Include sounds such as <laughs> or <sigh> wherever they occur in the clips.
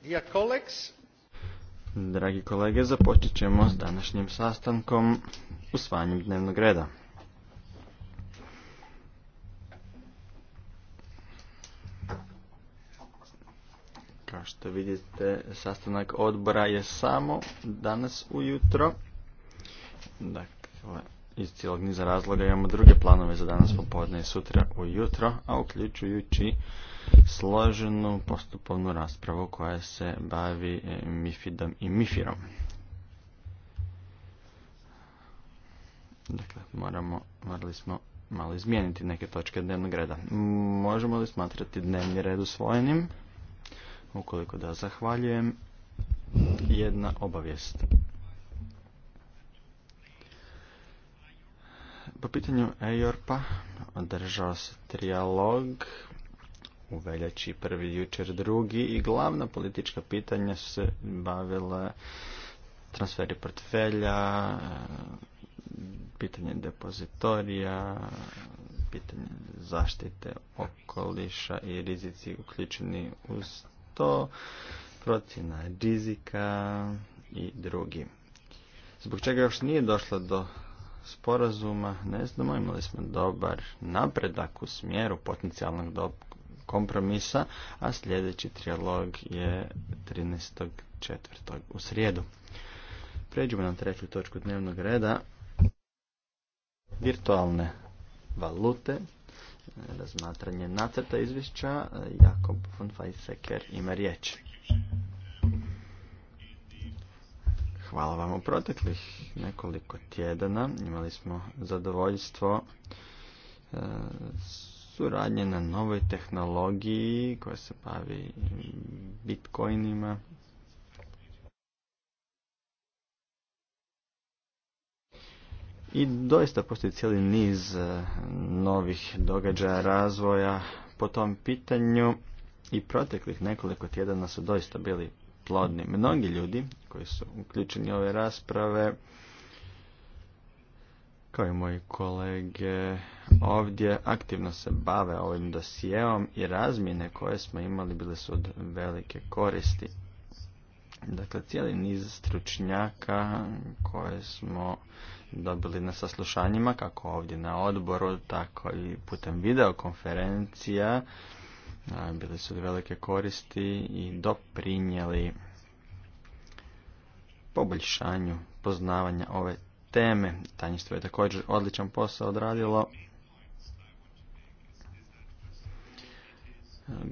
dear colleagues. Dragi kolege, započet ćemo s današnjim sastankom usvajanjem dnevnog reda. Kao što vidite, sastanak odbora je samo danas ujutro. Dakle, iz cijelog niza razloga imamo druge planove za danas popodne i sutra ujutro, a uključujući složenu postupovnu raspravu koja se bavi e, Mifidom i Mifirom. Dakle, moramo, morali smo malo izmijeniti neke točke dnevnog reda. Možemo li smatrati dnevni red usvojenim? Ukoliko da, zahvaljujem. Jedna obavijest. Po pitanju Ejorpa. održao se trijalog u veljači, prvi jučer drugi i glavna politička pitanja su se bavila transferi portfelja, pitanje depozitorija, pitanje zaštite okoliša i rizici uključeni uz to, procjena rizika i drugi. Zbog čega još nije došlo do sporazuma, ne znamo, imali smo dobar napredak u smjeru potencijalnog kompromisa, a sljedeći trijalog je 13.4. u srijedu. Pređemo na treću točku dnevnog reda. Virtualne valute, razmatranje nacrta izvješća, Jakob von Feiseker ima riječ. Hvala vam u proteklih nekoliko tjedana. Imali smo zadovoljstvo e, s suradnje na novoj tehnologiji koja se bavi bitcoinima. I doista postoji cijeli niz e, novih događaja razvoja po tom pitanju i proteklih nekoliko tjedana su doista bili plodni. Mnogi ljudi koji su uključeni u ove rasprave kao i moji kolege ovdje aktivno se bave ovim dosijevom i razmjene koje smo imali bile su od velike koristi. Dakle, cijeli niz stručnjaka koje smo dobili na saslušanjima, kako ovdje na odboru, tako i putem videokonferencija, bili su od velike koristi i doprinjeli poboljšanju poznavanja ove teme. Tanjstvo je također odličan posao odradilo. Ehm,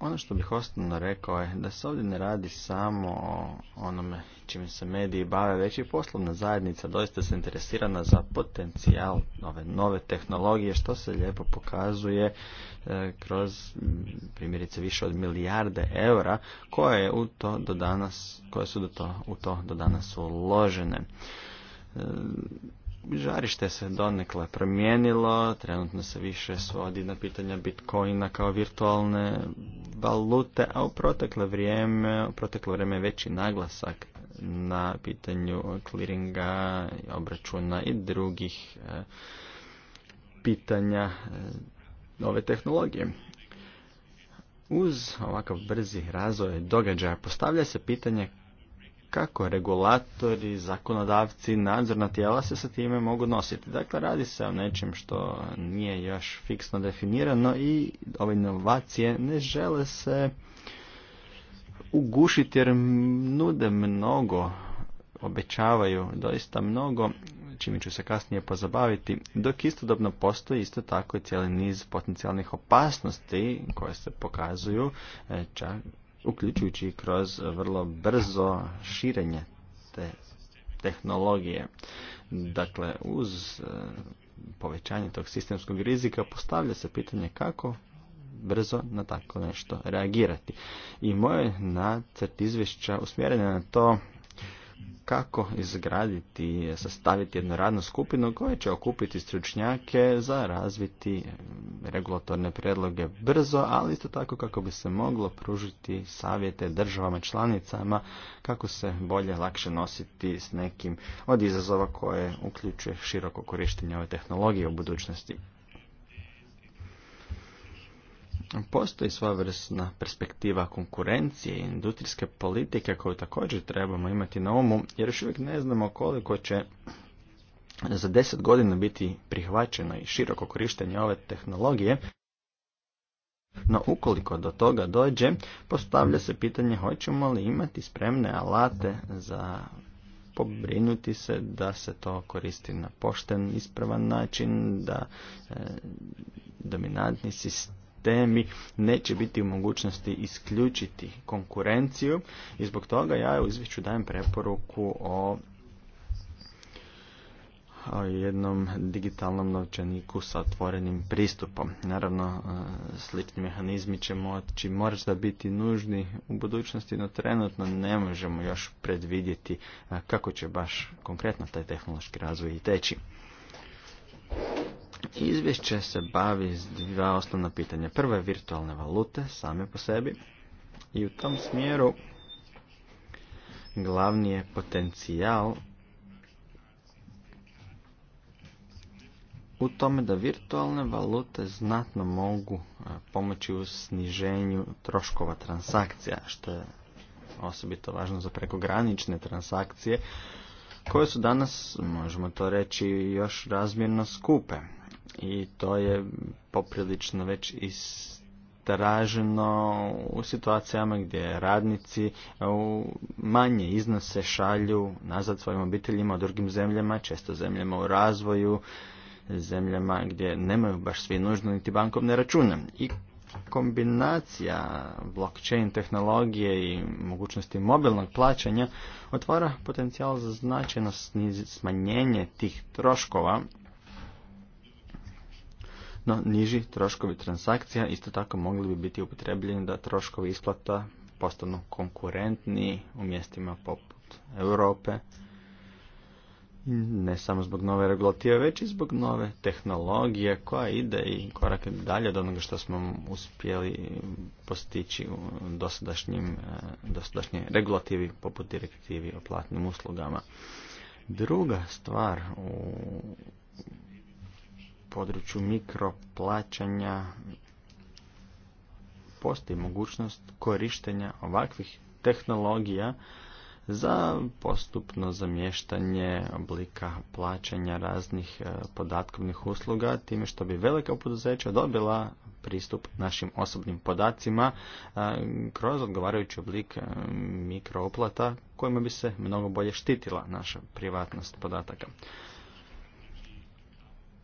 ono što bih osnovno rekao je da se ovdje ne radi samo o onome čime se mediji bave, već i poslovna zajednica doista se interesirana za potencijal nove nove tehnologije, što se lijepo pokazuje e, kroz primjerice više od milijarde eura koje u to do danas, koje su do to, u to do danas uložene. E, žarište se donekle promijenilo, trenutno se više svodi na pitanja bitcoina kao virtualne valute, a u proteklo vrijeme, u proteklo vrijeme veći naglasak na pitanju kliringa, obračuna i drugih e, pitanja nove e, tehnologije. Uz ovakav brzi razvoj događaja postavlja se pitanje kako regulatori, zakonodavci, nadzorna tijela se sa time mogu nositi. Dakle, radi se o nečem što nije još fiksno definirano i ove inovacije ne žele se ugušiti jer nude mnogo, obećavaju doista mnogo, čime ću se kasnije pozabaviti, dok istodobno postoji isto tako i cijeli niz potencijalnih opasnosti koje se pokazuju, e, čak, uključujući kroz vrlo brzo širenje te tehnologije. Dakle, uz e, povećanje tog sistemskog rizika postavlja se pitanje kako brzo na tako nešto reagirati. I moj nacrt izvješća usmjeren je na to kako izgraditi, sastaviti jednu radnu skupinu koja će okupiti stručnjake za razviti regulatorne predloge brzo, ali isto tako kako bi se moglo pružiti savjete državama članicama kako se bolje lakše nositi s nekim od izazova koje uključuje široko korištenje ove tehnologije u budućnosti. Postoji svojevrsna perspektiva konkurencije i industrijske politike koju također trebamo imati na umu, jer još uvijek ne znamo koliko će za deset godina biti prihvaćeno i široko korištenje ove tehnologije, no ukoliko do toga dođe, postavlja se pitanje hoćemo li imati spremne alate za pobrinuti se da se to koristi na pošten, ispravan način, da e, dominantni sistem temi neće biti u mogućnosti isključiti konkurenciju i zbog toga ja u izvješću dajem preporuku o o jednom digitalnom novčaniku sa otvorenim pristupom. Naravno, e, slični mehanizmi će moći možda biti nužni u budućnosti, no trenutno ne možemo još predvidjeti e, kako će baš konkretno taj tehnološki razvoj i teći. Izvješće se bavi s dva osnovna pitanja. Prvo je virtualne valute same po sebi i u tom smjeru glavni je potencijal u tome da virtualne valute znatno mogu e, pomoći u sniženju troškova transakcija, što je osobito važno za prekogranične transakcije koje su danas, možemo to reći, još razmjerno skupe i to je poprilično već istraženo u situacijama gdje radnici e, u manje iznose šalju nazad svojim obiteljima u drugim zemljama, često zemljama u razvoju, zemljama gdje nemaju baš svi nužno niti bankovne račune. I kombinacija blockchain tehnologije i mogućnosti mobilnog plaćanja otvara potencijal za značajno smanjenje tih troškova no, niži troškovi transakcija isto tako mogli bi biti upotrebljeni da troškovi isplata postanu konkurentniji u mjestima poput Europe, ne samo zbog nove regulative, već i zbog nove tehnologije koja ide i korak dalje od onoga što smo uspjeli postići u dosadašnjim, e, dosadašnjoj regulativi poput direktivi o platnim uslugama. Druga stvar u području mikroplaćanja postoji mogućnost korištenja ovakvih tehnologija za postupno zamještanje oblika plaćanja raznih e, podatkovnih usluga, time što bi velika poduzeća dobila pristup našim osobnim podacima e, kroz odgovarajući oblik e, mikrooplata kojima bi se mnogo bolje štitila naša privatnost podataka.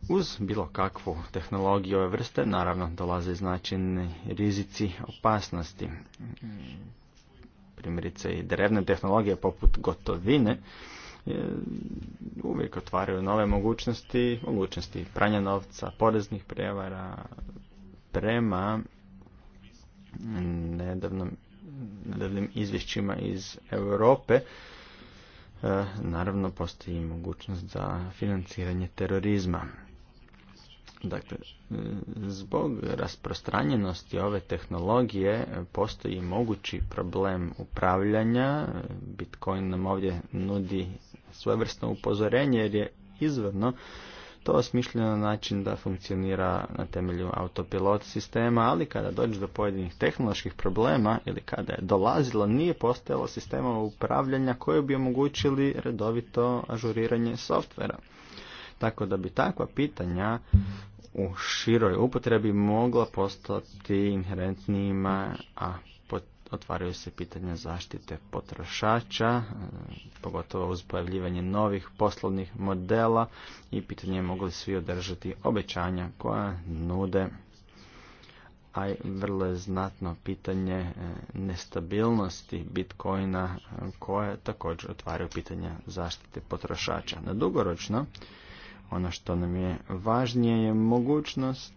Uz bilo kakvu tehnologiju ove vrste naravno dolaze značajni rizici opasnosti. Primjerice i drevne tehnologije poput gotovine e, uvijek otvaraju nove mogućnosti, mogućnosti pranja novca, poreznih prevara prema nedavnom, nedavnim izvješćima iz Europe. E, naravno, postoji mogućnost za financiranje terorizma. Dakle, zbog rasprostranjenosti ove tehnologije postoji mogući problem upravljanja. Bitcoin nam ovdje nudi svojevrsno upozorenje jer je izvrno to osmišljeno na način da funkcionira na temelju autopilot sistema, ali kada dođe do pojedinih tehnoloških problema ili kada je dolazilo, nije postojalo sistema upravljanja koji bi omogućili redovito ažuriranje softvera. Tako da bi takva pitanja u široj upotrebi mogla postati inherentnijima, a otvaraju se pitanja zaštite potrošača, e, pogotovo uz pojavljivanje novih poslovnih modela i pitanje mogli svi održati obećanja koja nude a i vrlo je znatno pitanje e, nestabilnosti bitcoina e, koje također otvaraju pitanja zaštite potrošača. Na dugoročno, ono što nam je važnije je mogućnost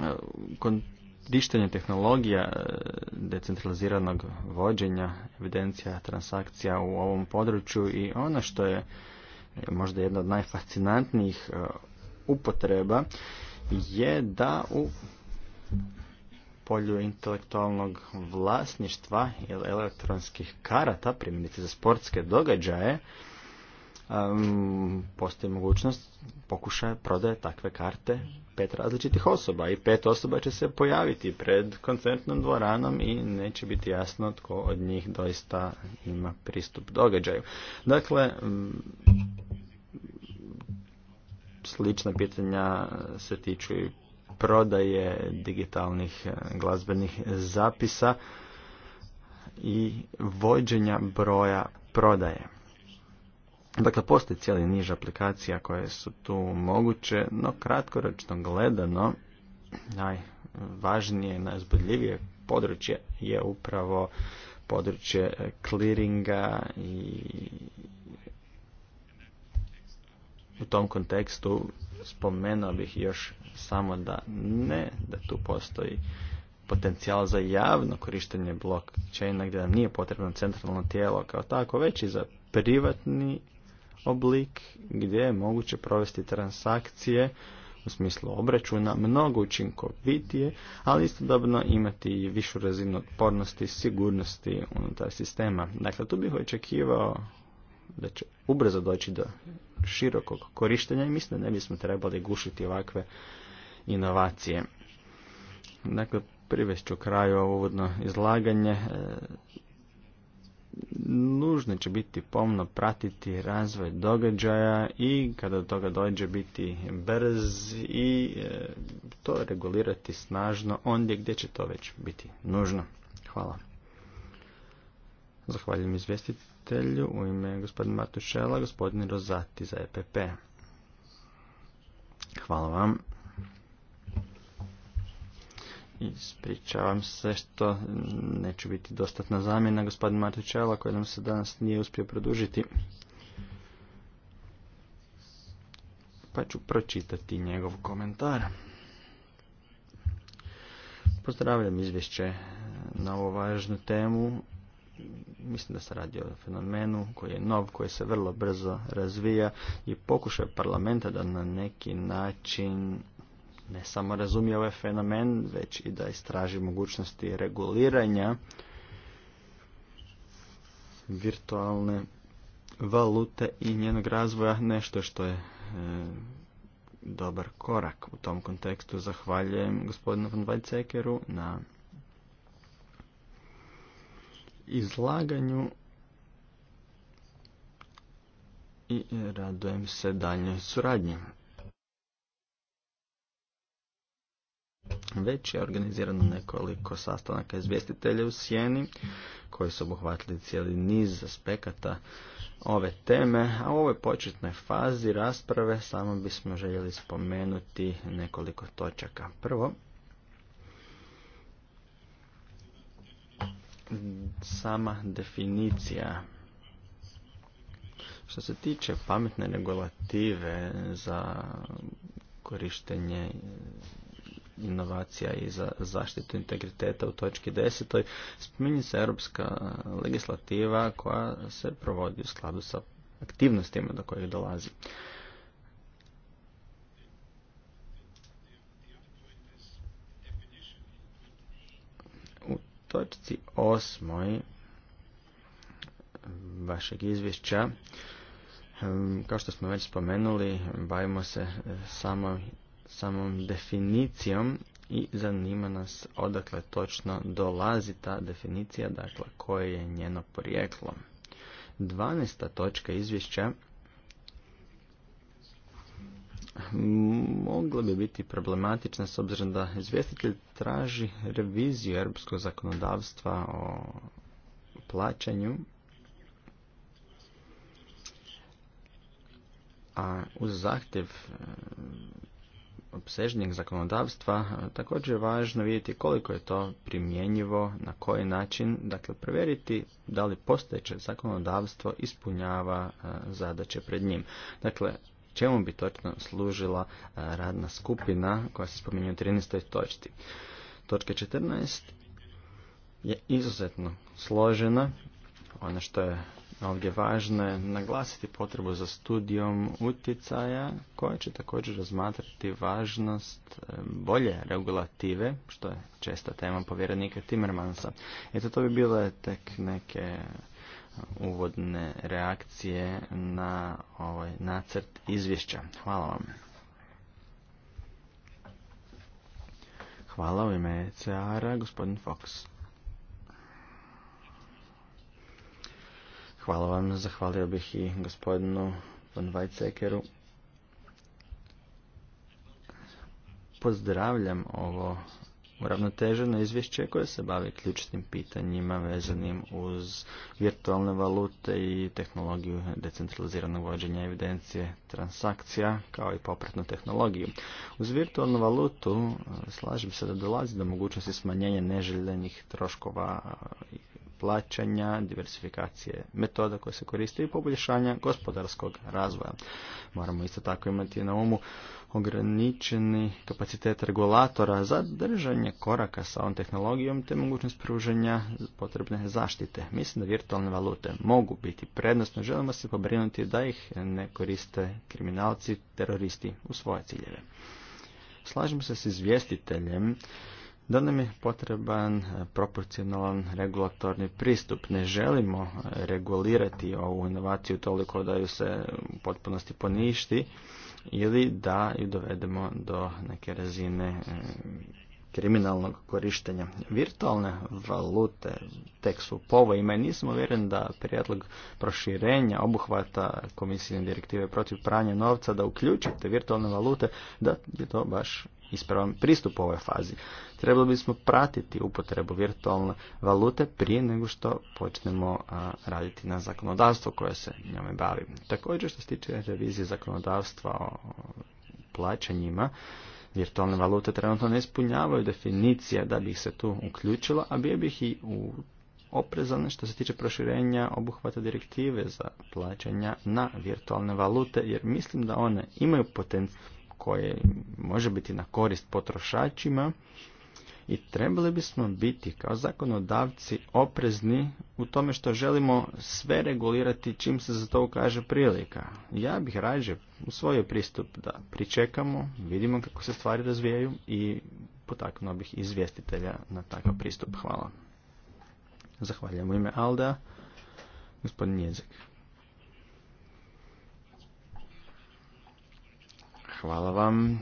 e, dištenja tehnologija e, decentraliziranog vođenja, evidencija transakcija u ovom području i ono što je e, možda jedna od najfascinantnijih upotreba je da u polju intelektualnog vlasništva ili elektronskih karata, primjerice za sportske događaje, postoji mogućnost pokušaja prodaje takve karte pet različitih osoba i pet osoba će se pojaviti pred koncertnom dvoranom i neće biti jasno tko od njih doista ima pristup događaju. Dakle, slična pitanja se tiču i prodaje digitalnih e, glazbenih zapisa i vođenja broja prodaje. Dakle, postoji cijeli niž aplikacija koje su tu moguće, no kratkoročno gledano najvažnije, najzbudljivije područje je upravo područje e, clearinga i u tom kontekstu spomenuo bih još samo da ne, da tu postoji potencijal za javno korištenje blockchaina gdje nam nije potrebno centralno tijelo kao tako, već i za privatni oblik gdje je moguće provesti transakcije u smislu obračuna mnogo učinkovitije, ali istodobno imati i višu razinu otpornosti i sigurnosti unutar sistema. Dakle, tu bih očekivao da će ubrzo doći do širokog korištenja i mislim da ne bismo trebali gušiti ovakve inovacije. Dakle, privest ću kraju ovo uvodno izlaganje. E, nužno će biti pomno pratiti razvoj događaja i kada do toga dođe biti brz i e, to regulirati snažno ondje gdje će to već biti nužno. Hvala. Zahvaljujem izvjestitelju u ime gospodina Matušela, gospodin Rozati za EPP. Hvala vam. Ispričavam se što neću biti dostatna zamjena gospodin Čela koji nam se danas nije uspio produžiti. Pa ću pročitati njegov komentar. Pozdravljam izvješće na ovu važnu temu. Mislim da se radi o fenomenu koji je nov, koji se vrlo brzo razvija i pokušaj parlamenta da na neki način ne samo razumije ovaj fenomen, već i da istraži mogućnosti reguliranja virtualne valute i njenog razvoja nešto što je e, dobar korak u tom kontekstu. Zahvaljujem gospodinu von Weizsäckeru na izlaganju i radujem se daljnjoj suradnji. Već je organizirano nekoliko sastanaka izvjestitelja u Sjeni koji su obuhvatili cijeli niz aspekata ove teme, a u ovoj početnoj fazi rasprave samo bismo željeli spomenuti nekoliko točaka. Prvo, sama definicija što se tiče pametne regulative za korištenje inovacija i za zaštitu integriteta u točki 10. Spominje se europska legislativa koja se provodi u skladu sa aktivnostima do kojih dolazi. U točci osmoj vašeg izvješća kao što smo već spomenuli, bavimo se e, samo samom definicijom i zanima nas odakle točno dolazi ta definicija, dakle koje je njeno porijeklo. 12. točka izvješća mogla bi biti problematična s obzirom da izvjestitelj traži reviziju europskog zakonodavstva o plaćanju a uz zahtjev obsežnijeg zakonodavstva e, također je važno vidjeti koliko je to primjenjivo, na koji način, dakle provjeriti da li postojeće zakonodavstvo ispunjava e, zadaće pred njim. Dakle, čemu bi točno služila e, radna skupina koja se spominje u 13. točci. Točka 14 je izuzetno složena. Ono što je Ovdje važno je naglasiti potrebu za studijom utjecaja koja će također razmatrati važnost e, bolje regulative, što je česta tema povjerenika Timmermansa. Eto, to bi bile tek neke e, uvodne reakcije na ovaj nacrt izvješća. Hvala vam. Hvala u ime e CR-a, gospodin Fox. Hvala vam, zahvalio bih i gospodinu von Weizsäckeru. Pozdravljam ovo uravnoteženo izvješće koje se bavi ključnim pitanjima vezanim uz virtualne valute i tehnologiju decentraliziranog vođenja evidencije transakcija kao i popretnu tehnologiju. Uz virtualnu valutu slažem se da dolazi do mogućnosti smanjenja neželjenih troškova plaćanja, diversifikacije metoda koje se koriste i poboljšanja gospodarskog razvoja. Moramo isto tako imati na umu ograničeni kapacitet regulatora za držanje koraka sa ovom tehnologijom te mogućnost pruženja potrebne zaštite. Mislim da virtualne valute mogu biti prednostno, želimo se pobrinuti da ih ne koriste kriminalci, teroristi u svoje ciljeve. Slažem se s izvjestiteljem da nam je potreban e, proporcionalan regulatorni pristup. Ne želimo e, regulirati ovu inovaciju toliko da ju se u potpunosti poništi ili da ju dovedemo do neke razine e, kriminalnog korištenja. Virtualne valute tek su povojima i nismo uvjeren da prijedlog proširenja obuhvata komisijne direktive protiv pranja novca da uključite virtualne valute, da je to baš ispravan pristup u ovoj fazi trebali bismo pratiti upotrebu virtualne valute prije nego što počnemo raditi na zakonodavstvo koje se njome bavi. Također što se tiče revizije zakonodavstva o plaćanjima, virtualne valute trenutno ne ispunjavaju definicija da bi ih se tu uključilo, a bio bih i u oprezan što se tiče proširenja obuhvata direktive za plaćanja na virtualne valute, jer mislim da one imaju potencijal koje može biti na korist potrošačima, i trebali bismo biti kao zakonodavci oprezni u tome što želimo sve regulirati čim se za to ukaže prilika. Ja bih rađe svoj pristup da pričekamo, vidimo kako se stvari razvijaju i potaknuo bih izvjestitelja na takav pristup. Hvala. Zahvaljujem u ime Alda, gospodin Jezik. Hvala vam.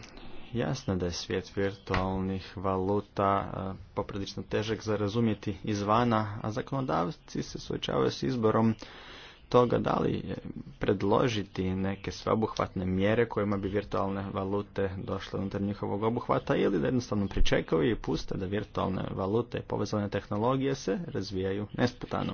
Jasno da je svijet virtualnih valuta e, poprilično težak za razumjeti izvana, a zakonodavci se suočavaju s izborom toga da li predložiti neke sveobuhvatne mjere kojima bi virtualne valute došle unutar njihovog obuhvata ili da jednostavno pričekaju i puste da virtualne valute i povezane tehnologije se razvijaju nesputano.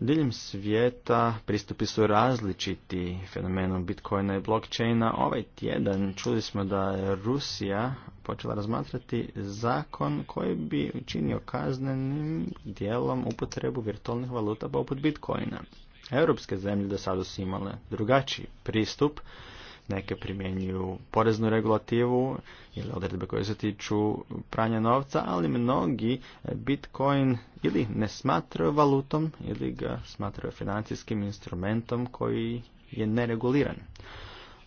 Diljem svijeta pristupi su različiti fenomenom Bitcoina i blockchaina. Ovaj tjedan čuli smo da je Rusija počela razmatrati zakon koji bi učinio kaznenim dijelom upotrebu virtualnih valuta poput Bitcoina. Europske zemlje do sada su imale drugačiji pristup neke primjenjuju poreznu regulativu ili odredbe koje se tiču pranja novca, ali mnogi e, Bitcoin ili ne smatraju valutom ili ga smatraju financijskim instrumentom koji je nereguliran.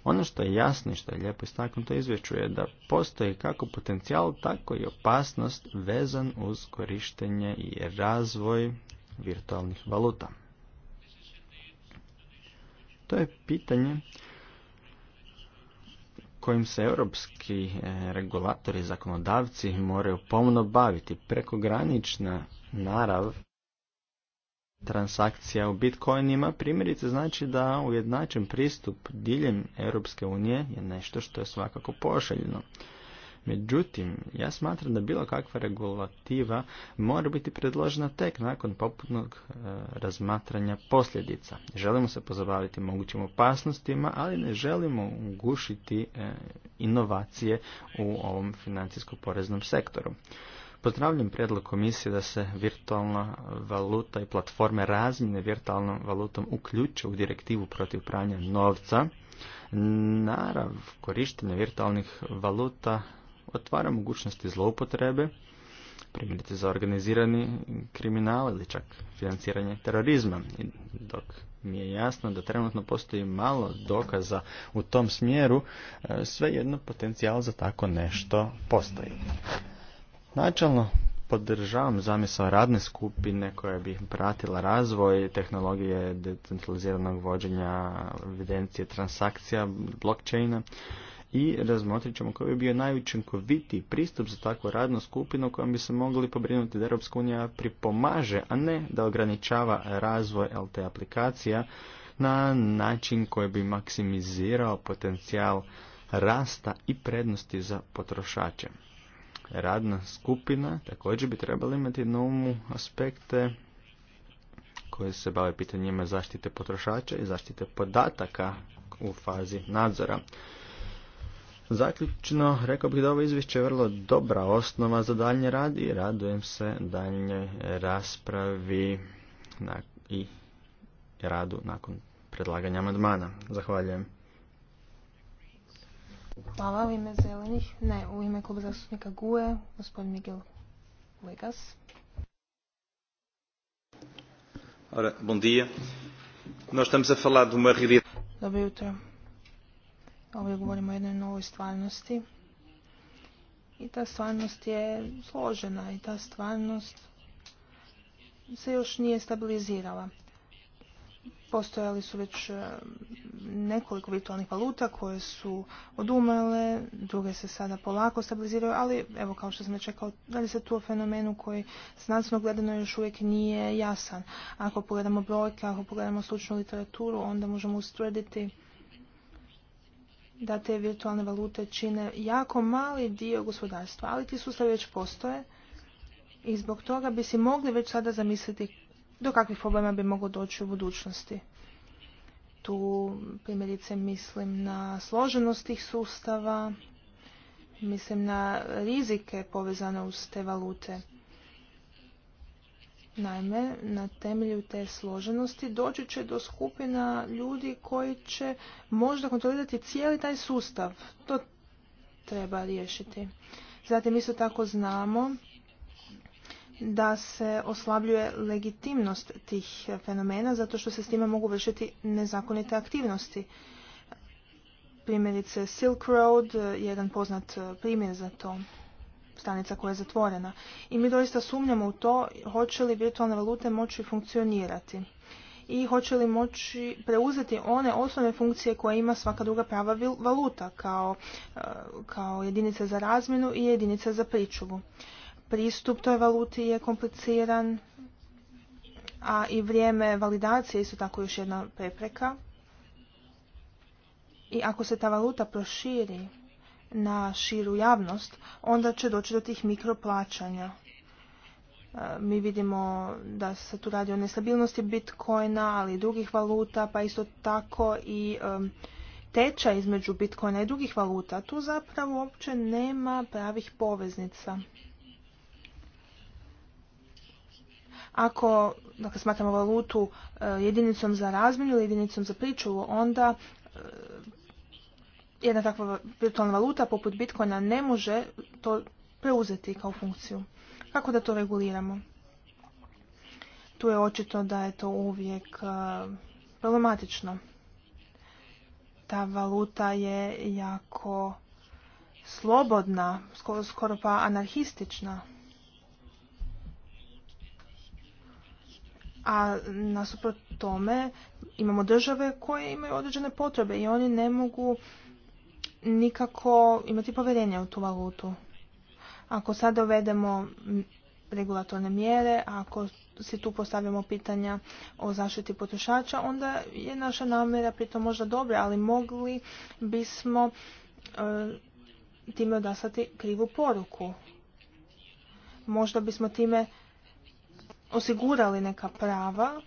Ono što je jasno i što je lijepo istaknuto izvješću je da postoji kako potencijal, tako i opasnost vezan uz korištenje i razvoj virtualnih valuta. To je pitanje kojim se europski e, regulatori, i zakonodavci moraju pomno baviti prekogranična narav transakcija u bitcoinima primjerice znači da ujednačen pristup diljem Europske unije je nešto što je svakako pošaljeno. Međutim, ja smatram da bilo kakva regulativa mora biti predložena tek nakon poputnog e, razmatranja posljedica. Želimo se pozabaviti mogućim opasnostima, ali ne želimo ugušiti e, inovacije u ovom financijsko-poreznom sektoru. Pozdravljam predlog komisije da se virtualna valuta i platforme razmjene virtualnom valutom uključe u direktivu protiv pranja novca. Narav korištenja virtualnih valuta otvara mogućnosti zloupotrebe, primjerice za organizirani kriminal ili čak financiranje terorizma. I dok mi je jasno da trenutno postoji malo dokaza u tom smjeru, e, svejedno potencijal za tako nešto postoji. Načalno podržavam zamisao radne skupine koja bi pratila razvoj tehnologije decentraliziranog vođenja evidencije transakcija blockchaina i razmotrit ćemo koji bi bio najučinkovitiji pristup za takvu radnu skupinu kojom bi se mogli pobrinuti da Europska unija pripomaže, a ne da ograničava razvoj LT aplikacija na način koji bi maksimizirao potencijal rasta i prednosti za potrošače. Radna skupina također bi trebala imati na umu aspekte koje se bave pitanjima zaštite potrošača i zaštite podataka u fazi nadzora. Zaključno, rekao bih da ovo izvješće je vrlo dobra osnova za daljnji rad i radujem se daljnjoj raspravi i radu nakon predlaganja amandmana. Zahvaljujem. Hvala u ime zelenih. Ne, u ime kluba zastupnika GUE, gospodin Miguel Legas. Ora, bom dia. Nós estamos a falar de uma realidade. Dobro jutro. Ovdje govorimo o jednoj novoj stvarnosti. I ta stvarnost je složena i ta stvarnost se još nije stabilizirala. Postojali su već e, nekoliko virtualnih valuta koje su odumele, druge se sada polako stabiliziraju, ali evo kao što sam već da li se tu o fenomenu koji znanstveno gledano još uvijek nije jasan. Ako pogledamo brojke, ako pogledamo slučnu literaturu, onda možemo ustvrditi da te virtualne valute čine jako mali dio gospodarstva, ali ti sustavi već postoje i zbog toga bi si mogli već sada zamisliti do kakvih problema bi moglo doći u budućnosti. Tu primjerice mislim na složenost tih sustava, mislim na rizike povezane uz te valute. Naime, na temelju te složenosti doći će do skupina ljudi koji će možda kontrolirati cijeli taj sustav. To treba riješiti. Zatim isto tako znamo da se oslabljuje legitimnost tih fenomena zato što se s time mogu vršiti nezakonite aktivnosti. Primjerice Silk Road, jedan poznat primjer za to stranica koja je zatvorena. I mi doista sumnjamo u to hoće li virtualne valute moći funkcionirati i hoće li moći preuzeti one osnovne funkcije koje ima svaka druga prava valuta kao, e, kao jedinice za razmjenu i jedinice za pričuvu. Pristup toj valuti je kompliciran, a i vrijeme validacije isto tako još jedna prepreka. I ako se ta valuta proširi na širu javnost, onda će doći do tih mikroplaćanja. E, mi vidimo da se tu radi o nestabilnosti bitcoina, ali i drugih valuta, pa isto tako i teča između bitcoina i drugih valuta. Tu zapravo uopće nema pravih poveznica. Ako dakle, smatramo valutu e, jedinicom za razmjenu ili jedinicom za priču, onda jedna takva virtualna valuta poput Bitcoina ne može to preuzeti kao funkciju. Kako da to reguliramo? Tu je očito da je to uvijek e, problematično. Ta valuta je jako slobodna, skoro, skoro pa anarhistična. A nasuprot tome imamo države koje imaju određene potrebe i oni ne mogu nikako imati povjerenje u tu valutu. Ako sada uvedemo regulatorne mjere, ako si tu postavljamo pitanja o zaštiti potrošača, onda je naša namjera pritom možda dobra, ali mogli bismo e, time odaslati krivu poruku. Možda bismo time osigurali neka prava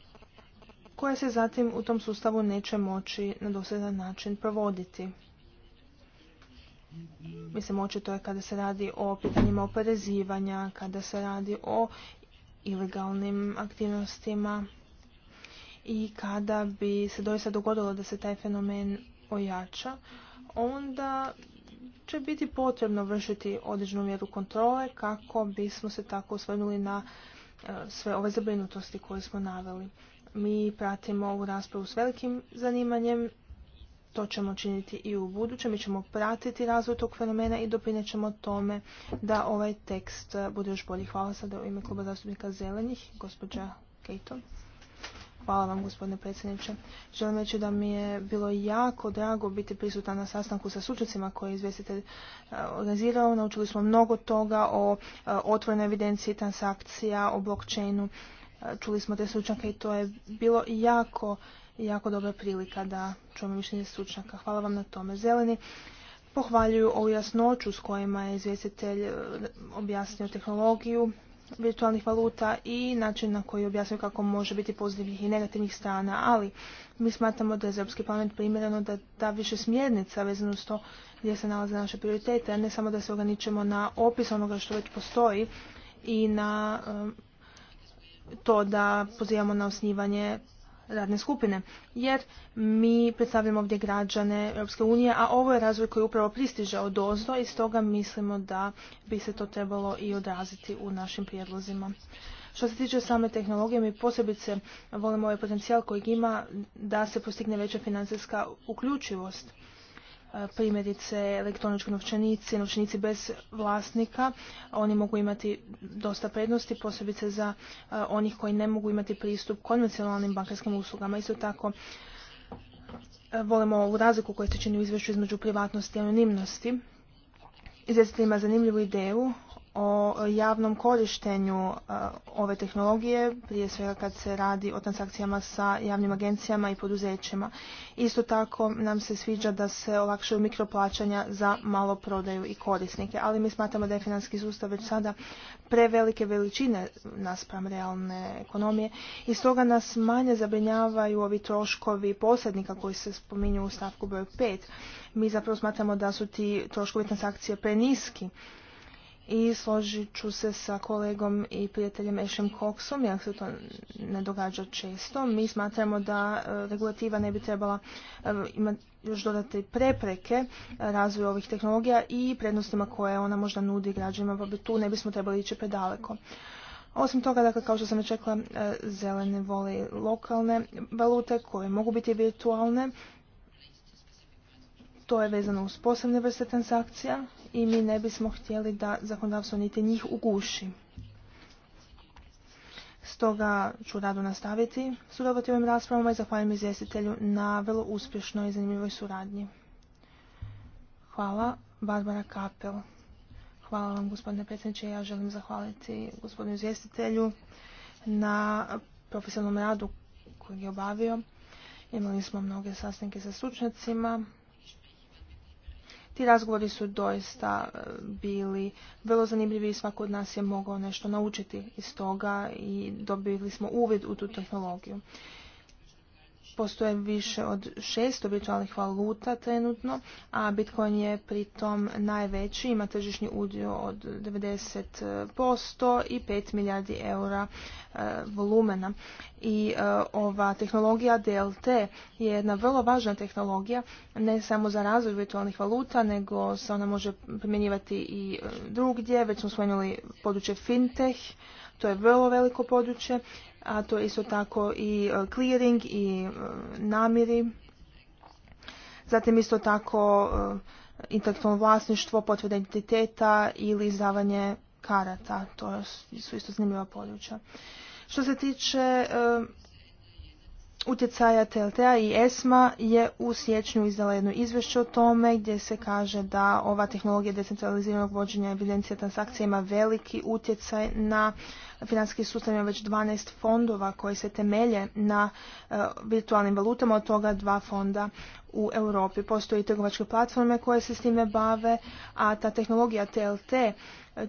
koja se zatim u tom sustavu neće moći na dosljedan način provoditi. Mislim, očito je kada se radi o pitanjima oporezivanja, kada se radi o ilegalnim aktivnostima i kada bi se doista dogodilo da se taj fenomen ojača, onda će biti potrebno vršiti određenu mjeru kontrole kako bismo se tako osvrnuli na e, sve ove zabrinutosti koje smo naveli. Mi pratimo ovu raspravu s velikim zanimanjem to ćemo činiti i u budućem. Mi ćemo pratiti razvoj tog fenomena i doprinijet ćemo tome da ovaj tekst bude još bolji. Hvala sada u ime Kluba zastupnika Zelenih, gospođa Kejto. Hvala vam gospodine predsjedniče. Želim reći da mi je bilo jako drago biti prisutan na sastanku sa sučnicima koje je izvjestitelj e, organizirao. Naučili smo mnogo toga o e, otvorenoj evidenciji transakcija, o blockchainu. E, čuli smo te sučnjaka i to je bilo jako jako dobra prilika da čujemo mišljenje stručnjaka. Hvala vam na tome. Zeleni pohvaljuju ovu jasnoću s kojima je izvjestitelj e, objasnio tehnologiju virtualnih valuta i način na koji objasnio kako može biti pozitivnih i negativnih strana, ali mi smatramo da je za Europski parlament primjereno da da više smjernica vezano s to gdje se nalaze naše prioritete, a ne samo da se ograničemo na opis onoga što već postoji i na e, to da pozivamo na osnivanje radne skupine. Jer mi predstavljamo ovdje građane Europske unije, a ovo je razvoj koji upravo pristiže od ozdo i stoga mislimo da bi se to trebalo i odraziti u našim prijedlozima. Što se tiče same tehnologije, mi posebice volimo ovaj potencijal kojeg ima da se postigne veća financijska uključivost primjerice elektronički novčanici, novčanici bez vlasnika, oni mogu imati dosta prednosti, posebice za eh, onih koji ne mogu imati pristup konvencionalnim bankarskim uslugama. Isto tako, eh, volimo ovu razliku koja se čini u izvješću između privatnosti i anonimnosti. Izvjestitelj ima zanimljivu ideju o javnom korištenju e, ove tehnologije, prije svega kad se radi o transakcijama sa javnim agencijama i poduzećima. Isto tako nam se sviđa da se olakšaju mikroplaćanja za malo prodaju i korisnike, ali mi smatramo da je finanski sustav već sada prevelike veličine naspram realne ekonomije i stoga nas manje zabrinjavaju ovi troškovi posrednika koji se spominju u stavku broj 5. Mi zapravo smatramo da su ti troškovi transakcije preniski i složit ću se sa kolegom i prijateljem Ešem Koksom, jer se to ne događa često. Mi smatramo da e, regulativa ne bi trebala e, imati još dodati prepreke e, razvoju ovih tehnologija i prednostima koje ona možda nudi građanima, pa bi tu ne bismo trebali ići predaleko. Osim toga, dakle, kao što sam već rekla, zelene vole lokalne valute koje mogu biti virtualne, to je vezano uz posebne vrste transakcija i mi ne bismo htjeli da zakonodavstvo niti njih uguši. Stoga ću rado nastaviti sudjelovati ovim raspravama i zahvaljujem izvjestitelju na vrlo uspješnoj i zanimljivoj suradnji. Hvala, Barbara Kapel. Hvala vam, gospodine predsjedniče. Ja želim zahvaliti gospodinu izvjestitelju na profesionalnom radu kojeg je obavio. Imali smo mnoge sastanke sa stručnjacima ti razgovori su doista e, bili vrlo zanimljivi i svako od nas je mogao nešto naučiti iz toga i dobili smo uvid u tu tehnologiju postoje više od 600 virtualnih valuta trenutno, a Bitcoin je pritom najveći, ima tržišni udio od 90% i 5 milijardi eura e, volumena. I e, ova tehnologija DLT je jedna vrlo važna tehnologija, ne samo za razvoj virtualnih valuta, nego se ona može primjenjivati i e, drugdje. Već smo spomenuli područje fintech, to je vrlo veliko područje, a to je isto tako i e, clearing i e, namiri. Zatim isto tako e, intelektualno vlasništvo, potvrda identiteta ili izdavanje karata. To su isto zanimljiva područja. Što se tiče utjecaja TLT-a i ESMA je u siječnju izdala jedno izvješće o tome gdje se kaže da ova tehnologija decentraliziranog vođenja evidencija transakcija ima veliki utjecaj na financijski sustav ima već 12 fondova koji se temelje na e, virtualnim valutama, od toga dva fonda u Europi. Postoje i trgovačke platforme koje se s time bave, a ta tehnologija TLT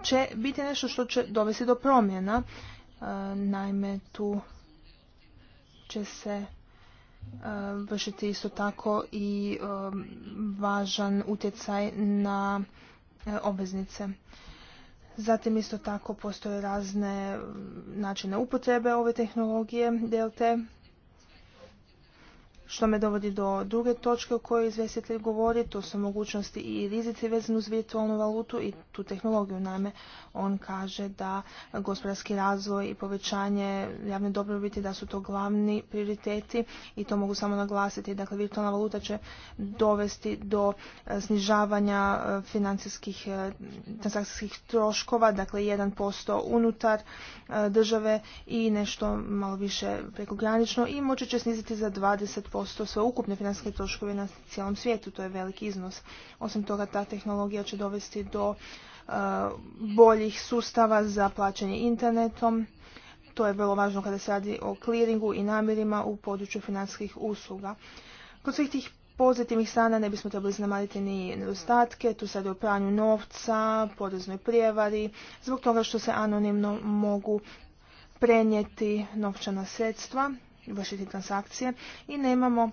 će biti nešto što će dovesti do promjena. E, naime, tu će se eh, vršiti isto tako i eh, važan utjecaj na eh, obveznice. Zatim isto tako postoje razne načine upotrebe ove tehnologije DLT što me dovodi do druge točke o kojoj izvjestitelj govori, to su mogućnosti i rizici vezani uz virtualnu valutu i tu tehnologiju. Naime, on kaže da gospodarski razvoj i povećanje javne dobrobiti da su to glavni prioriteti i to mogu samo naglasiti. Dakle, virtualna valuta će dovesti do e, snižavanja e, financijskih e, transakcijskih troškova, dakle 1% unutar države i nešto malo više prekogranično i moći će sniziti za 20% sve sveukupne financijske troškove na cijelom svijetu. To je veliki iznos. Osim toga, ta tehnologija će dovesti do e, boljih sustava za plaćanje internetom. To je vrlo važno kada se radi o kliringu i namirima u području financijskih usluga. Kod svih tih pozitivnih strana ne bismo trebali znamariti ni nedostatke, tu sad o pranju novca, poreznoj prijevari, zbog toga što se anonimno mogu prenijeti novčana sredstva vršiti transakcije i nemamo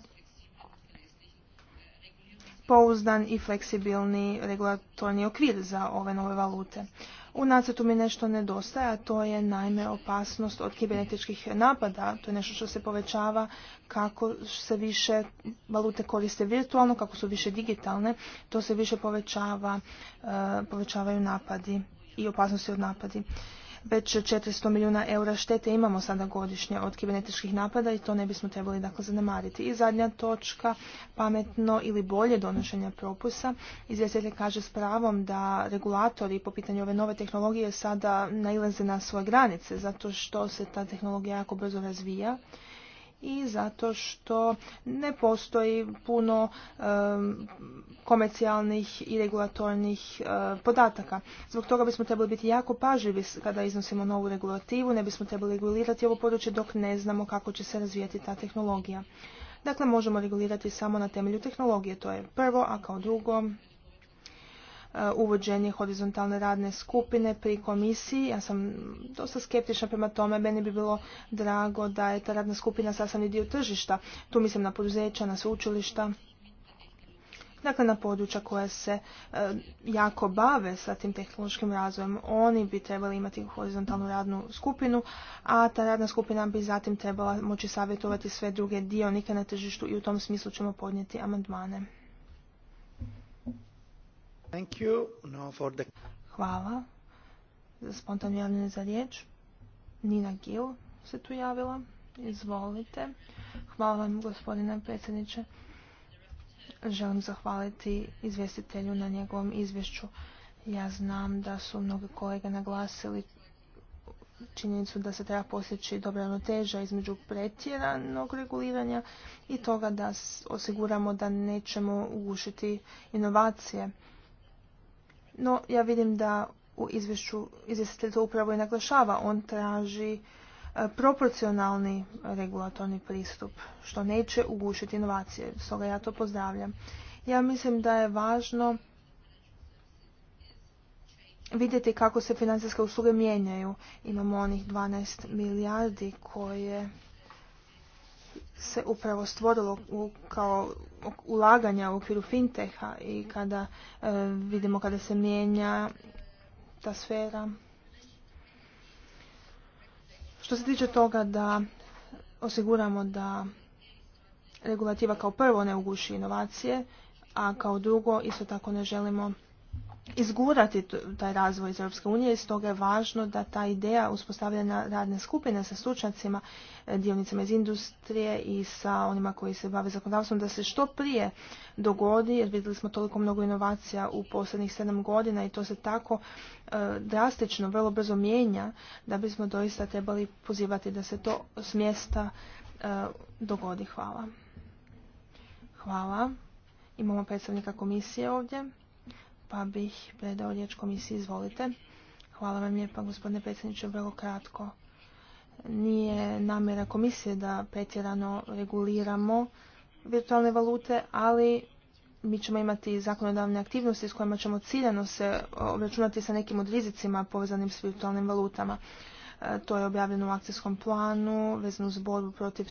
pouzdan i fleksibilni regulatorni okvir za ove nove valute. U nacetu mi nešto nedostaje, a to je naime opasnost od kibernetičkih napada. To je nešto što se povećava kako se više valute koriste virtualno, kako su više digitalne, to se više povećava, e, povećavaju napadi i opasnosti od napadi. Već 400 milijuna eura štete imamo sada godišnje od kibernetičkih napada i to ne bismo trebali dakle zanemariti. I zadnja točka, pametno ili bolje donošenje propisa. Izvjestitelj kaže s pravom da regulatori po pitanju ove nove tehnologije sada nailaze na svoje granice zato što se ta tehnologija jako brzo razvija i zato što ne postoji puno komercijalnih i regulatornih eh, podataka. Zbog toga bismo trebali biti jako pažljivi kada iznosimo novu regulativu, ne bismo trebali regulirati ovo područje dok ne znamo kako će se razvijati ta tehnologija. Dakle, možemo regulirati samo na temelju tehnologije, to je prvo, a kao drugo E, uvođenje horizontalne radne skupine pri komisiji. Ja sam dosta skeptična prema tome. Meni bi bilo drago da je ta radna skupina sastavni dio tržišta. Tu mislim na poduzeća, na sveučilišta. Dakle, na područja koja se e, jako bave sa tim tehnološkim razvojem, oni bi trebali imati horizontalnu radnu skupinu, a ta radna skupina bi zatim trebala moći savjetovati sve druge dionike na tržištu i u tom smislu ćemo podnijeti amandmane. Hvala. Za spontano javljanje za riječ. Nina Gil se tu javila. Izvolite. Hvala vam gospodine predsjedniče. Želim zahvaliti izvjestitelju na njegovom izvješću. Ja znam da su mnogi kolege naglasili činjenicu da se treba posjeći dobra ravnoteža između pretjeranog reguliranja i toga da osiguramo da nećemo ugušiti inovacije no, ja vidim da u izvješću izvjestitelj to upravo i naglašava. On traži e, proporcionalni regulatorni pristup, što neće ugušiti inovacije. Stoga ja to pozdravljam. Ja mislim da je važno vidjeti kako se financijske usluge mijenjaju. Imamo onih 12 milijardi koje se upravo stvorilo kao ulaganja u okviru finteha i kada e, vidimo kada se mijenja ta sfera. Što se tiče toga da osiguramo da regulativa kao prvo ne uguši inovacije, a kao drugo isto tako ne želimo izgurati taj razvoj iz Europske unije i stoga je važno da ta ideja uspostavljena radne skupine sa stručnjacima, e, dionicama iz industrije i sa onima koji se bave zakonodavstvom da se što prije dogodi jer vidjeli smo toliko mnogo inovacija u posljednjih sedam godina i to se tako e, drastično, vrlo brzo mijenja da bismo doista trebali pozivati da se to s mjesta e, dogodi. Hvala. Hvala. Imamo predstavnika komisije ovdje pa bih predao riječ komisiji. Izvolite. Hvala vam lijepa, gospodine predsjedniče, vrlo kratko. Nije namjera komisije da pretjerano reguliramo virtualne valute, ali mi ćemo imati zakonodavne aktivnosti s kojima ćemo ciljano se obračunati sa nekim od rizicima povezanim s virtualnim valutama. E, to je objavljeno u akcijskom planu vezano uz borbu protiv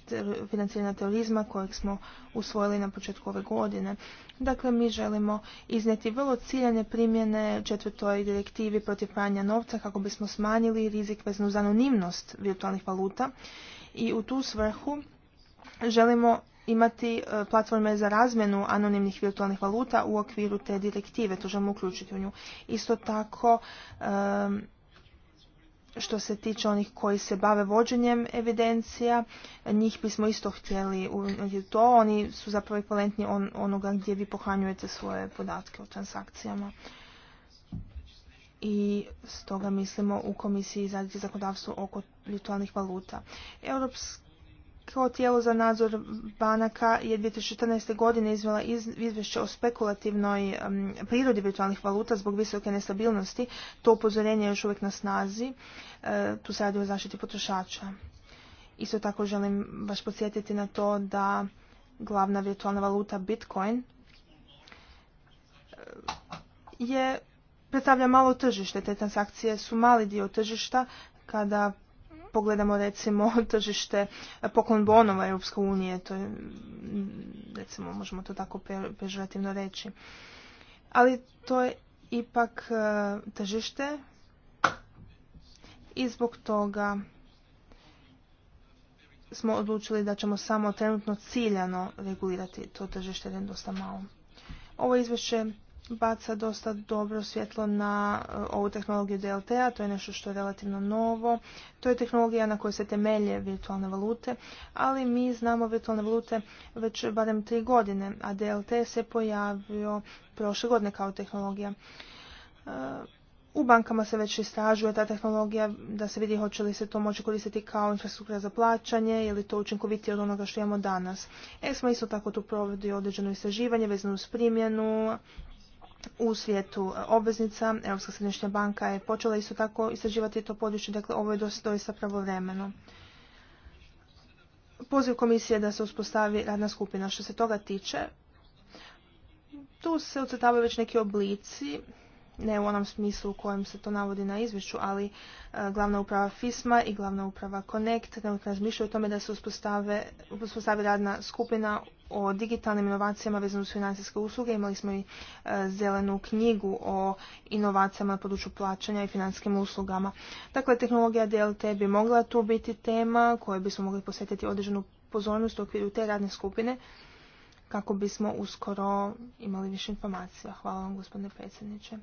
financiranja terorizma kojeg smo usvojili na početku ove godine. Dakle, mi želimo iznijeti vrlo ciljane primjene četvrtoj direktivi protiv pranja novca kako bismo smanjili rizik veznu uz anonimnost virtualnih valuta i u tu svrhu želimo imati e, platforme za razmjenu anonimnih virtualnih valuta u okviru te direktive, to želimo uključiti u nju. Isto tako, e, što se tiče onih koji se bave vođenjem evidencija, njih bismo isto htjeli u to. Oni su zapravo ekvalentni onoga gdje vi pohranjujete svoje podatke o transakcijama. I stoga mislimo u komisiji za zakonodavstvo oko virtualnih valuta. Europski kao tijelo za nadzor banaka je 2014. godine izvela izvješće o spekulativnoj prirodi virtualnih valuta zbog visoke nestabilnosti. To upozorenje je još uvijek na snazi. E, tu se radi o zaštiti potrošača. Isto tako želim vas podsjetiti na to da glavna virtualna valuta Bitcoin e, je predstavlja malo tržište. Te transakcije su mali dio tržišta kada pogledamo recimo <laughs> tržište poklon bonova Europske unije, to je, recimo možemo to tako pežurativno reći. Ali to je ipak e, tržište i zbog toga smo odlučili da ćemo samo trenutno ciljano regulirati to tržište jer dosta malo. Ovo izvješće baca dosta dobro svjetlo na e, ovu tehnologiju DLT-a, to je nešto što je relativno novo. To je tehnologija na kojoj se temelje virtualne valute, ali mi znamo virtualne valute već barem tri godine, a DLT se pojavio prošle godine kao tehnologija. E, u bankama se već istražuje ta tehnologija da se vidi hoće li se to moći koristiti kao infrastruktura za plaćanje ili to učinkovitije od onoga što imamo danas. E, smo isto tako tu provodi određeno istraživanje vezano uz primjenu u svijetu obveznica. Europska središnja banka je počela isto tako istraživati to područje, dakle ovo je doista pravovremeno. Poziv komisije da se uspostavi radna skupina. Što se toga tiče, tu se ucrtavaju već neki oblici, ne u onom smislu u kojem se to navodi na izvješću, ali e, glavna uprava FISMA i glavna uprava Connect razmišljaju o tome da se uspostavi radna skupina o digitalnim inovacijama vezano uz financijske usluge. Imali smo i e, zelenu knjigu o inovacijama na području plaćanja i financijskim uslugama. Dakle, tehnologija DLT bi mogla tu biti tema koje bismo mogli posjetiti određenu pozornost u okviru te radne skupine kako bismo uskoro imali više informacija. Hvala vam gospodine predsjedniče.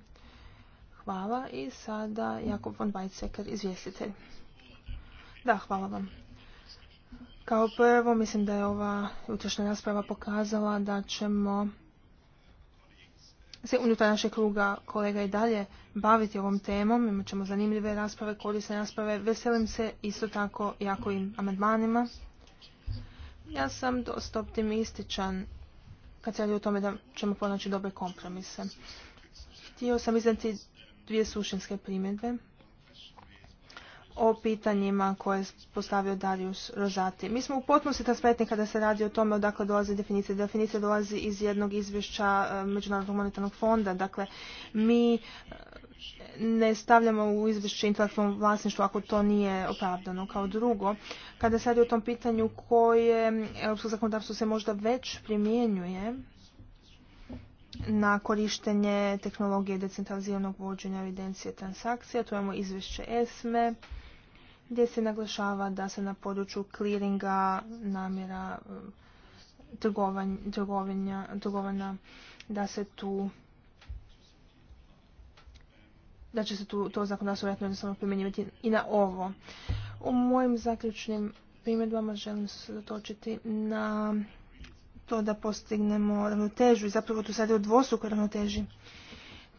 Hvala i sada Jakob von Weizsäcker, izvjestitelj. Da, hvala vam. Kao prvo, mislim da je ova jutrošnja rasprava pokazala da ćemo se unutar našeg kruga kolega i dalje baviti ovom temom. Imat ćemo zanimljive rasprave, korisne rasprave. Veselim se isto tako jako i amandmanima. Ja sam dosta optimističan kad se radi o tome da ćemo pronaći dobre kompromise. Htio sam iznati dvije suštinske primjedbe o pitanjima koje je postavio Darius Rožati. Mi smo u potpunosti transparentni kada se radi o tome odakle dolazi definicija. Definicija dolazi iz jednog izvješća e, Međunarodnog monetarnog fonda. Dakle, mi e, ne stavljamo u izvješće intelektualno vlasništvu ako to nije opravdano. Kao drugo, kada se radi o tom pitanju koje europsko zakonodavstvo se možda već primjenjuje na korištenje tehnologije decentraliziranog vođenja evidencije transakcija. Tu imamo izvješće ESME gdje se naglašava da se na području kliringa namjera e, trgovanja, da se tu da će se tu, to zakonodavstvo vjerojatno jednostavno primjenjivati i na ovo. U mojim zaključnim primjedbama želim se zatočiti na to da postignemo ravnotežu i zapravo tu sad je u dvostrukoj ravnoteži.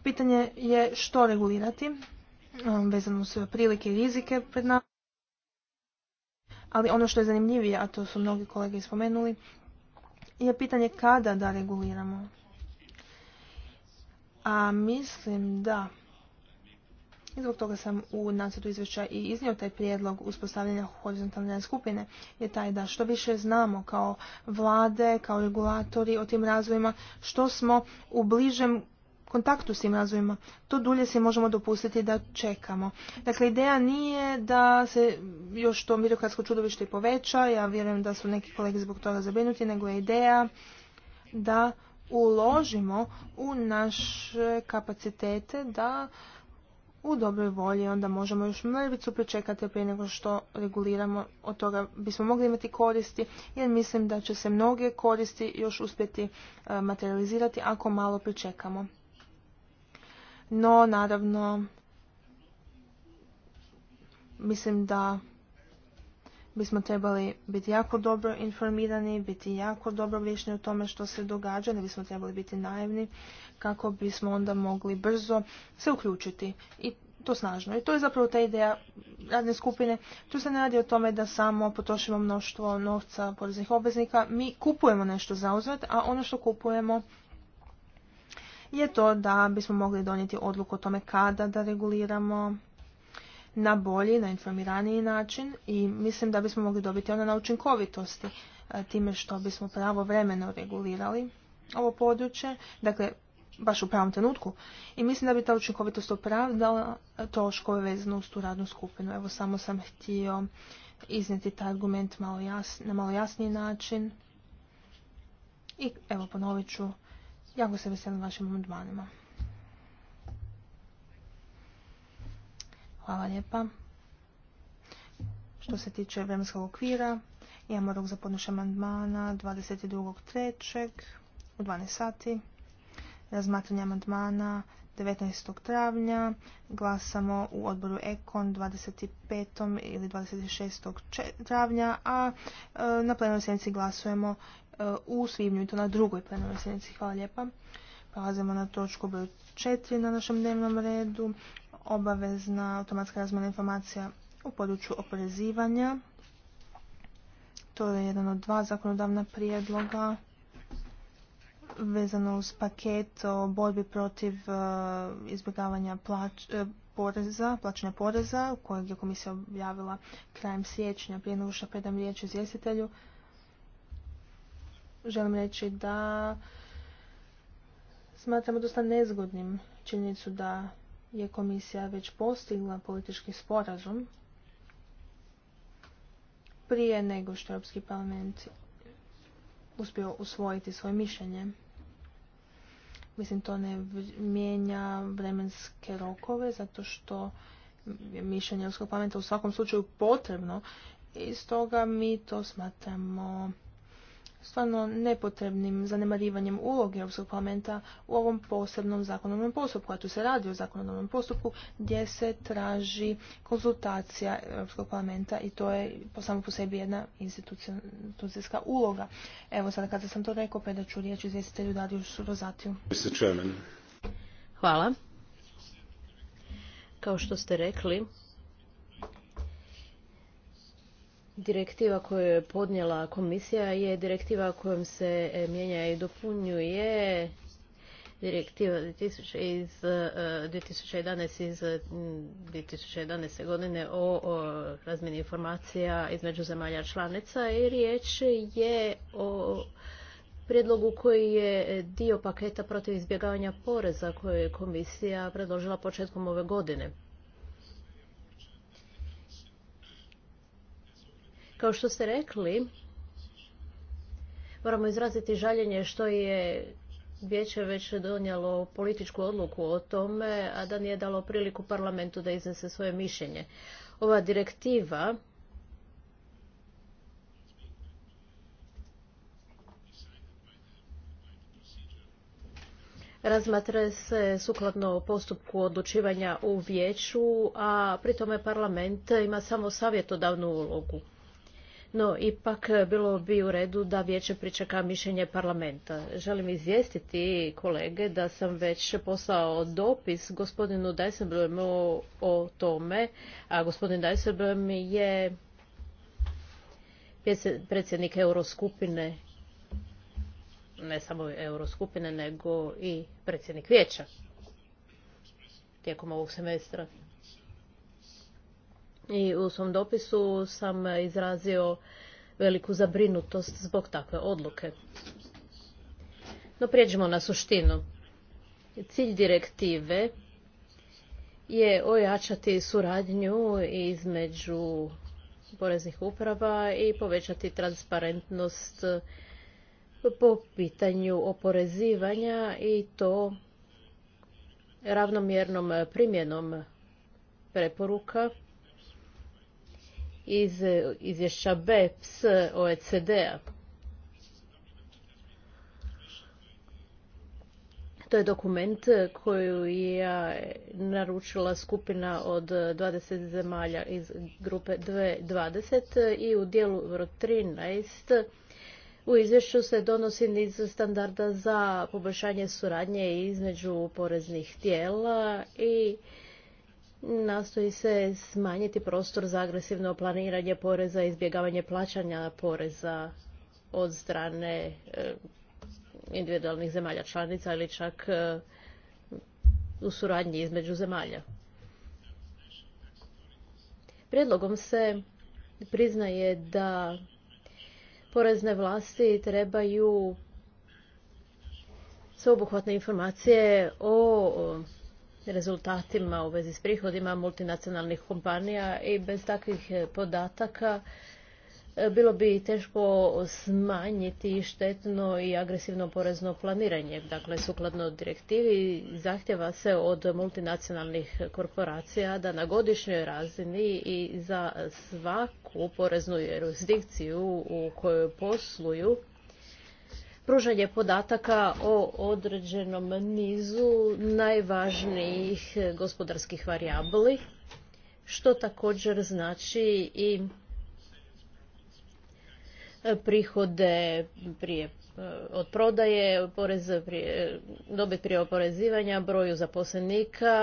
Pitanje je što regulirati e, vezano su prilike i rizike pred nama. Ali ono što je zanimljivije, a to su mnogi kolege spomenuli, je pitanje kada da reguliramo. A mislim da i zbog toga sam u nacrtu izvješća i iznio taj prijedlog uspostavljanja horizontalne skupine, je taj da što više znamo kao vlade, kao regulatori o tim razvojima, što smo u bližem kontaktu s tim razvojima, to dulje se možemo dopustiti da čekamo. Dakle, ideja nije da se još to birokratsko čudovište poveća, ja vjerujem da su neki kolege zbog toga zabrinuti, nego je ideja da uložimo u naše kapacitete da u dobroj volji onda možemo još mrvicu pričekati prije nego što reguliramo od toga bismo mogli imati koristi jer mislim da će se mnoge koristi još uspjeti e, materializirati ako malo pričekamo. No, naravno, mislim da bismo trebali biti jako dobro informirani, biti jako dobro vješni o tome što se događa, ne bismo trebali biti naivni kako bismo onda mogli brzo se uključiti i to snažno. I to je zapravo ta ideja radne skupine. Tu se ne radi o tome da samo potrošimo mnoštvo novca poreznih obveznika. Mi kupujemo nešto zauzvrat, a ono što kupujemo je to da bismo mogli donijeti odluku o tome kada da reguliramo na bolji, na informiraniji način i mislim da bismo mogli dobiti ono na učinkovitosti e, time što bismo pravovremeno regulirali ovo područje, dakle baš u pravom trenutku. I mislim da bi ta učinkovitost opravdala troškove vezano uz tu radnu skupinu. Evo samo sam htio iznijeti taj argument malo na malo jasniji način. I evo ponovit ću Jako se veselim vašim amandmanima. Hvala lijepa. Što se tiče vremenskog okvira, imamo rok za podnošenje amandmana 22.3. u 12 sati. Razmatranje amandmana 19. travnja. Glasamo u odboru Ekon 25. ili 26. travnja, a e, na plenarnoj sjednici glasujemo u svibnju i to na drugoj plenarnoj sjednici. Hvala lijepa. Prelazimo na točku broj 4 na našem dnevnom redu. Obavezna automatska razmjena informacija u području oporezivanja. To je jedan od dva zakonodavna prijedloga vezano uz paket o borbi protiv e, izbjegavanja e, poreza, plaćanja poreza, kojeg je komisija objavila krajem siječnja prije nego predam riječ izvjestitelju želim reći da smatramo dosta nezgodnim činjenicu da je komisija već postigla politički sporazum prije nego što je Europski parlament uspio usvojiti svoje mišljenje. Mislim, to ne mijenja vremenske rokove, zato što je mišljenje Europskog parlamenta u svakom slučaju potrebno i stoga mi to smatramo stvarno nepotrebnim zanemarivanjem uloge Europskog parlamenta u ovom posebnom zakonodavnom postupku, a tu se radi o zakonodavnom postupku gdje se traži konzultacija Europskog parlamenta i to je samo po sebi jedna institucijska uloga. Evo sada kada sam to rekao, da ću riječ izvjestitelju Dariju Rozatiju. Hvala. Kao što ste rekli, Direktiva koju je podnijela komisija je direktiva kojom se e, mijenja i dopunjuje direktiva iz, 2011 iz 2011. E, godine o, o razmjeni informacija između zemalja članica i riječ je o prijedlogu koji je dio paketa protiv izbjegavanja poreza koje je komisija predložila početkom ove godine. Kao što ste rekli, moramo izraziti žaljenje što je vijeće već donijelo političku odluku o tome, a da nije dalo priliku parlamentu da iznese svoje mišljenje. Ova direktiva razmatra se sukladno postupku odlučivanja u vijeću, a pri tome parlament ima samo savjetodavnu ulogu no ipak bilo bi u redu da vijeće pričeka mišljenje parlamenta. Želim izvijestiti kolege da sam već poslao dopis gospodinu Dijsselbloemu o tome, a gospodin Dijsselbloem je predsjednik Euroskupine, ne samo Euroskupine, nego i predsjednik vijeća tijekom ovog semestra i u svom dopisu sam izrazio veliku zabrinutost zbog takve odluke. No prijeđimo na suštinu. Cilj direktive je ojačati suradnju između poreznih uprava i povećati transparentnost po pitanju oporezivanja i to ravnomjernom primjenom preporuka iz e, izvješća BEPS OECD-a. To je dokument koju je naručila skupina od 20 zemalja iz grupe 20 i u dijelu 13 u izvješću se donosi niz standarda za poboljšanje suradnje između poreznih tijela i nastoji se smanjiti prostor za agresivno planiranje poreza i izbjegavanje plaćanja poreza od strane e, individualnih zemalja članica ili čak e, u suradnji između zemalja. Prijedlogom se priznaje da porezne vlasti trebaju sveobuhvatne informacije o rezultatima u vezi s prihodima multinacionalnih kompanija i bez takvih e, podataka e, bilo bi teško smanjiti štetno i agresivno porezno planiranje. Dakle, sukladno direktivi zahtjeva se od multinacionalnih korporacija da na godišnjoj razini i za svaku poreznu jurisdikciju u kojoj posluju pružanje podataka o određenom nizu najvažnijih gospodarskih varijabli, što također znači i prihode prije od prodaje, dobit prije oporezivanja, broju zaposlenika,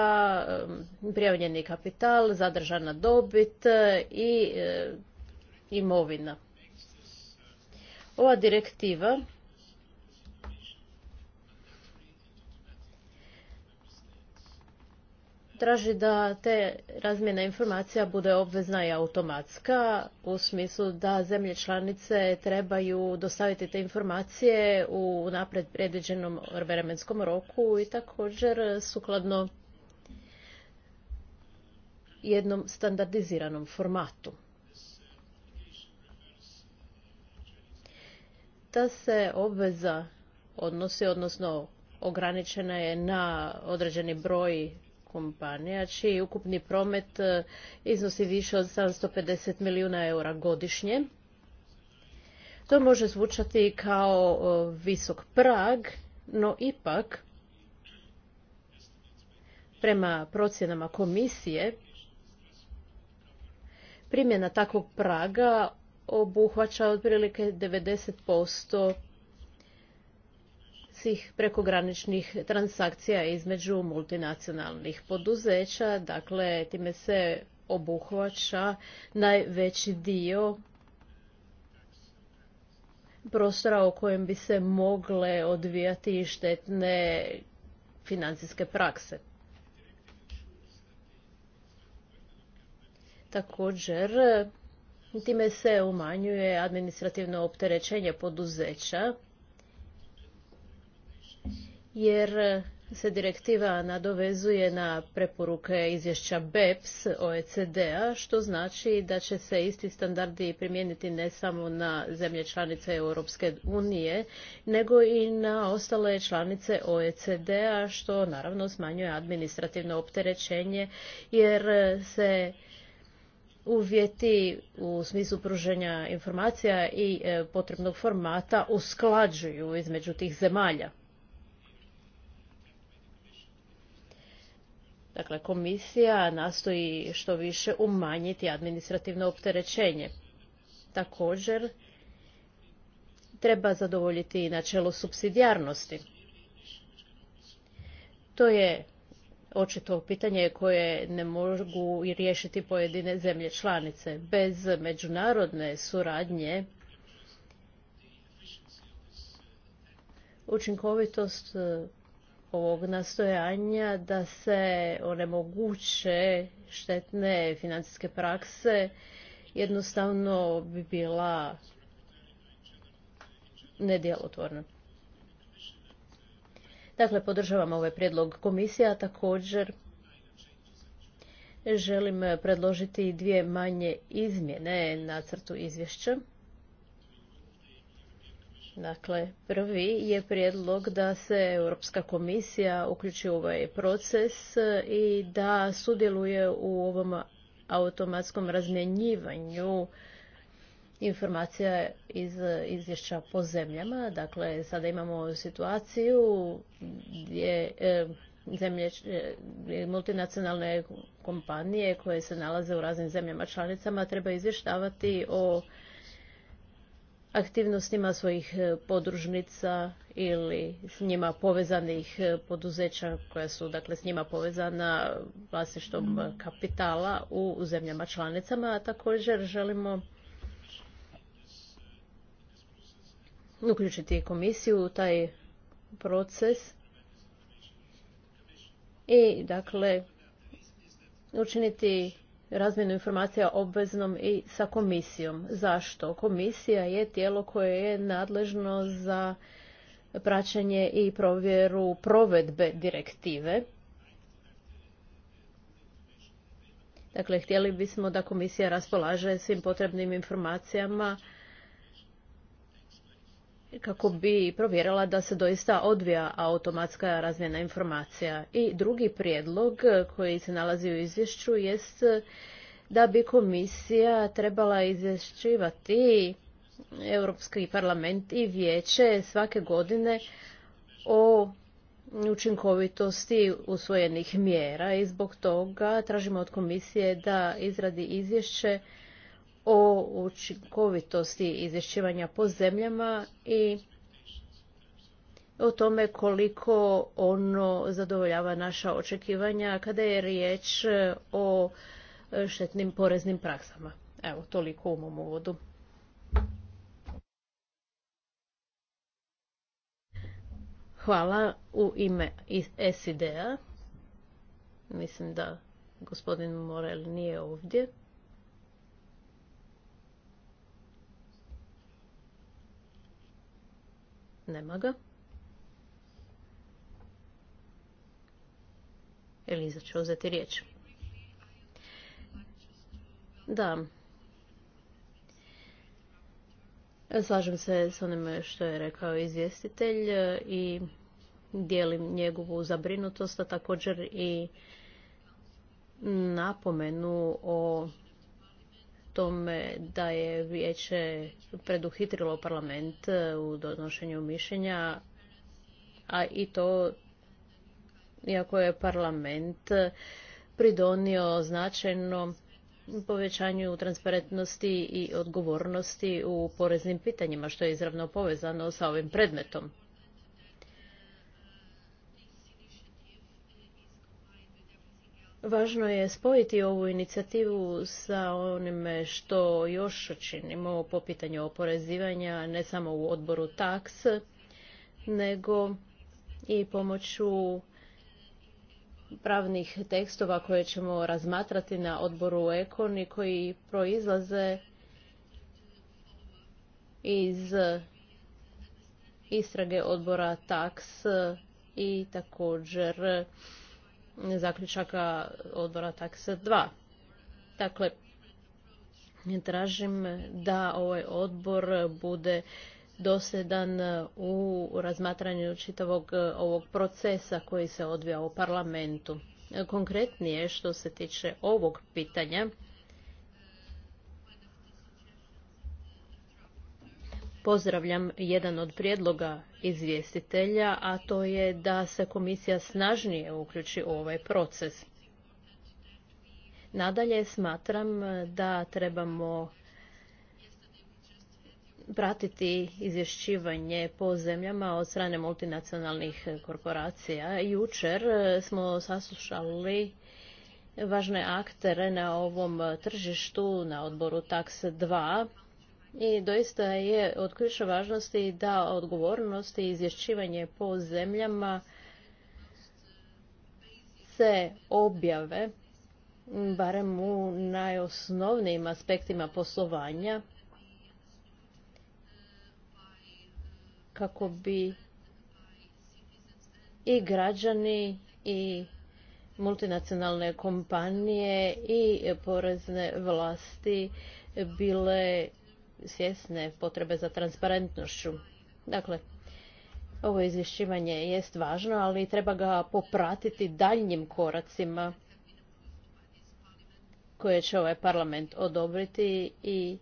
prijavljeni kapital, zadržana dobit e, i e, imovina. Ova direktiva traži da te razmjena informacija bude obvezna i automatska u smislu da zemlje članice trebaju dostaviti te informacije u napred predviđenom vremenskom roku i također sukladno jednom standardiziranom formatu. Ta se obveza odnosi, odnosno ograničena je na određeni broj kompanija čiji ukupni promet e, iznosi više od 750 milijuna eura godišnje. To može zvučati kao e, visok prag, no ipak prema procjenama komisije primjena takvog praga obuhvaća otprilike 90% svih prekograničnih transakcija između multinacionalnih poduzeća. Dakle, time se obuhvaća najveći dio prostora u kojem bi se mogle odvijati štetne financijske prakse. Također, time se umanjuje administrativno opterećenje poduzeća jer eh, se direktiva nadovezuje na preporuke izvješća BEPS OECD-a, što znači da će se isti standardi primijeniti ne samo na zemlje članice Europske unije, nego i na ostale članice OECD-a, što naravno smanjuje administrativno opterećenje, jer eh, se uvjeti u smislu pruženja informacija i eh, potrebnog formata usklađuju između tih zemalja. Dakle, komisija nastoji što više umanjiti administrativno opterećenje. Također, treba zadovoljiti i načelo subsidijarnosti. To je očito pitanje koje ne mogu i riješiti pojedine zemlje članice. Bez međunarodne suradnje učinkovitost ovog nastojanja da se onemoguće štetne financijske prakse jednostavno bi bila nedjelotvorna. Dakle, podržavam ovaj prijedlog komisija, također želim predložiti dvije manje izmjene na crtu izvješća. Dakle, prvi je prijedlog da se Europska komisija uključi u ovaj proces i da sudjeluje u ovom automatskom razmjenjivanju informacija iz izvješća po zemljama. Dakle, sada imamo situaciju gdje e, zemlje, e, multinacionalne kompanije koje se nalaze u raznim zemljama članicama treba izvještavati o aktivnostima svojih e, podružnica ili s njima povezanih e, poduzeća koja su dakle s njima povezana vlasništvom mm. kapitala u zemljama članicama, a također želimo uključiti komisiju u taj proces i dakle učiniti razmjenu informacija obveznom i sa komisijom. Zašto? Komisija je tijelo koje je nadležno za praćenje i provjeru provedbe direktive. Dakle, htjeli bismo da komisija raspolaže svim potrebnim informacijama kako bi provjerila da se doista odvija automatska razmjena informacija. I drugi prijedlog koji se nalazi u izvješću jest da bi komisija trebala izvješćivati Europski parlament i vijeće svake godine o učinkovitosti usvojenih mjera i zbog toga tražimo od komisije da izradi izvješće o učinkovitosti izvješćivanja po zemljama i o tome koliko ono zadovoljava naša očekivanja kada je riječ o štetnim poreznim praksama. Evo, toliko u mom uvodu. Hvala u ime SID-a. Mislim da gospodin Morel nije ovdje. Nema ga. Eliza će uzeti riječ. Da. Slažem se s onim što je rekao izvjestitelj e, i dijelim njegovu zabrinutost, a također i napomenu o tome da je vijeće preduhitrilo parlament e, u donošenju mišljenja, a i to iako je parlament pridonio značajno povećanju transparentnosti i odgovornosti u poreznim pitanjima, što je izravno povezano sa ovim predmetom. Važno je spojiti ovu inicijativu sa onime što još činimo po pitanju oporezivanja, ne samo u odboru taks, nego i pomoću pravnih tekstova koje ćemo razmatrati na odboru Ekon i koji proizlaze iz istrage odbora taks i također zaključaka odbora taksa 2. Dakle, tražim da ovaj odbor bude dosljedan u razmatranju čitavog e, ovog procesa koji se odvija u parlamentu. Konkretnije što se tiče ovog pitanja, Pozdravljam jedan od prijedloga izvjestitelja, a to je da se komisija snažnije uključi u ovaj proces. Nadalje smatram da trebamo pratiti izvješćivanje po zemljama od strane multinacionalnih korporacija. Jučer smo saslušali važne aktere na ovom tržištu na odboru TAX 2 i doista je od ključne važnosti da odgovornost i izvješćivanje po zemljama se objave, barem u najosnovnijim aspektima poslovanja, kako bi i građani i multinacionalne kompanije i porezne vlasti bile svjesne potrebe za transparentnošću. Dakle, ovo izvješćivanje jest važno, ali treba ga popratiti daljnjim koracima koje će ovaj parlament odobriti i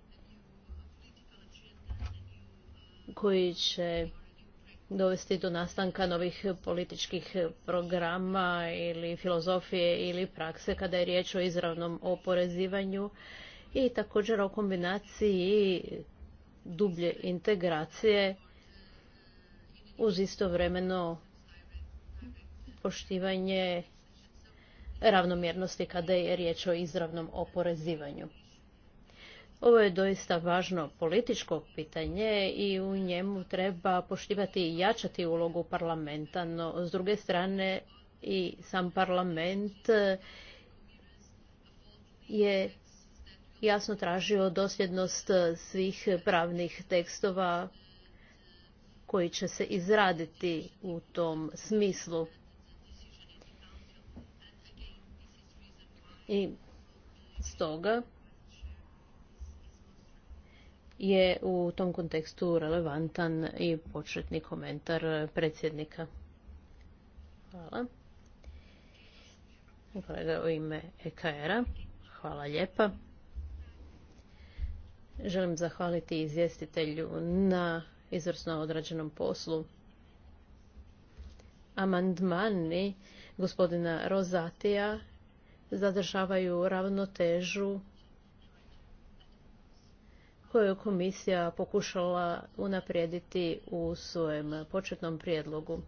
koji će dovesti do nastanka novih političkih programa ili filozofije ili prakse kada je riječ o izravnom oporezivanju i također o kombinaciji dublje integracije uz istovremeno poštivanje ravnomjernosti kada je riječ o izravnom oporezivanju. Ovo je doista važno političko pitanje i u njemu treba poštivati i jačati ulogu parlamenta, no s druge strane i sam parlament je jasno tražio dosljednost eh, svih pravnih tekstova koji će se izraditi u tom smislu. I stoga je u tom kontekstu relevantan i početni komentar predsjednika. Hvala. Kolega u ime EKR-a. Hvala lijepa. Želim zahvaliti izvjestitelju na izvrsno odrađenom poslu. Amandmani gospodina Rozatija zadržavaju ravnotežu koju je komisija pokušala unaprijediti u svojem početnom prijedlogu.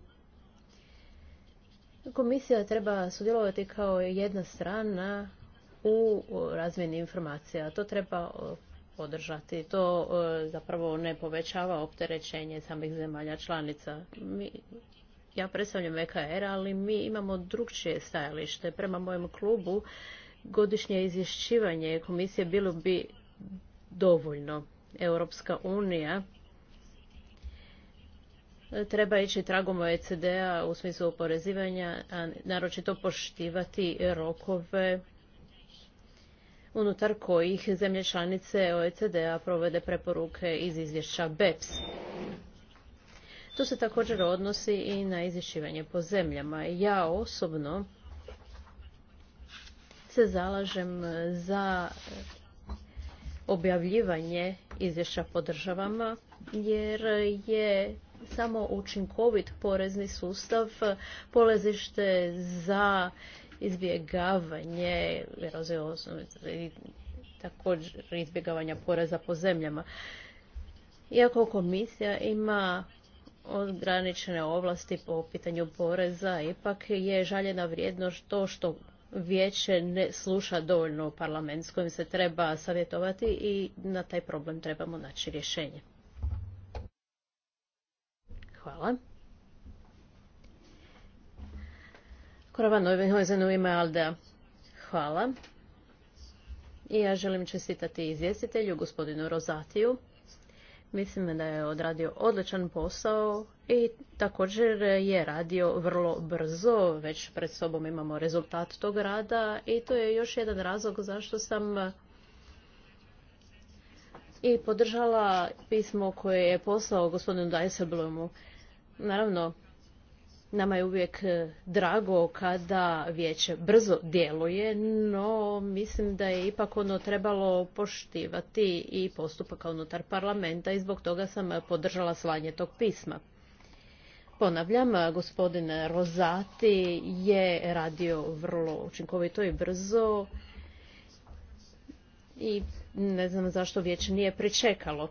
Komisija treba sudjelovati kao jedna strana u razmjeni informacija. To treba podržati. To e, zapravo ne povećava opterećenje samih zemalja članica. Mi, ja predstavljam EKR, ali mi imamo drugčije stajalište. Prema mojem klubu godišnje izvješćivanje komisije bilo bi dovoljno. Europska unija treba ići tragom OECD-a u smislu oporezivanja, a naročito poštivati rokove unutar kojih zemlje članice OECD-a provode preporuke iz izvješća BEPS. To se također odnosi i na izvješćivanje po zemljama. Ja osobno se zalažem za objavljivanje izvješća po državama, jer je samo učinkovit porezni sustav polazište za izbjegavanje i također izbjegavanja poreza po zemljama. Iako komisija ima ograničene ovlasti po pitanju poreza, ipak je žaljena vrijednost to što vijeće ne sluša dovoljno parlament s kojim se treba savjetovati i na taj problem trebamo naći rješenje. Hvala. ime Hvala. I ja želim čestitati izvjestitelju, gospodinu Rozatiju. Mislim da je odradio odličan posao i također je radio vrlo brzo, već pred sobom imamo rezultat tog rada i to je još jedan razlog zašto sam i podržala pismo koje je poslao gospodinu Dijsselblomu. Naravno, Nama je uvijek e, drago kada vijeće brzo djeluje, no mislim da je ipak ono trebalo poštivati i postupaka unutar parlamenta i zbog toga sam podržala slanje tog pisma. Ponavljam, gospodin Rozati je radio vrlo učinkovito i brzo i ne znam zašto vijeće nije pričekalo.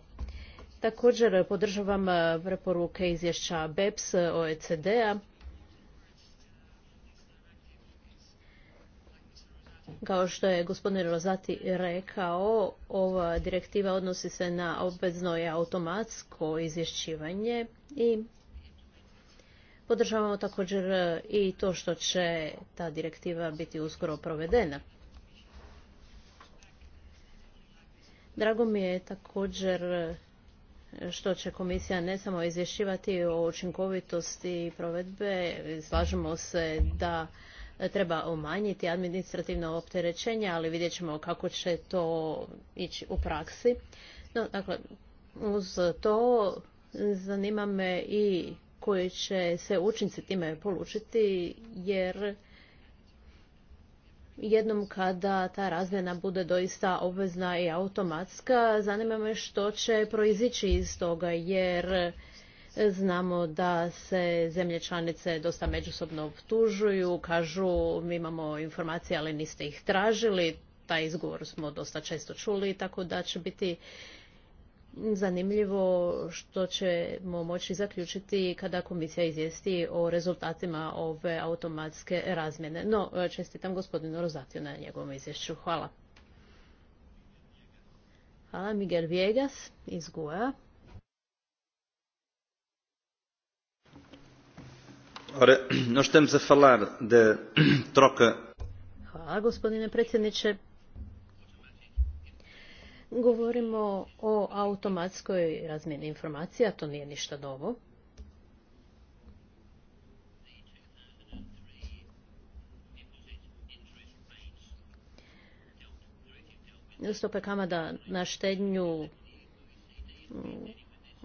Također eh, podržavam eh, preporuke izvješća BEPS eh, OECD-a Kao što je gospodin Rozati rekao, ova direktiva odnosi se na obvezno i automatsko izvješćivanje i podržavamo također i to što će ta direktiva biti uskoro provedena. Drago mi je također što će komisija ne samo izvješćivati o učinkovitosti provedbe, slažemo se da treba umanjiti administrativno opterećenje, ali vidjet ćemo kako će to ići u praksi. No, dakle, uz to zanima me i koji će se učinci time polučiti, jer jednom kada ta razmjena bude doista obvezna i automatska, zanima me što će proizići iz toga, jer znamo da se zemlje članice dosta međusobno optužuju, kažu mi imamo informacije ali niste ih tražili, taj izgovor smo dosta često čuli, tako da će biti zanimljivo što ćemo moći zaključiti kada komisija izvijesti o rezultatima ove automatske razmjene. No, čestitam gospodinu Rozatiju na njegovom izvješću. Hvala. Hvala, Miguel Viegas iz Guaja. <clears throat> <clears throat> Hvala, gospodine predsjedniče. Govorimo o automatskoj razmjeni informacija, to nije ništa novo. Stope kamada na štednju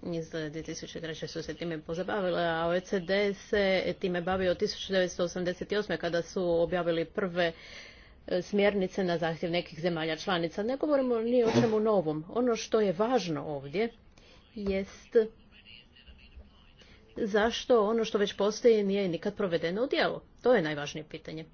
mm, iz 2003. su se time pozabavile, a OECD se time bavio 1988. kada su objavili prve E, smjernice na zahtjev nekih zemalja članica. Ne govorimo ni o čemu novom. Ono što je važno ovdje jest zašto ono što već postoji nije nikad provedeno u djelo. To je najvažnije pitanje.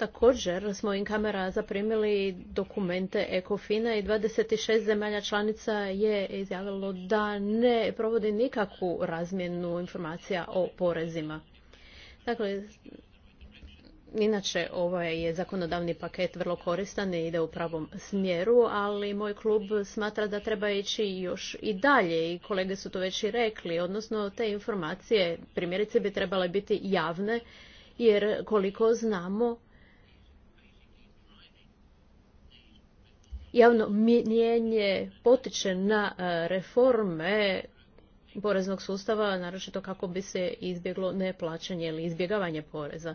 Također smo in kamera zaprimili dokumente Ekofina i 26 zemalja članica je izjavilo da ne provodi nikakvu razmjenu informacija o porezima. Dakle, Inače, ovaj je zakonodavni paket vrlo koristan i ide u pravom smjeru, ali moj klub smatra da treba ići još i dalje i kolege su to već i rekli, odnosno te informacije primjerice bi trebale biti javne jer koliko znamo javno mijenje potiče na e, reforme poreznog sustava, naročito kako bi se izbjeglo neplaćanje ili izbjegavanje poreza.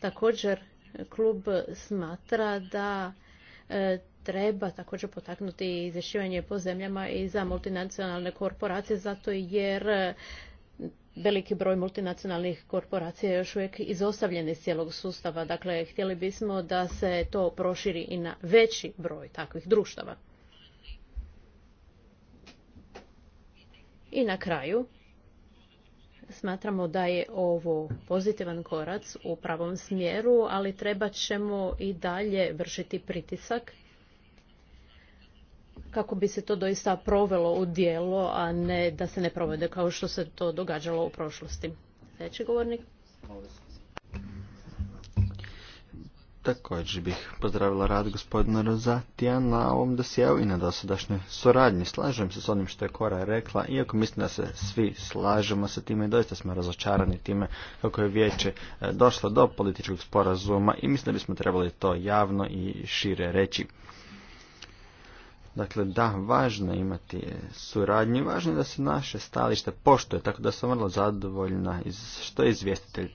Također, klub smatra da e, treba također potaknuti izvješćivanje po zemljama i za multinacionalne korporacije zato jer veliki broj multinacionalnih korporacija još uvijek izostavljen iz cijelog sustava. Dakle, htjeli bismo da se to proširi i na veći broj takvih društava. I na kraju, smatramo da je ovo pozitivan korac u pravom smjeru, ali treba ćemo i dalje vršiti pritisak kako bi se to doista provelo u dijelo, a ne da se ne provede kao što se to događalo u prošlosti. Sljedeći govornik. Također bih pozdravila rad gospodina Rozatija na ovom dosjeu i na dosadašnjoj suradnji. Slažem se s onim što je Kora rekla, iako mislim da se svi slažemo sa time i doista smo razočarani time kako je vijeće eh, došlo do političkog sporazuma i mislim da bismo trebali to javno i šire reći. Dakle, da, važno je imati suradnju, važno je da se naše stalište poštuje, tako da sam vrlo zadovoljna iz, što je izvjestitelj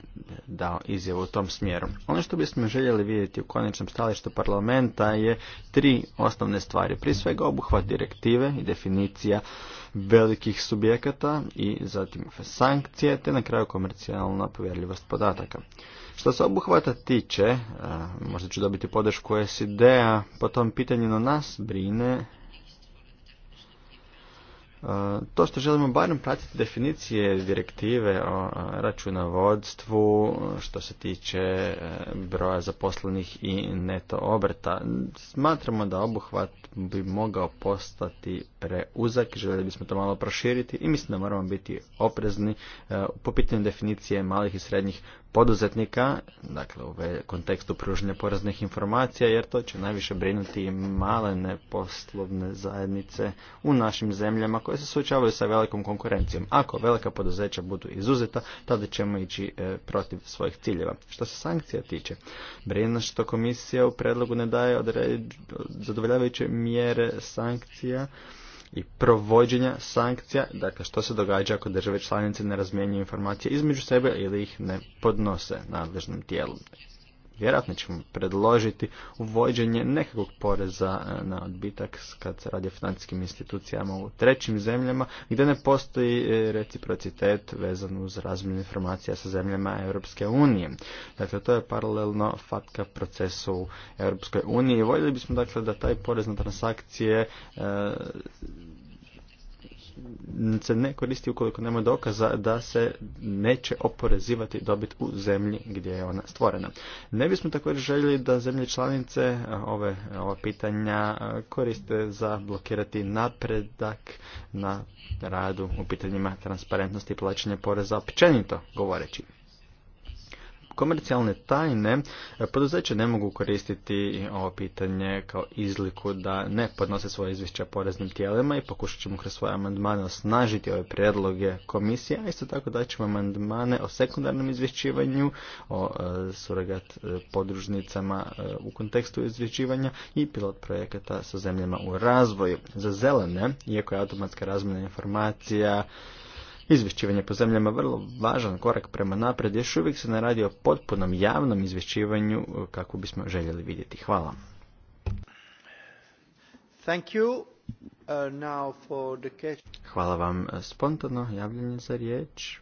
dao izjavu u tom smjeru. Ono što bismo željeli vidjeti u konačnom stalištu parlamenta je tri osnovne stvari. Prije svega obuhvat direktive i definicija velikih subjekata i zatim sankcije, te na kraju komercijalna povjerljivost podataka. Što se obuhvata tiče, e, možda ću dobiti podršku SID-a po tom pitanju, na nas brine e, to što želimo barem pratiti definicije direktive o e, računovodstvu što se tiče broja zaposlenih i neto obrta. Smatramo da obuhvat bi mogao postati preuzak, željeli bismo to malo proširiti i mislim da moramo biti oprezni po pitanju definicije malih i srednjih poduzetnika, dakle u kontekstu pružanja poreznih informacija, jer to će najviše brinuti i malene poslovne zajednice u našim zemljama koje se suočavaju sa velikom konkurencijom. Ako velika poduzeća budu izuzeta, tada ćemo ići e, protiv svojih ciljeva. Što se sankcija tiče, brinu što komisija u predlogu ne daje zadovoljavajuće mjere sankcija, i provođenja sankcija, dakle što se događa ako države članice ne razmjenjuju informacije između sebe ili ih ne podnose nadležnim tijelu vjerojatno ćemo predložiti uvođenje nekakvog poreza e, na odbitak kad se radi o financijskim institucijama u trećim zemljama gdje ne postoji e, reciprocitet vezan uz razmjenu informacija sa zemljama Europske unije. Dakle, to je paralelno fatka procesu u Europskoj uniji. Voljeli bismo dakle da taj porez na transakcije e, se ne koristi ukoliko nema dokaza da se neće oporezivati dobit u zemlji gdje je ona stvorena. Ne bismo također željeli da zemlje članice ove, ova pitanja koriste za blokirati napredak na radu u pitanjima transparentnosti i plaćanja poreza općenito govoreći komercijalne tajne e, poduzeće ne mogu koristiti ovo pitanje kao izliku da ne podnose svoje izvješća poreznim tijelima i pokušat ćemo kroz svoje amandmane osnažiti ove prijedloge komisije, a isto tako daćemo ćemo amandmane o sekundarnom izvješćivanju, o e, suragat e, podružnicama u kontekstu izvješćivanja i pilot projekata sa zemljama u razvoju. Za zelene, iako je automatska razmjena informacija, Izvješćivanje po zemljama je vrlo važan korak prema naprijed, još uvijek se ne radi o potpunom javnom izvješćivanju e, kako bismo željeli vidjeti. Hvala. Thank you. Uh, Hvala vam. Spontano javljanje za riječ.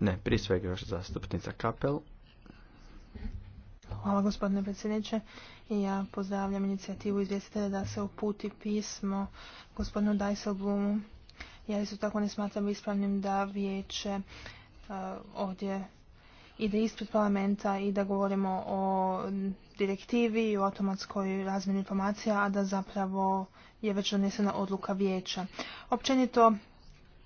Ne, prije svega još zastupnica Kapel. Hvala gospodine predsjedniče. Ja pozdravljam inicijativu izvjestitelja da se uputi pismo gospodinu Daisel-Blumu. Ja isto tako ne smatram ispravnim da vijeće e, ovdje ide ispred parlamenta i da govorimo o direktivi i o automatskoj razmjeni informacija, a da zapravo je već donesena odluka vijeća. Općenito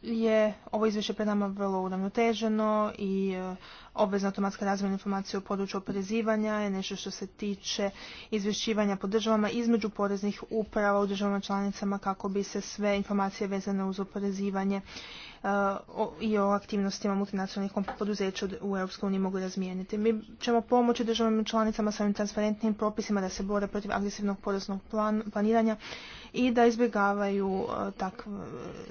je ovo izvješće pred nama vrlo uravnoteženo i e, obvezna automatska razmjena informacija u području oporezivanja je nešto što se tiče izvješćivanja po državama između poreznih uprava u državama članicama kako bi se sve informacije vezane uz oporezivanje i o aktivnostima multinacionalnih poduzeća u EU mogu razmijeniti. Mi ćemo pomoći državama članicama sa ovim transparentnim propisima da se bore protiv agresivnog poreznog planiranja i da izbjegavaju, tak,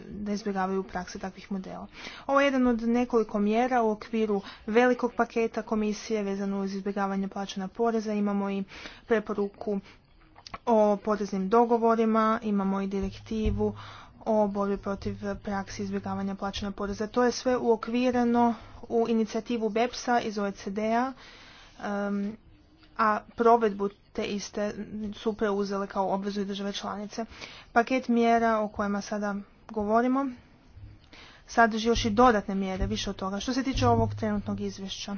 da izbjegavaju prakse takvih modela. Ovo je jedan od nekoliko mjera u okviru velikog paketa komisije vezano uz izbjegavanje plaćanja poreza. Imamo i preporuku o poreznim dogovorima, imamo i direktivu o borbi protiv praksi izbjegavanja plaćanja poreza. To je sve uokvireno u inicijativu BEPS-a iz OECD-a, um, a provedbu te iste su preuzele kao obvezu i države članice. Paket mjera o kojima sada govorimo sadrži još i dodatne mjere, više od toga. Što se tiče ovog trenutnog izvješća,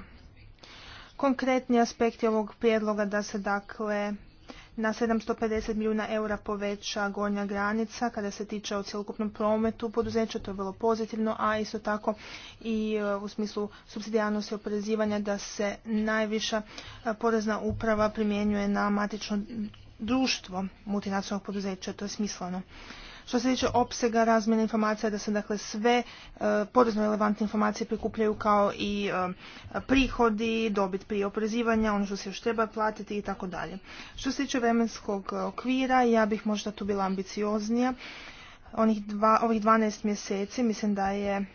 konkretni aspekti ovog prijedloga da se dakle na 750 milijuna eura poveća gornja granica kada se tiče o cjelokupnom prometu poduzeća, to je bilo pozitivno, a isto tako i e, u smislu subsidijarnosti oporezivanja da se najviša e, porezna uprava primjenjuje na matično društvo multinacionalnog poduzeća, to je smisleno. Što se tiče opsega razmjene informacija, da se dakle sve e, porezno relevantne informacije prikupljaju kao i e, prihodi, dobit prije oprezivanja, ono što se još treba platiti i tako dalje. Što se tiče vremenskog okvira, ja bih možda tu bila ambicioznija. Onih ovih 12 mjeseci mislim da je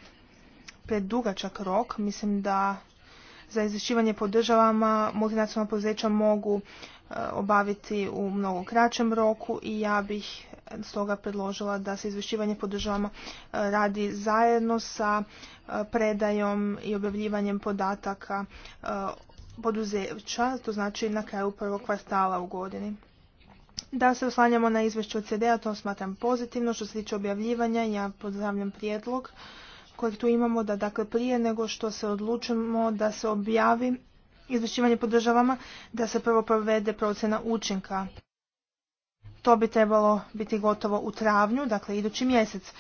predugačak rok. Mislim da za izvješćivanje po državama multinacionalna poduzeća mogu e, obaviti u mnogo kraćem roku i ja bih stoga predložila da se izvješćivanje po e, radi zajedno sa e, predajom i objavljivanjem podataka e, poduzeća, to znači na kraju prvog kvartala u godini. Da se oslanjamo na izvješće od a to smatram pozitivno. Što se tiče objavljivanja, ja pozdravljam prijedlog kojeg tu imamo da dakle prije nego što se odlučimo da se objavi izvješćivanje podržavama, da se prvo provede procjena učinka to bi trebalo biti gotovo u travnju, dakle idući mjesec. E,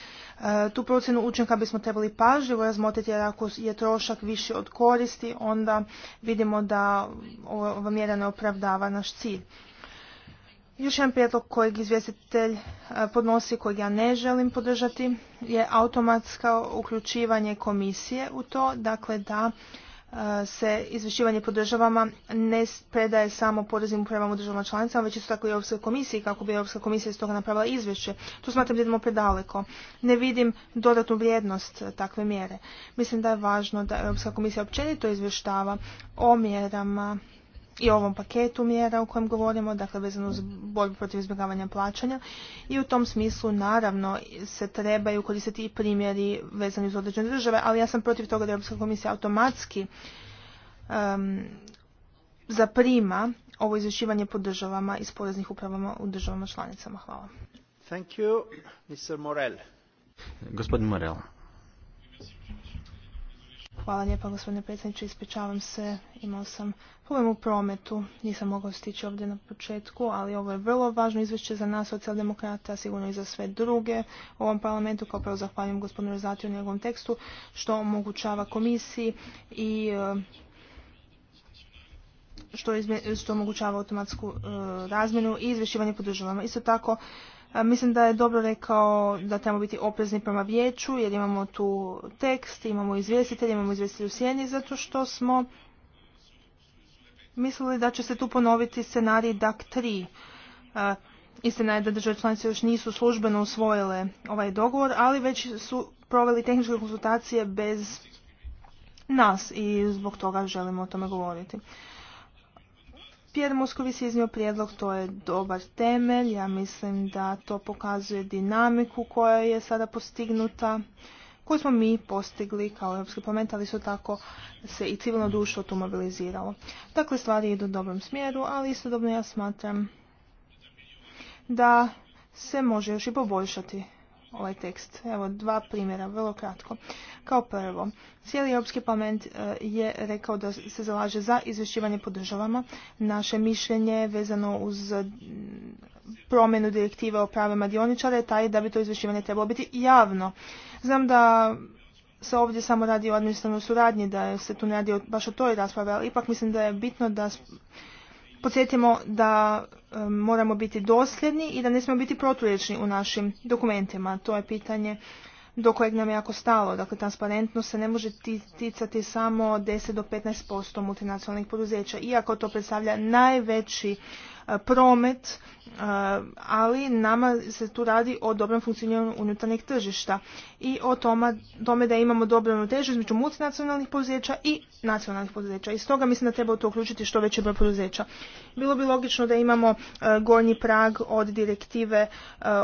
tu procjenu učinka bismo trebali pažljivo razmotriti jer ako je trošak viši od koristi, onda vidimo da ova mjera ne opravdava naš cilj. Još jedan prijedlog kojeg izvjestitelj e, podnosi, kojeg ja ne želim podržati, je automatsko uključivanje komisije u to, dakle da se izvješćivanje po državama ne predaje samo poreznim upravama u državama članicama, već isto tako i Europskoj komisiji, kako bi Europska komisija iz toga napravila izvješće. Tu smatram da idemo predaleko. Ne vidim dodatnu vrijednost takve mjere. Mislim da je važno da Europska komisija općenito izvještava o mjerama i ovom paketu mjera o kojem govorimo, dakle vezano uz borbu protiv izbjegavanja plaćanja i u tom smislu naravno se trebaju koristiti i primjeri vezani uz određene države, ali ja sam protiv toga da Europska komisija automatski um, zaprima ovo izvješćivanje po državama i poreznih upravama u državama članicama. Hvala. Thank you, Mr. Morel. Gospodin Morel. Hvala lijepa gospodine predsjedniče, ispričavam se, imao sam problem u prometu, nisam mogao stići ovdje na početku, ali ovo je vrlo važno izvješće za nas socijaldemokrata, sigurno i za sve druge u ovom parlamentu, kao prvo zahvaljujem gospodinu Rozatiju u njegovom tekstu, što omogućava komisiji i eh, što, omogućava automatsku eh, razmjenu i izvješćivanje podržavama. Isto tako, Mislim da je dobro rekao da trebamo biti oprezni prema vijeću jer imamo tu tekst, imamo izvjestitelj, imamo izvjestitelj u sjeni zato što smo mislili da će se tu ponoviti scenarij DAC 3. E, istina je da države članice još nisu službeno usvojile ovaj dogovor, ali već su proveli tehničke konzultacije bez nas i zbog toga želimo o tome govoriti. Pierre Moskovic je iznio prijedlog, to je dobar temelj, ja mislim da to pokazuje dinamiku koja je sada postignuta, koju smo mi postigli kao Europski parlament, ali isto tako se i civilno društvo tu mobiliziralo. Dakle, stvari idu u dobrom smjeru, ali istodobno ja smatram da se može još i poboljšati ovaj tekst. Evo dva primjera, vrlo kratko. Kao prvo, cijeli Europski parlament e, je rekao da se zalaže za izvješćivanje po državama. Naše mišljenje vezano uz e, promjenu direktive o pravima dioničara je taj da bi to izvješćivanje trebalo biti javno. Znam da se ovdje samo radi o administrativnoj suradnji, da se tu ne radi baš o toj raspravi, ali ipak mislim da je bitno da podsjetimo da e, moramo biti dosljedni i da ne smijemo biti proturječni u našim dokumentima. To je pitanje do kojeg nam je jako stalo. Dakle, transparentnost se ne može ticati samo 10 do 15% multinacionalnih poduzeća, iako to predstavlja najveći e, promet, e, ali nama se tu radi o dobrom funkcioniranju unutarnjeg tržišta i o tome, da imamo dobru težu između multinacionalnih poduzeća i nacionalnih poduzeća. I stoga mislim da treba to uključiti što veći broj poduzeća. Bilo bi logično da imamo e, gornji prag od direktive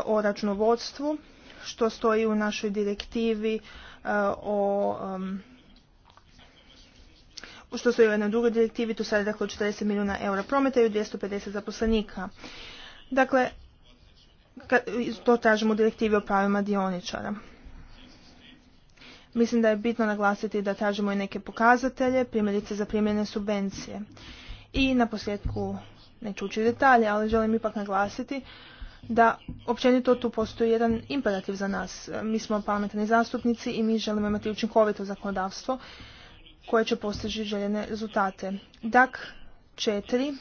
o računovodstvu, što stoji u našoj direktivi e, o što stoji u jednoj drugoj direktivi, tu sad je dakle 40 milijuna eura prometa i 250 zaposlenika. Dakle, to tražimo u direktivi o pravima dioničara. Mislim da je bitno naglasiti da tražimo i neke pokazatelje, primjerice za primjene subvencije. I na posljedku, neću ući detalje, ali želim ipak naglasiti da općenito tu postoji jedan imperativ za nas. Mi smo pametni zastupnici i mi želimo imati učinkovito zakonodavstvo koje će postići željene rezultate. DAK četiri.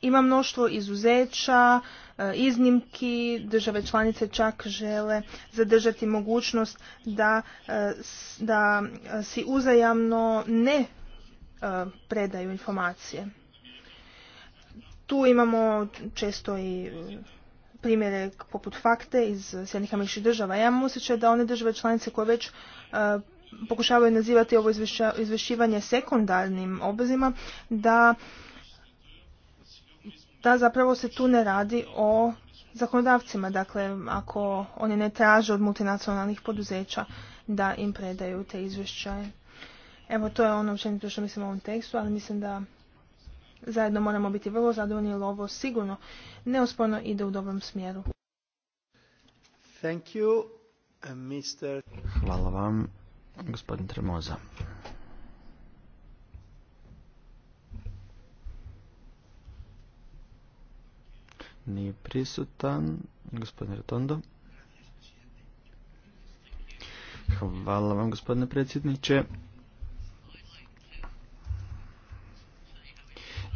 ima mnoštvo izuzeća, e, iznimki, države članice čak žele zadržati mogućnost da, e, da e, si uzajamno ne predaju informacije. Tu imamo često i primjere poput fakte iz Sjednih američkih država. Ja imam osjećaj da one države članice koje već e, pokušavaju nazivati ovo izvješćivanje sekundarnim obvezima, da, da zapravo se tu ne radi o zakonodavcima. Dakle, ako oni ne traže od multinacionalnih poduzeća da im predaju te izvješćaje. Evo, to je ono općenito što mislim o ovom tekstu, ali mislim da zajedno moramo biti vrlo zadovoljni jer ovo sigurno neosporno ide u dobrom smjeru. Thank you, uh, Mr. Hvala vam, gospodin Tremoza. Nije prisutan, gospodin Rotondo. Hvala vam, gospodine predsjedniče.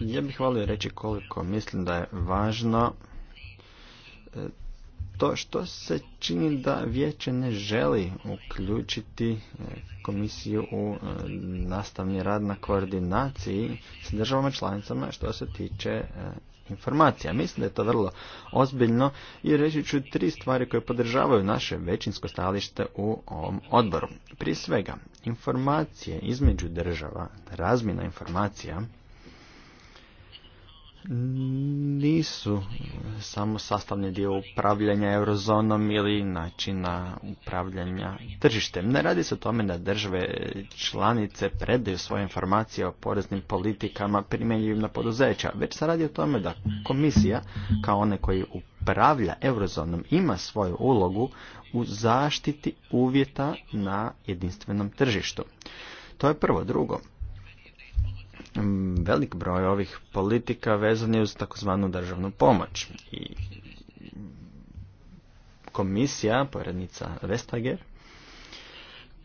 Ja bih volio reći koliko mislim da je važno e, to što se čini da vijeće ne želi uključiti e, komisiju u e, nastavni rad na koordinaciji s državama članicama što se tiče informacija. Mislim da je to vrlo ozbiljno i reći ću tri stvari koje podržavaju naše većinsko stalište u ovom odboru. Prije svega, informacije između država, razmjena informacija nisu samo sastavni dio upravljanja eurozonom ili načina upravljanja tržištem. Ne radi se o tome da države članice predaju svoje informacije o poreznim politikama primjenjivim na poduzeća, već se radi o tome da komisija, kao one koji upravlja eurozonom, ima svoju ulogu u zaštiti uvjeta na jedinstvenom tržištu. To je prvo. Drugo, Mm, velik broj ovih politika vezan je uz takozvanu državnu pomoć. I komisija, povrednica Vestager,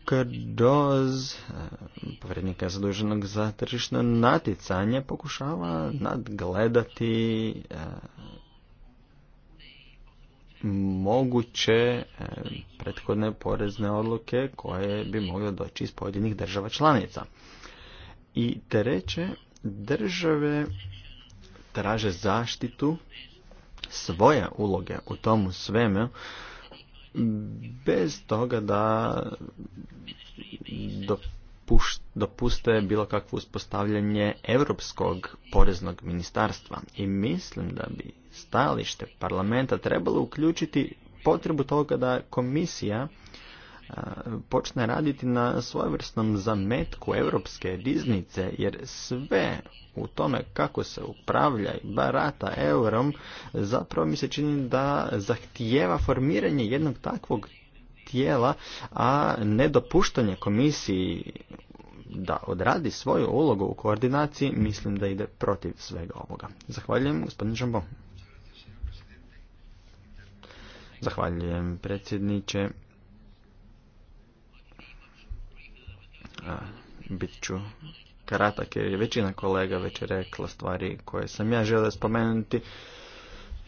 kroz e, povrednika zaduženog za tržišno naticanje pokušava nadgledati e, moguće e, prethodne porezne odluke koje bi mogle doći iz pojedinih država članica. I treće, države traže zaštitu svoje uloge u tomu svemu bez toga da dopuste bilo kakvo uspostavljanje Europskog poreznog ministarstva. I mislim da bi stajalište parlamenta trebalo uključiti potrebu toga da komisija počne raditi na svojevrsnom zametku europske riznice, jer sve u tome kako se upravlja i barata eurom, zapravo mi se čini da zahtijeva formiranje jednog takvog tijela, a nedopuštanje komisiji da odradi svoju ulogu u koordinaciji, mislim da ide protiv svega ovoga. Zahvaljujem, gospodin Žambo. Zahvaljujem, predsjedniče. Bit ću kratak jer je većina kolega već rekla stvari koje sam ja želio spomenuti.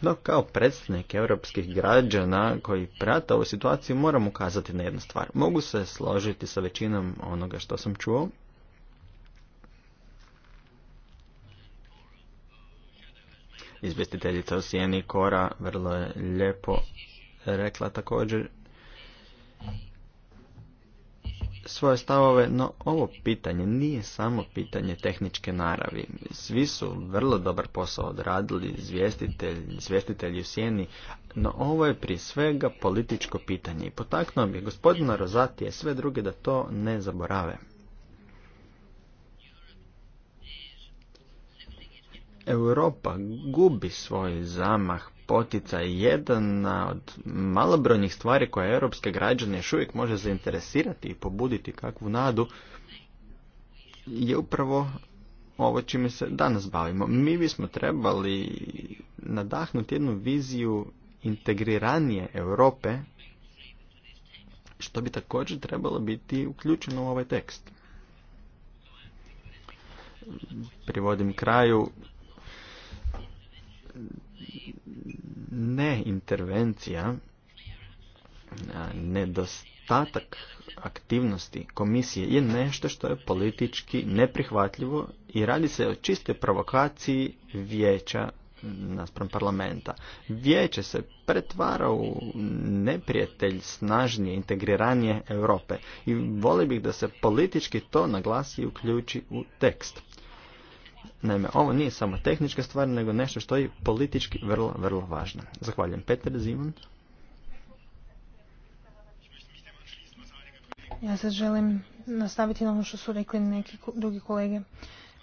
No kao predstavnik europskih građana koji prata ovu situaciju moram ukazati na jednu stvar. Mogu se složiti sa većinom onoga što sam čuo. Izvjestiteljica u Sijeni Kora vrlo je lijepo rekla također svoje stavove, no ovo pitanje nije samo pitanje tehničke naravi. Svi su vrlo dobar posao odradili, izvjestitelj, izvjestitelji u sjeni, no ovo je prije svega političko pitanje i potaknuo bi gospodina Rozatije sve druge da to ne zaborave. Europa gubi svoj zamah poticaj jedan od malobrojnih stvari koja europske građane još uvijek može zainteresirati i pobuditi kakvu nadu je upravo ovo čime se danas bavimo. Mi bismo trebali nadahnuti jednu viziju integriranije Europe što bi također trebalo biti uključeno u ovaj tekst. Privodim kraju ne intervencija, nedostatak aktivnosti komisije je nešto što je politički neprihvatljivo i radi se o čistoj provokaciji vijeća naspram parlamenta. Vijeće se pretvara u neprijatelj snažnije, integriranije Europe i voli bih da se politički to naglasi i uključi u tekst. Naime, ovo nije samo tehnička stvar, nego nešto što je politički vrlo, vrlo važno. Zahvaljujem. Petar Zimon. Ja se želim nastaviti na ono što su rekli neki drugi kolege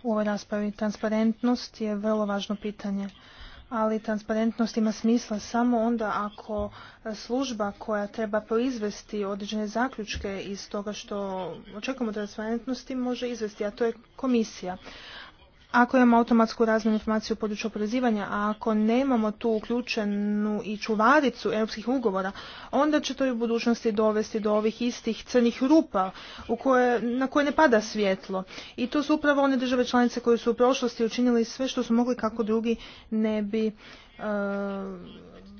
u ovoj raspravi. Transparentnost je vrlo važno pitanje, ali transparentnost ima smisla samo onda ako služba koja treba proizvesti određene zaključke iz toga što očekujemo transparentnosti može izvesti, a to je komisija ako imamo automatsku razmjenu informaciju u području oporezivanja, a ako nemamo tu uključenu i čuvaricu europskih ugovora, onda će to i u budućnosti dovesti do ovih istih crnih rupa u koje, na koje ne pada svjetlo. I to su upravo one države članice koje su u prošlosti učinili sve što su mogli kako drugi ne bi eh,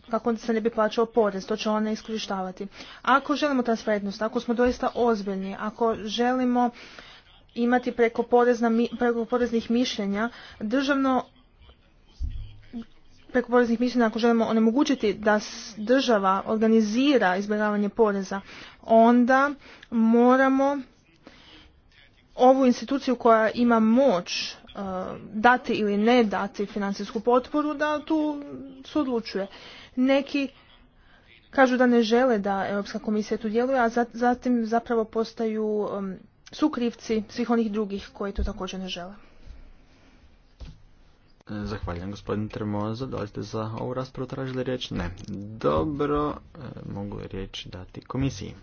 kako se ne bi plaćao porez, to će one iskorištavati. Ako želimo transparentnost, ako smo doista ozbiljni, ako želimo imati preko, poreznih mišljenja državno preko poreznih mišljenja ako želimo onemogućiti da država organizira izbjegavanje poreza, onda moramo ovu instituciju koja ima moć e, dati ili ne dati financijsku potporu da tu se odlučuje. Neki kažu da ne žele da Europska komisija tu djeluje, a zatim zapravo postaju su krivci svih onih drugih koji to također ne žele. Zahvaljujem gospodin Tremoza. Da li ste za ovu raspravu tražili riječ? Ne. Dobro, e, mogu riječ dati komisiji.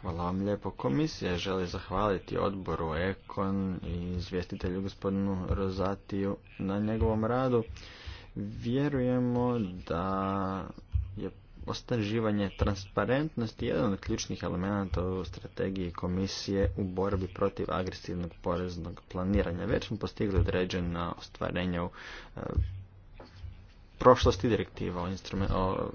Hvala vam lijepo. Komisija želi zahvaliti odboru Ekon i izvjestitelju gospodinu Rozatiju na njegovom radu. Vjerujemo da je osnaživanje transparentnosti jedan od ključnih elemenata u strategiji komisije u borbi protiv agresivnog poreznog planiranja. Već smo postigli određena ostvarenja u e, prošlosti direktiva o, instrument, o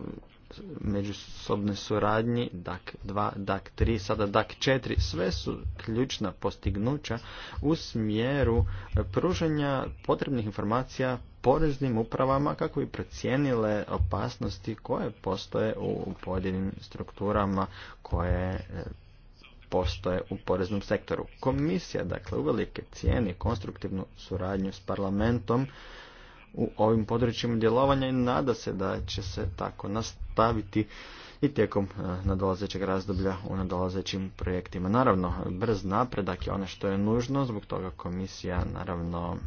međusobnoj suradnji, DAC 2, DAC 3, sada DAC 4, sve su ključna postignuća u smjeru pružanja potrebnih informacija poreznim upravama kako bi procijenile opasnosti koje postoje u pojedinim strukturama koje e, postoje u poreznom sektoru. Komisija, dakle, uvelike cijeni konstruktivnu suradnju s parlamentom u ovim područjima djelovanja i nada se da će se tako nastaviti i tijekom e, nadolazećeg razdoblja u nadolazećim projektima. Naravno, brz napredak je ono što je nužno, zbog toga komisija naravno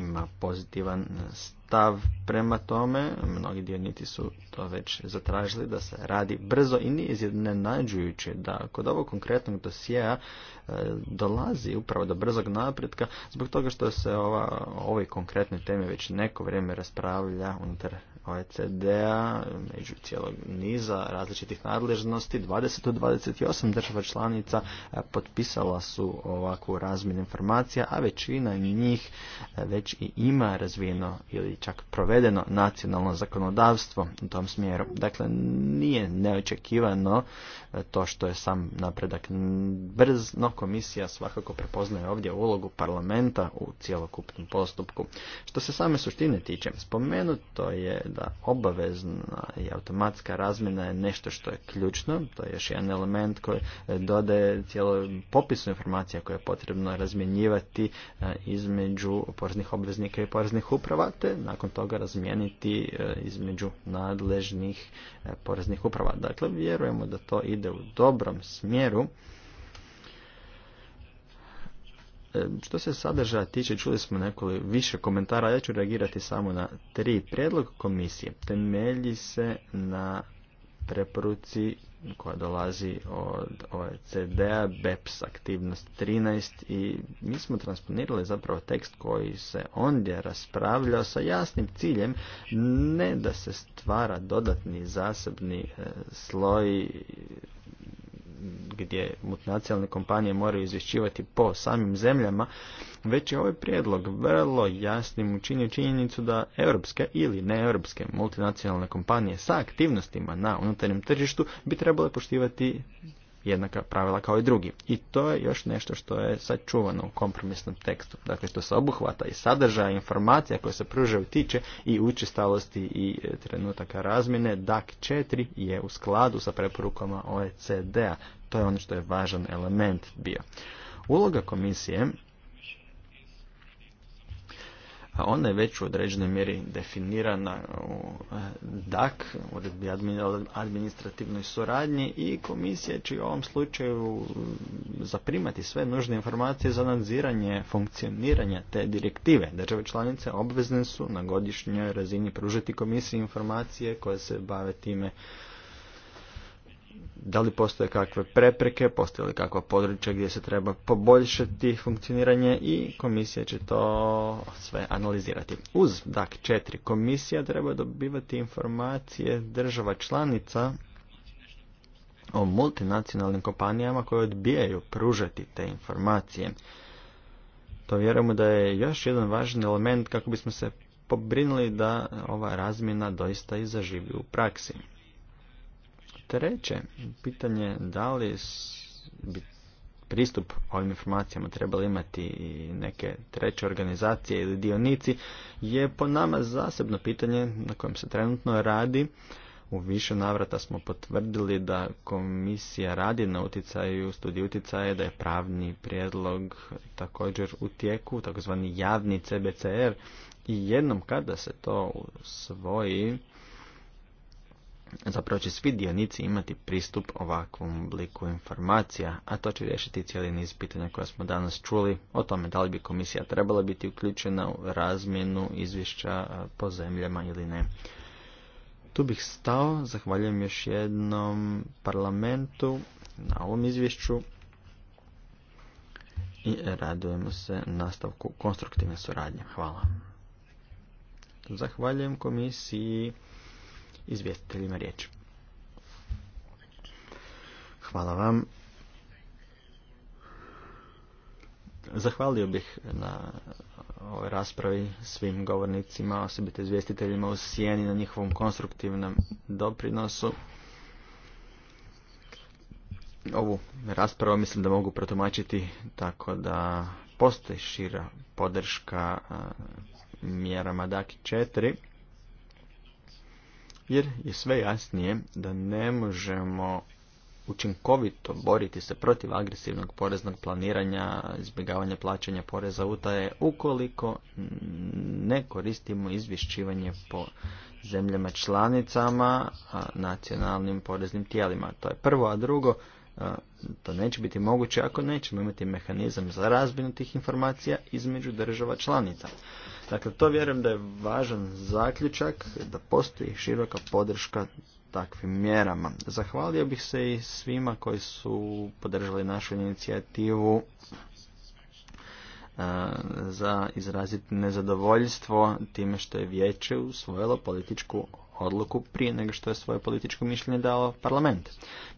ima pozitivan stav prema tome. Mnogi dionici su to već zatražili da se radi brzo i nije iznenađujuće da kod ovog konkretnog dosjea e, dolazi upravo do brzog napretka zbog toga što se ova, ovoj konkretnoj temi već neko vrijeme raspravlja unutar OECD-a, među cijelog niza različitih nadležnosti, 20 od 28 država članica e, potpisala su ovakvu razmjenu informacija, a većina njih e, već i ima razvijeno ili čak provedeno nacionalno zakonodavstvo u tom smjeru. Dakle, nije neočekivano e, to što je sam napredak brz, no komisija svakako prepoznaje ovdje ulogu parlamenta u cjelokupnom postupku. Što se same suštine tiče, spomenuto je da obavezna i automatska razmjena je nešto što je ključno, to je još jedan element koji dodaje cijelo popisu informacija koje je potrebno razmjenjivati e, između poreznih obveznika i poreznih uprava, te nakon toga razmijeniti e, između nadležnih e, poreznih uprava. Dakle, vjerujemo da to ide u dobrom smjeru. E, što se sadrža tiče, čuli smo nekoliko više komentara, ja ću reagirati samo na tri. Prijedlog komisije temelji se na preporuci koja dolazi od OECD-a, BEPS aktivnost 13 i mi smo transponirali zapravo tekst koji se ondje raspravljao sa jasnim ciljem ne da se stvara dodatni zasebni e, sloj gdje multinacionalne kompanije moraju izvješćivati po samim zemljama, već je ovaj prijedlog vrlo jasnim učinio činjenicu da europske ili neeuropske multinacionalne kompanije sa aktivnostima na unutarnjem tržištu bi trebale poštivati jednaka pravila kao i drugi. I to je još nešto što je sačuvano u kompromisnom tekstu. Dakle, što se obuhvata i sadržaja informacija koje se pružaju tiče i učestalosti i e, trenutaka razmjene, DAC 4 je u skladu sa preporukama OECD-a. To je ono što je važan element bio. Uloga komisije a ona je već u određenoj mjeri definirana u eh, DAC, uredbi administrativnoj suradnji i komisija će u ovom slučaju zaprimati sve nužne informacije za nadziranje funkcioniranja te direktive. Države članice obvezne su na godišnjoj razini pružiti komisiji informacije koje se bave time da li postoje kakve prepreke, postoje li kakva područja gdje se treba poboljšati funkcioniranje i komisija će to sve analizirati. Uz DAK 4 komisija treba dobivati informacije država članica o multinacionalnim kompanijama koje odbijaju pružati te informacije. To vjerujemo da je još jedan važan element kako bismo se pobrinuli da ova razmjena doista i zaživi u praksi. Treće, pitanje da li bi pristup ovim informacijama trebali imati neke treće organizacije ili dionici je po nama zasebno pitanje na kojem se trenutno radi. U više navrata smo potvrdili da komisija radi na utjecaju, studiju utjecaja, da je pravni prijedlog također u tijeku, takozvani javni CBCR. I jednom kada se to usvoji, zapravo će svi dionici imati pristup ovakvom obliku informacija, a to će riješiti cijeli niz pitanja koja smo danas čuli o tome da li bi komisija trebala biti uključena u razmjenu izvješća e, po zemljama ili ne. Tu bih stao, zahvaljujem još jednom parlamentu na ovom izvješću i radujemo se nastavku konstruktivne suradnje. Hvala. Zahvaljujem komisiji izvjestiteljima riječ. Hvala vam. Zahvalio bih na ovoj raspravi svim govornicima, osobito izvjestiteljima u Sijeni na njihovom konstruktivnom doprinosu. Ovu raspravu mislim da mogu protumačiti tako da postoji šira podrška mjerama DAKI jer je sve jasnije da ne možemo učinkovito boriti se protiv agresivnog poreznog planiranja, izbjegavanja plaćanja poreza utaje ukoliko ne koristimo izvješćivanje po zemljama članicama, nacionalnim poreznim tijelima. To je prvo, a drugo, to neće biti moguće ako nećemo imati mehanizam za razbinu tih informacija između država članica. Dakle, to vjerujem da je važan zaključak, da postoji široka podrška takvim mjerama. Zahvalio bih se i svima koji su podržali našu inicijativu e, za izraziti nezadovoljstvo time što je vijeće usvojilo političku odluku prije nego što je svoje političko mišljenje dao parlament.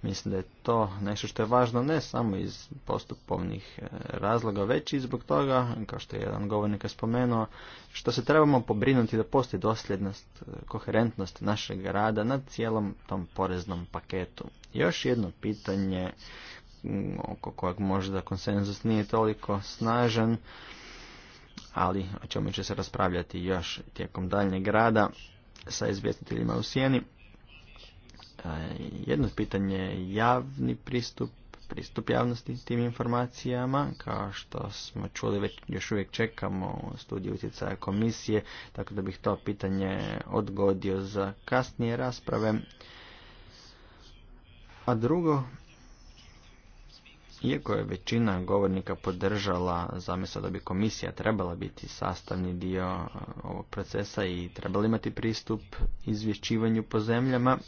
Mislim da je to nešto što je važno ne samo iz postupovnih e, razloga, već i zbog toga, kao što je jedan govornik spomenuo, što se trebamo pobrinuti da postoji dosljednost, e, koherentnost našeg rada na cijelom tom poreznom paketu. Još jedno pitanje oko kojeg možda konsenzus nije toliko snažan, ali o čemu će se raspravljati još tijekom daljnjeg rada, sa izvjestiteljima u sjeni. E, jedno pitanje je javni pristup, pristup javnosti tim informacijama. Kao što smo čuli, već još uvijek čekamo studiju utjecaja komisije, tako da bih to pitanje odgodio za kasnije rasprave. A drugo iako je većina govornika podržala zamisla da bi komisija trebala biti sastavni dio e, ovog procesa i trebala imati pristup izvješćivanju po zemljama,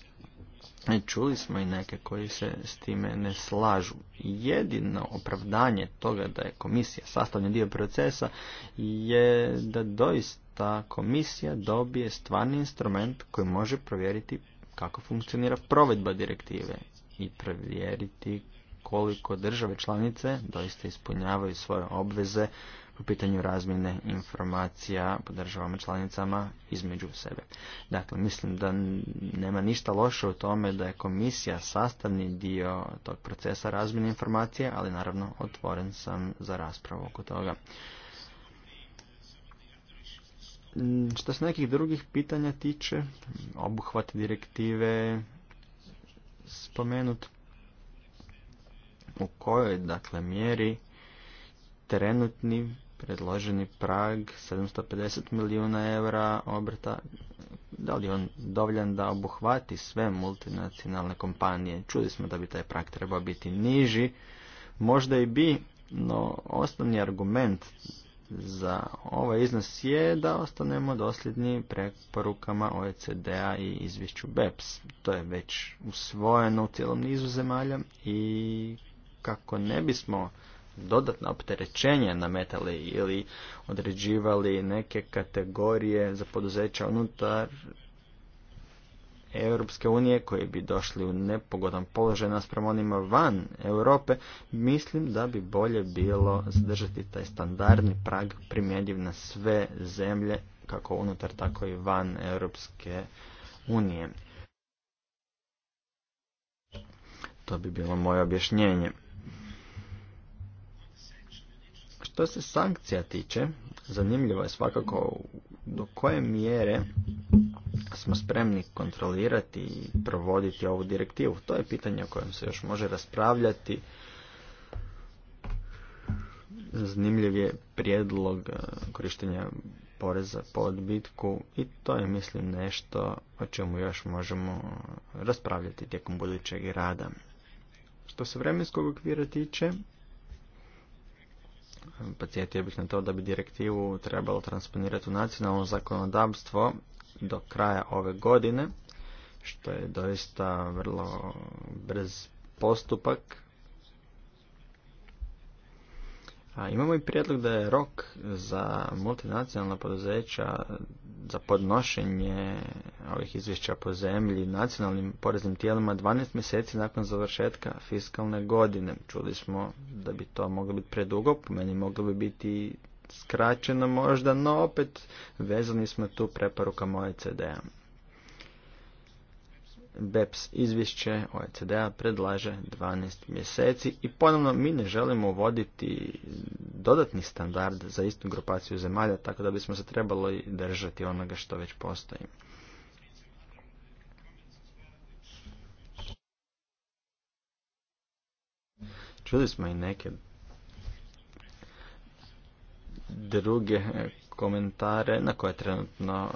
e, čuli smo i neke koji se s time ne slažu. Jedino opravdanje toga da je komisija sastavni dio procesa je da doista komisija dobije stvarni instrument koji može provjeriti kako funkcionira provedba direktive i provjeriti koliko države članice doista ispunjavaju svoje obveze u pitanju razmjene informacija po državama članicama između sebe. Dakle, mislim da nema ništa loše u tome da je komisija sastavni dio tog procesa razmjene informacije, ali naravno otvoren sam za raspravu oko toga. Što se nekih drugih pitanja tiče, obuhvat direktive spomenut, u kojoj dakle mjeri trenutni predloženi prag 750 milijuna eura obrta da li on dovoljan da obuhvati sve multinacionalne kompanije. Čuli smo da bi taj prag trebao biti niži, možda i bi, no osnovni argument za ovaj iznos je da ostanemo dosljedni preporukama OECD-a i izvješću BEPS. To je već usvojeno u cijelom nizu zemalja i kako ne bismo dodatno opterećenje nametali ili određivali neke kategorije za poduzeća unutar Europske unije koji bi došli u nepogodan položaj naspram onima van Europe, mislim da bi bolje bilo zadržati taj standardni prag primjenjiv na sve zemlje kako unutar tako i van Europske unije. To bi bilo moje objašnjenje. Što se sankcija tiče, zanimljivo je svakako do koje mjere smo spremni kontrolirati i provoditi ovu direktivu. To je pitanje o kojem se još može raspravljati. Zanimljiv je prijedlog e, korištenja poreza po odbitku i to je mislim nešto o čemu još možemo raspravljati tijekom budućeg rada. Što se vremenskog okvira tiče, Podsjetio bih na to da bi direktivu trebalo transponirati u nacionalno zakonodavstvo do kraja ove godine, što je doista vrlo brz postupak A imamo i prijedlog da je rok za multinacionalna poduzeća za podnošenje ovih izvješća po zemlji nacionalnim poreznim tijelima 12 mjeseci nakon završetka fiskalne godine. Čuli smo da bi to moglo biti predugo, po meni moglo bi biti skraćeno možda, no opet vezani smo tu preporukama OECD-a. BEPS izvješće OECD-a predlaže 12 mjeseci i ponovno mi ne želimo uvoditi dodatni standard za istu grupaciju zemalja, tako da bismo se trebalo i držati onoga što već postoji. Čuli smo i neke druge komentare na koje trenutno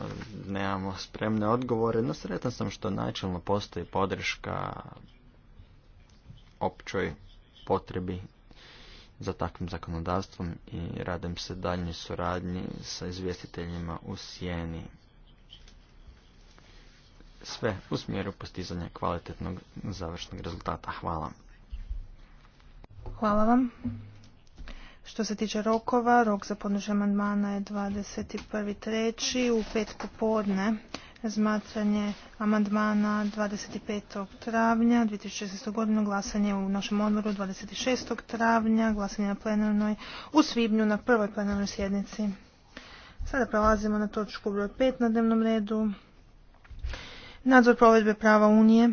nemamo spremne odgovore, no sretan sam što načelno postoji podrška općoj potrebi za takvim zakonodavstvom i radim se daljnjoj suradnji sa izvjestiteljima u sjeni. Sve u smjeru postizanja kvalitetnog završnog rezultata. Hvala. Hvala vam. Što se tiče rokova, rok za podnošenje amandmana je 21.3. u pet popodne. Razmatranje amandmana 25. travnja 2016. godinu, glasanje u našem odboru 26. travnja, glasanje na plenarnoj u svibnju na prvoj plenarnoj sjednici. Sada prelazimo na točku broj 5 na dnevnom redu. Nadzor provedbe prava Unije.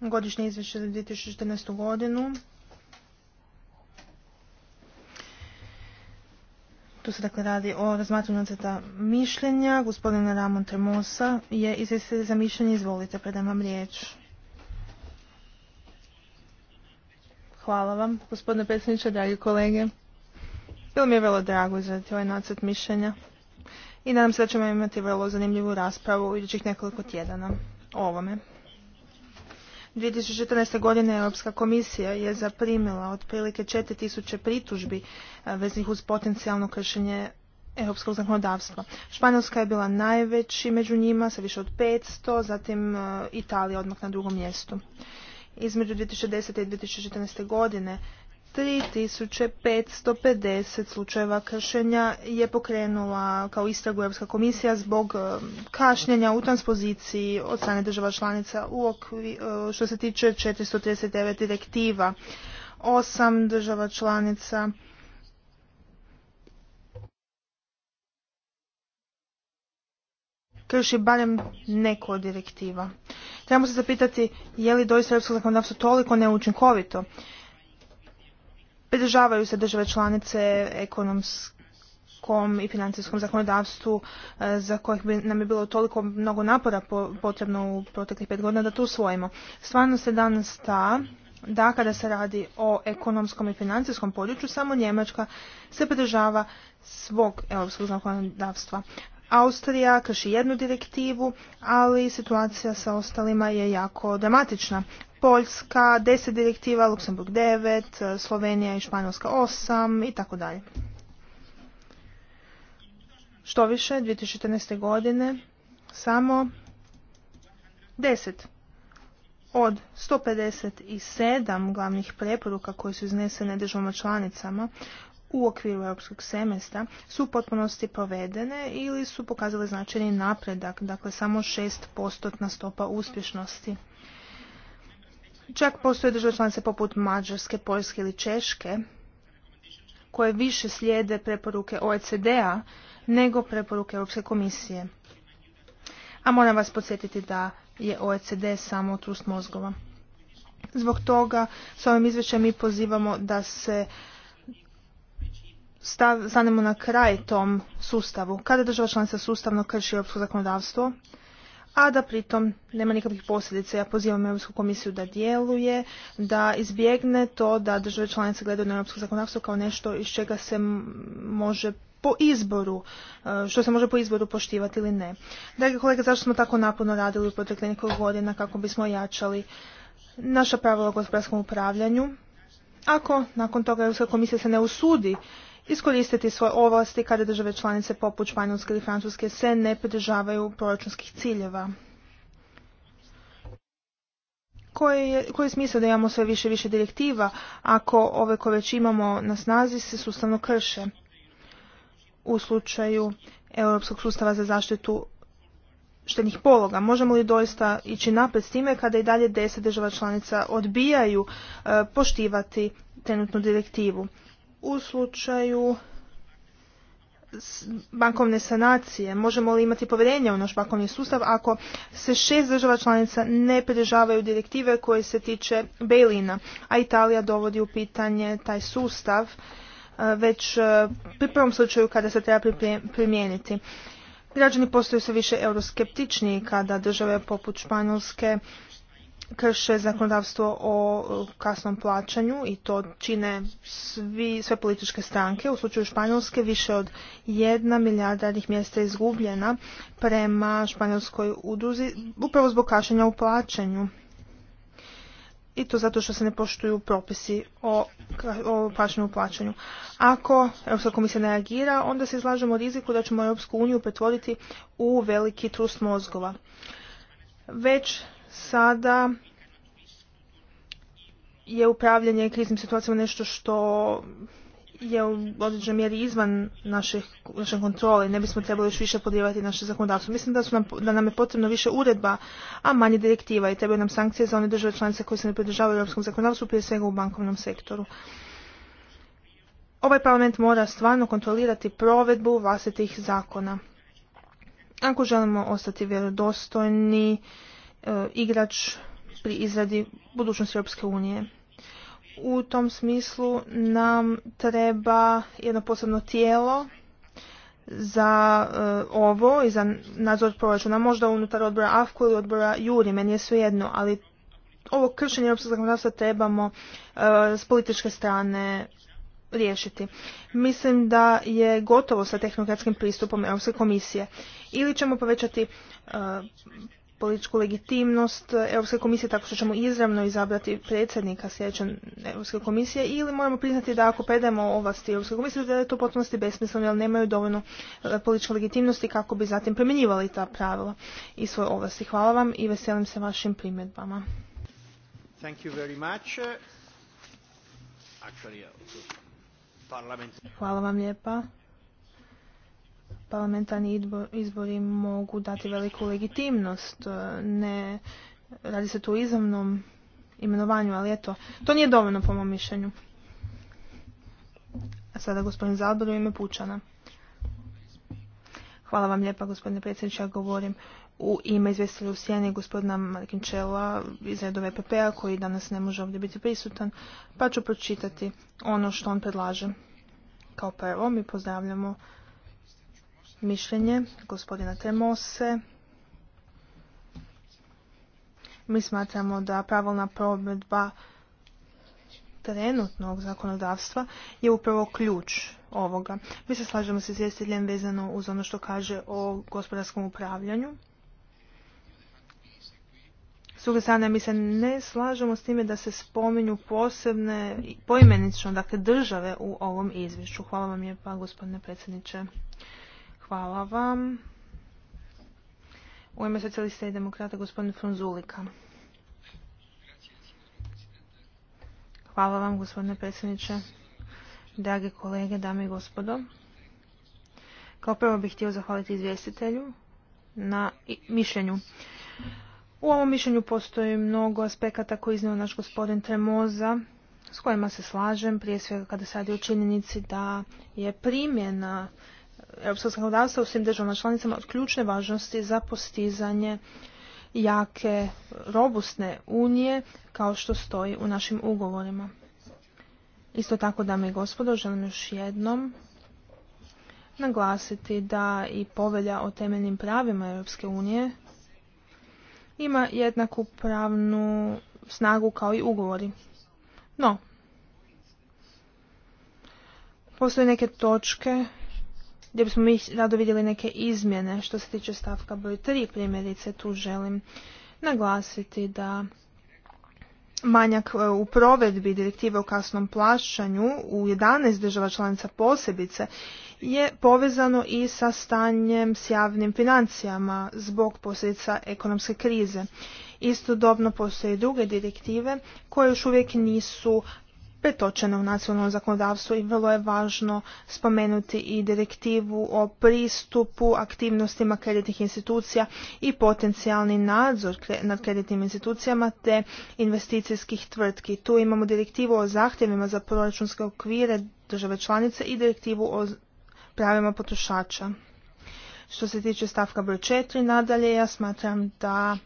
Godišnje izvješće za 2014. godinu. Tu se dakle radi o razmatranju nacrta mišljenja. Gospodina Ramon Tremosa je izvjestitelj za mišljenje. Izvolite, predam vam riječ. Hvala vam, gospodine predsjedniče, dragi kolege. Bilo mi je vrlo drago izraditi ovaj nacrt mišljenja i nadam se da ćemo imati vrlo zanimljivu raspravu u idućih nekoliko tjedana o ovome. 2014. godine Europska komisija je zaprimila otprilike 4000 pritužbi e, veznih uz potencijalno kršenje europskog zakonodavstva. Španjolska je bila najveći među njima sa više od 500, zatim e, Italija odmah na drugom mjestu. Između 2010. i 2014. godine 3550 slučajeva kršenja je pokrenula kao istragu Europska komisija zbog eh, kašnjenja u transpoziciji od strane država članica u okvi, eh, što se tiče 439 direktiva. Osam država članica krši barem neko direktiva. Trebamo se zapitati je li doista europsko zakonodavstvo toliko neučinkovito pridržavaju se države članice ekonomskom i financijskom zakonodavstvu e, za kojih bi nam je bilo toliko mnogo napora potrebno u proteklih pet godina da to usvojimo. Stvarno se danas ta da kada se radi o ekonomskom i financijskom području samo Njemačka se pridržava svog europskog zakonodavstva. Austrija krši jednu direktivu, ali situacija sa ostalima je jako dramatična. Poljska 10 direktiva, Luksemburg 9, e, Slovenija i Španjolska 8 i tako dalje. Što više, 2014. godine samo 10 od 157 glavnih preporuka koje su iznesene državama članicama u okviru europskog semestra su u potpunosti provedene ili su pokazale značajni napredak, dakle samo 6% stopa uspješnosti. Čak postoje države članice poput Mađarske, Poljske ili Češke koje više slijede preporuke OECD-a nego preporuke Europske komisije. A moram vas podsjetiti da je OECD samo trust mozgova. Zbog toga s ovim izvećem mi pozivamo da se stanemo na kraj tom sustavu. Kada država članica sustavno krši europsko zakonodavstvo, a da pritom nema nikakvih posljedica. Ja pozivam Europsku komisiju da djeluje, da izbjegne to da države članice gledaju na europsko zakonodavstvo kao nešto iz čega se može po izboru, e, što se može po izboru poštivati ili ne. Dragi kolege, zašto smo tako napuno radili u protekle nekoliko godina kako bismo jačali naša pravila o gospodarskom upravljanju? Ako nakon toga Europska komisija se ne usudi iskoristiti svoje ovlasti kada države članice poput Španjolske ili Francuske se ne pridržavaju proračunskih ciljeva. Koji je, smisao da imamo sve više i više direktiva ako ove koje već imamo na snazi se sustavno krše? U slučaju Europskog sustava za zaštitu štenih pologa. Možemo li doista ići naprijed s time kada i dalje deset država članica odbijaju e, poštivati trenutnu direktivu? u slučaju bankovne sanacije? Možemo li imati povjerenje u naš bankovni sustav ako se šest država članica ne pridržavaju direktive koje se tiče Bejlina, a Italija dovodi u pitanje taj sustav e, već e, pri prvom slučaju kada se treba primijeniti. Građani postaju sve više euroskeptičniji kada države poput Španjolske krše zakonodavstvo o kasnom plaćanju i to čine svi, sve političke stranke. U slučaju Španjolske više od jedna milijarda radnih mjesta je izgubljena prema Španjolskoj udruzi upravo zbog kašenja u plaćanju. I to zato što se ne poštuju propisi o, o plaćanju u plaćanju. Ako Europska komisija ne reagira, onda se izlažemo riziku da ćemo Europsku uniju pretvoriti u veliki trust mozgova. Već sada je upravljanje kriznim situacijama nešto što je u određenoj mjeri izvan naše kontrole. Ne bismo trebali još više podrivati naše zakonodavstvo. Mislim da, nam, da nam je potrebno više uredba, a manje direktiva i trebaju nam sankcije za one države članice koje se ne pridržavaju u europskom zakonodavstvu, prije svega u bankovnom sektoru. Ovaj parlament mora stvarno kontrolirati provedbu vlastitih zakona. Ako želimo ostati vjerodostojni, E, igrač pri izradi budućnosti Europske unije. U tom smislu nam treba jedno posebno tijelo za e, ovo i za nadzor proračuna, možda unutar odbora AFKO ili odbora Juri, meni je svejedno, ali ovo kršenje europskog zakonodavstva trebamo e, s političke strane riješiti. Mislim da je gotovo sa tehnokratskim pristupom Europske komisije. Ili ćemo povećati političku legitimnost Europske komisije tako što ćemo izravno izabrati predsjednika sljedeće Europske komisije ili moramo priznati da ako predajemo ovlasti Europske komisije da je to potpunosti besmisleno jer nemaju dovoljno e, političke legitimnosti kako bi zatim primjenjivali ta pravila i svoje ovlasti. Hvala vam i veselim se vašim primjedbama. Uh, Hvala vam lijepa parlamentarni izbori mogu dati veliku legitimnost. E, ne radi se tu izomnom imenovanju, ali eto, to nije dovoljno po mom mišljenju. A sada gospodin Zalbor u ime Pučana. Hvala vam lijepa gospodine predsjedniče, ja govorim u ime izvjestitelja u Sjeni gospodina Markinčela iz redu vpp e a p-a, koji danas ne može ovdje biti prisutan, pa ću pročitati ono što on predlaže. Kao prvo mi pozdravljamo mišljenje gospodina Temose. Mi smatramo da pravilna provedba trenutnog zakonodavstva je upravo ključ ovoga. Mi se slažemo s izvjestiteljem vezano uz ono što kaže o gospodarskom upravljanju. S druge strane, mi se ne slažemo s time da se spominju posebne, poimenično, dakle, države u ovom izvješću. Hvala vam lijepa, gospodine predsjedniče. Hvala vam. U ime socijalista i demokrata gospodin Frunzulika. Hvala vam gospodine predsjedniče, drage kolege, dame i gospodo. Kao prvo bih htio zahvaliti izvjestitelju na mišljenju. U ovom mišljenju postoji mnogo aspekata koji iznio naš gospodin Tremoza, s kojima se slažem, prije svega kada sad je u činjenici da je primjena europskog zakonodavstva u svim državama članicama od ključne važnosti za postizanje jake, robustne unije kao što stoji u našim ugovorima. Isto tako, dame i gospodo, želim još jednom naglasiti da i povelja o temeljnim pravima Europske unije ima jednaku pravnu snagu kao i ugovori. No, postoje neke točke gdje bismo mi rado vidjeli neke izmjene. Što se tiče stavka broj 3 primjerice, tu želim naglasiti da manjak e, u provedbi direktive o kasnom plaćanju u 11 država članica posebice je povezano i sa stanjem s javnim financijama zbog posljedica ekonomske krize. Istodobno postoje i druge direktive koje još uvijek nisu pretočena u nacionalno zakonodavstvo i vrlo je važno spomenuti i direktivu o pristupu aktivnostima kreditnih institucija i potencijalni nadzor nad kreditnim institucijama te investicijskih tvrtki. Tu imamo direktivu o zahtjevima za proračunske okvire države članice i direktivu o pravima potrošača. Što se tiče stavka broj 4, nadalje ja smatram da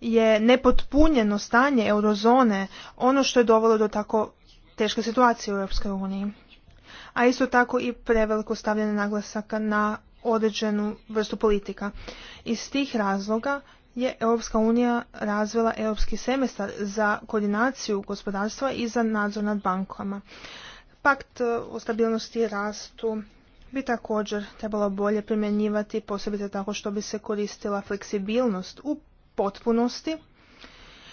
je nepotpunjeno stanje eurozone ono što je dovelo do tako teške situacije u Europskoj uniji. A isto tako i preveliko stavljanje naglasaka na određenu vrstu politika. Iz tih razloga je Europska unija razvila europski semestar za koordinaciju gospodarstva i za nadzor nad bankama. Pakt e, o stabilnosti i rastu bi također trebalo bolje primjenjivati, posebice tako što bi se koristila fleksibilnost u potpunosti.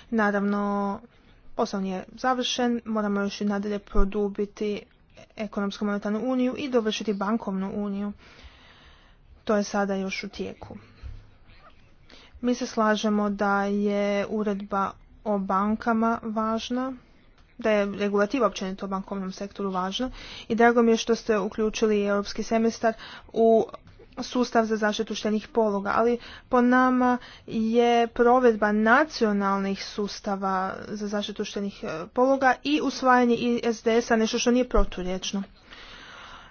Naravno, posao nije završen, moramo još i nadalje produbiti ekonomsku monetarnu uniju i dovršiti bankovnu uniju. To je sada još u tijeku. Mi se slažemo da je uredba o bankama važna, da je regulativa općenito o bankovnom sektoru važna i drago mi je što ste uključili europski semestar u sustav za zaštitu štenih pologa, ali po nama je provedba nacionalnih sustava za zaštitu štenih e, pologa i usvajanje ISDS-a nešto što nije proturječno.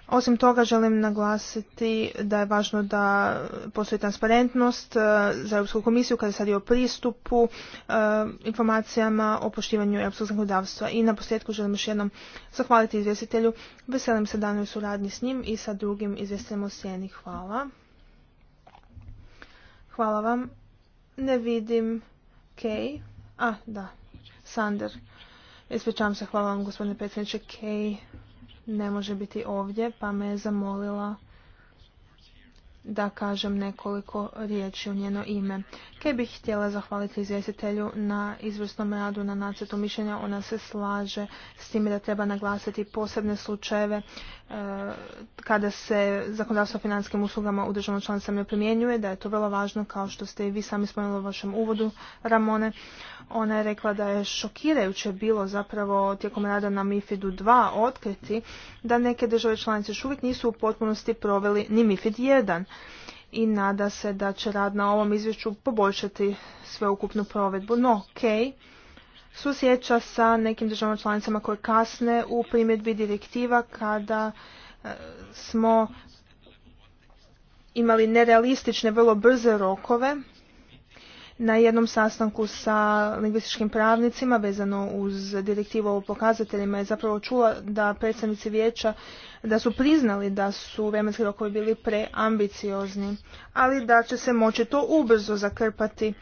Osim toga želim naglasiti da je važno da postoji transparentnost e, za Europsku komisiju kada se radi o pristupu e, informacijama o poštivanju europskog zakonodavstva. I na posljedku želim još jednom zahvaliti izvjestitelju. Veselim se danoj suradnji s njim i sa drugim izvjestiteljem u sjeni. Hvala. Hvala vam. Ne vidim Kej? A, da. Sander. Ispričavam se. Hvala vam gospodine predsjedniče Kej? ne može biti ovdje, pa me je zamolila da kažem nekoliko riječi u njeno ime. Kaj bih htjela zahvaliti izvjestitelju na izvrsnom radu na nacrtu mišljenja. Ona se slaže s time da treba naglasiti posebne slučajeve e, kada se zakonodavstvo o financijskim uslugama u državnom članicama ne primjenjuje, da je to vrlo važno kao što ste i vi sami spomenuli u vašem uvodu, Ramone. Ona je rekla da je šokirajuće bilo zapravo tijekom rada na MIFID-u 2 otkriti da neke države članice još uvijek nisu u potpunosti proveli ni MIFID 1 i nada se da će rad na ovom izvješću poboljšati sveukupnu provedbu. No, ok, susjeća sa nekim državama članicama koje kasne u primjedbi direktiva kada e, smo imali nerealistične, vrlo brze rokove na jednom sastanku sa lingvističkim pravnicima vezano uz direktivu o pokazateljima je zapravo čula da predstavnici vijeća da su priznali da su vremenski rokovi bili preambiciozni, ali da će se moći to ubrzo zakrpati.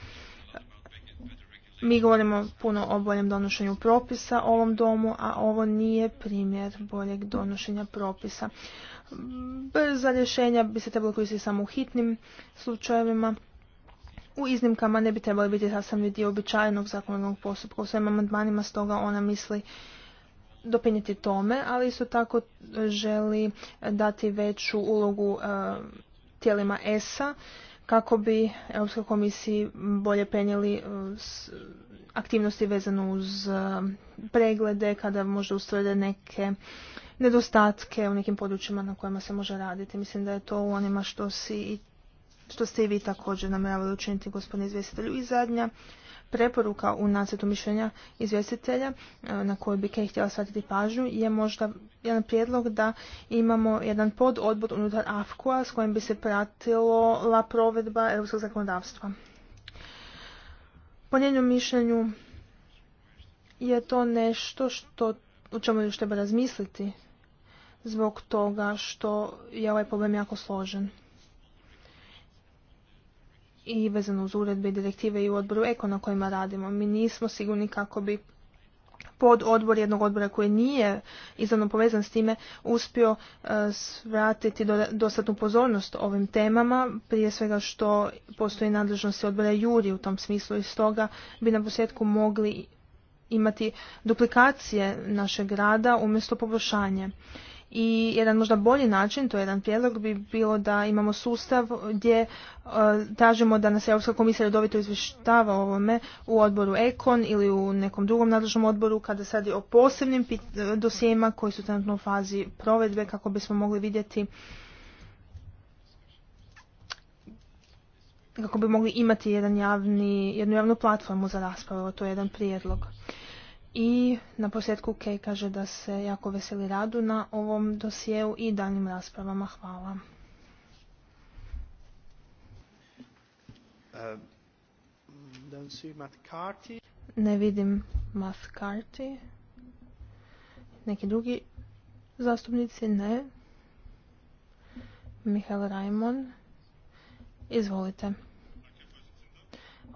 Mi govorimo puno o boljem donošenju propisa ovom domu, a ovo nije primjer boljeg donošenja propisa. Brza rješenja bi se trebalo koristiti samo u hitnim slučajevima u iznimkama ne bi trebali biti sastavni dio običajnog zakonodavnog postupka. U svojim amandmanima stoga ona misli doprinijeti tome, ali isto tako želi dati veću ulogu e, tijelima ESA kako bi Europskoj komisiji bolje penjeli e, aktivnosti vezano uz e, preglede kada možda ustvrde neke nedostatke u nekim područjima na kojima se može raditi. Mislim da je to u onima što si i što ste i vi također namjeravali učiniti, gospodine izvjestitelju. I zadnja preporuka u nacrtu mišljenja izvjestitelja e, na koju bi htjela shvatiti pažnju je možda jedan prijedlog da imamo jedan pododbor unutar AFKOA s kojim bi se pratila provedba europskog zakonodavstva. Po njenom mišljenju je to nešto što, u čemu još treba razmisliti zbog toga što je ovaj problem jako složen i vezano uz uredbe i direktive i u odboru Eko na kojima radimo. Mi nismo sigurni kako bi pod odbor jednog odbora koji nije izravno povezan s time uspio e, svratiti dostatnu pozornost ovim temama, prije svega što postoji nadležnosti odbora Juri u tom smislu i stoga bi na posljedku mogli imati duplikacije našeg rada umjesto poboljšanje. I jedan možda bolji način, to je jedan prijedlog, bi bilo da imamo sustav gdje e, tražimo da nas Europska komisija redovito izvještava o ovome u odboru Ekon ili u nekom drugom nadležnom odboru kada se radi o posebnim e, dosijema koji su trenutno u fazi provedbe kako bismo mogli vidjeti kako bi mogli imati jedan javni, jednu javnu platformu za raspravu. To je jedan prijedlog. I na posljedku Kej kaže da se jako veseli radu na ovom dosjeu i daljnjim raspravama. Hvala. Uh, ne vidim MathCarty. Neki drugi zastupnici ne. Mihael Raimon. Izvolite.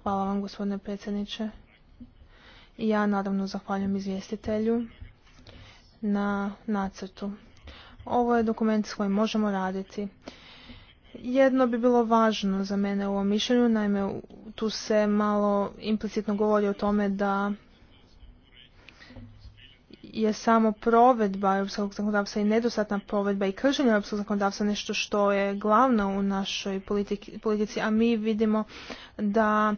Hvala vam gospodine predsjedniče. Ja naravno zahvaljujem izvjestitelju na nacrtu. Ovo je dokument s kojim možemo raditi. Jedno bi bilo važno za mene u ovom mišljenju, naime tu se malo implicitno govori o tome da je samo provedba europskog zakonodavstva i nedostatna provedba i kršenje europskog zakonodavstva nešto što je glavno u našoj politici a mi vidimo da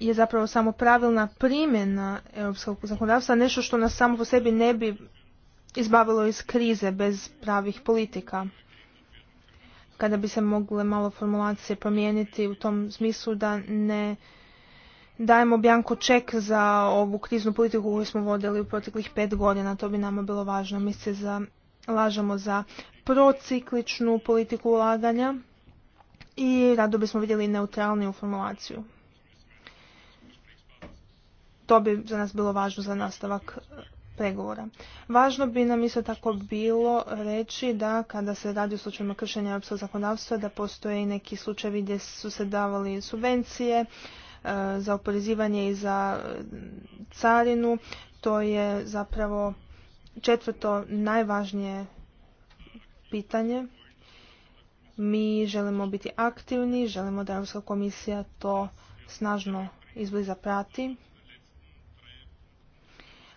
je zapravo samo pravilna primjena europskog zakonodavstva nešto što nas samo po sebi ne bi izbavilo iz krize bez pravih politika. Kada bi se mogle malo formulacije promijeniti u tom smislu da ne dajemo bjanko ček za ovu kriznu politiku koju smo vodili u proteklih pet godina, to bi nama bilo važno. Mi se zalažemo za procikličnu politiku ulaganja i rado bismo vidjeli neutralniju formulaciju. To bi za nas bilo važno za nastavak e, pregovora. Važno bi nam isto tako bilo reći da kada se radi o slučajima kršenja europskog zakonodavstva da postoje i neki slučajevi gdje su se davali subvencije e, za oporezivanje i za e, carinu. To je zapravo četvrto najvažnije pitanje. Mi želimo biti aktivni, želimo da Europska komisija to snažno izbliza prati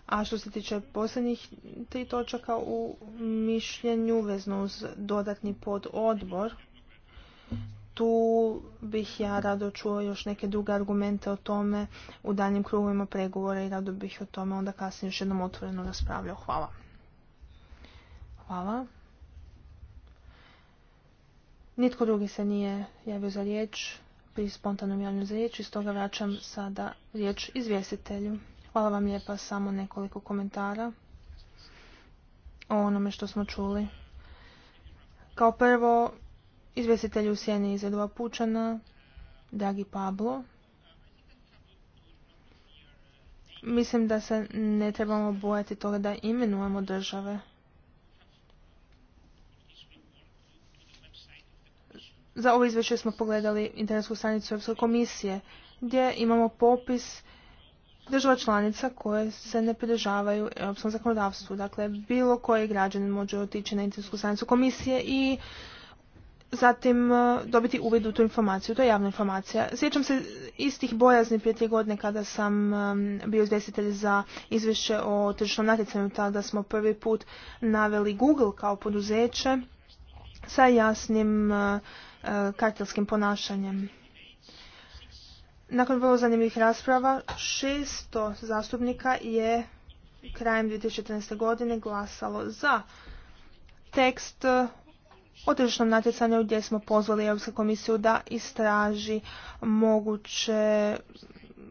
a što se tiče posljednjih tri točaka u mišljenju vezno uz dodatni pododbor, tu bih ja rado čuo još neke druge argumente o tome u daljnjim krugovima pregovora i rado bih o tome onda kasnije još jednom otvoreno raspravljao. Hvala. Hvala. Nitko drugi se nije javio za riječ pri spontanom javljanju za riječ i stoga vraćam sada riječ izvjestitelju. Hvala vam lijepa. Samo nekoliko komentara o onome što smo čuli. Kao prvo, izvjestitelj u sjeni iz Edova Pučana, dragi Pablo. Mislim da se ne trebamo bojati toga da imenujemo države. Za ovo izvješće smo pogledali internetsku stranicu Europske komisije, gdje imamo popis država članica koje se ne pridržavaju europskom zakonodavstvu. Dakle, bilo koji građanin može otići na internetsku stranicu komisije i zatim e, dobiti uvid u tu informaciju. To je javna informacija. Sjećam se istih bojazni prije tri godine kada sam e, bio izvjestitelj za izvješće o tržišnom natjecanju. Tada smo prvi put naveli Google kao poduzeće sa jasnim e, kartelskim ponašanjem. Nakon vrlo zanimljivih rasprava, 600 zastupnika je krajem 2014. godine glasalo za tekst o tržišnom natjecanju gdje smo pozvali Europsku komisiju da istraži moguće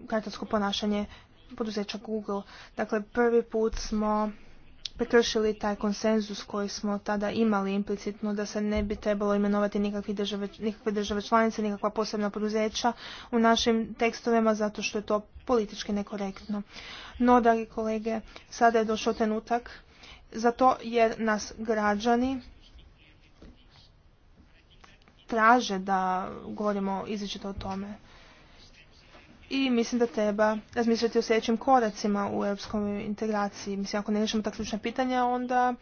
kartelsko ponašanje poduzeća Google. Dakle, prvi put smo prekršili taj konsenzus koji smo tada imali implicitno da se ne bi trebalo imenovati nikakve države, nikakve države članice, nikakva posebna poduzeća u našim tekstovima zato što je to politički nekorektno. No, dragi kolege, sada je došao trenutak zato jer nas građani traže da govorimo izričito o tome i mislim da treba razmisliti o sljedećim koracima u europskoj integraciji. Mislim, ako ne riješimo ta ključna pitanja, onda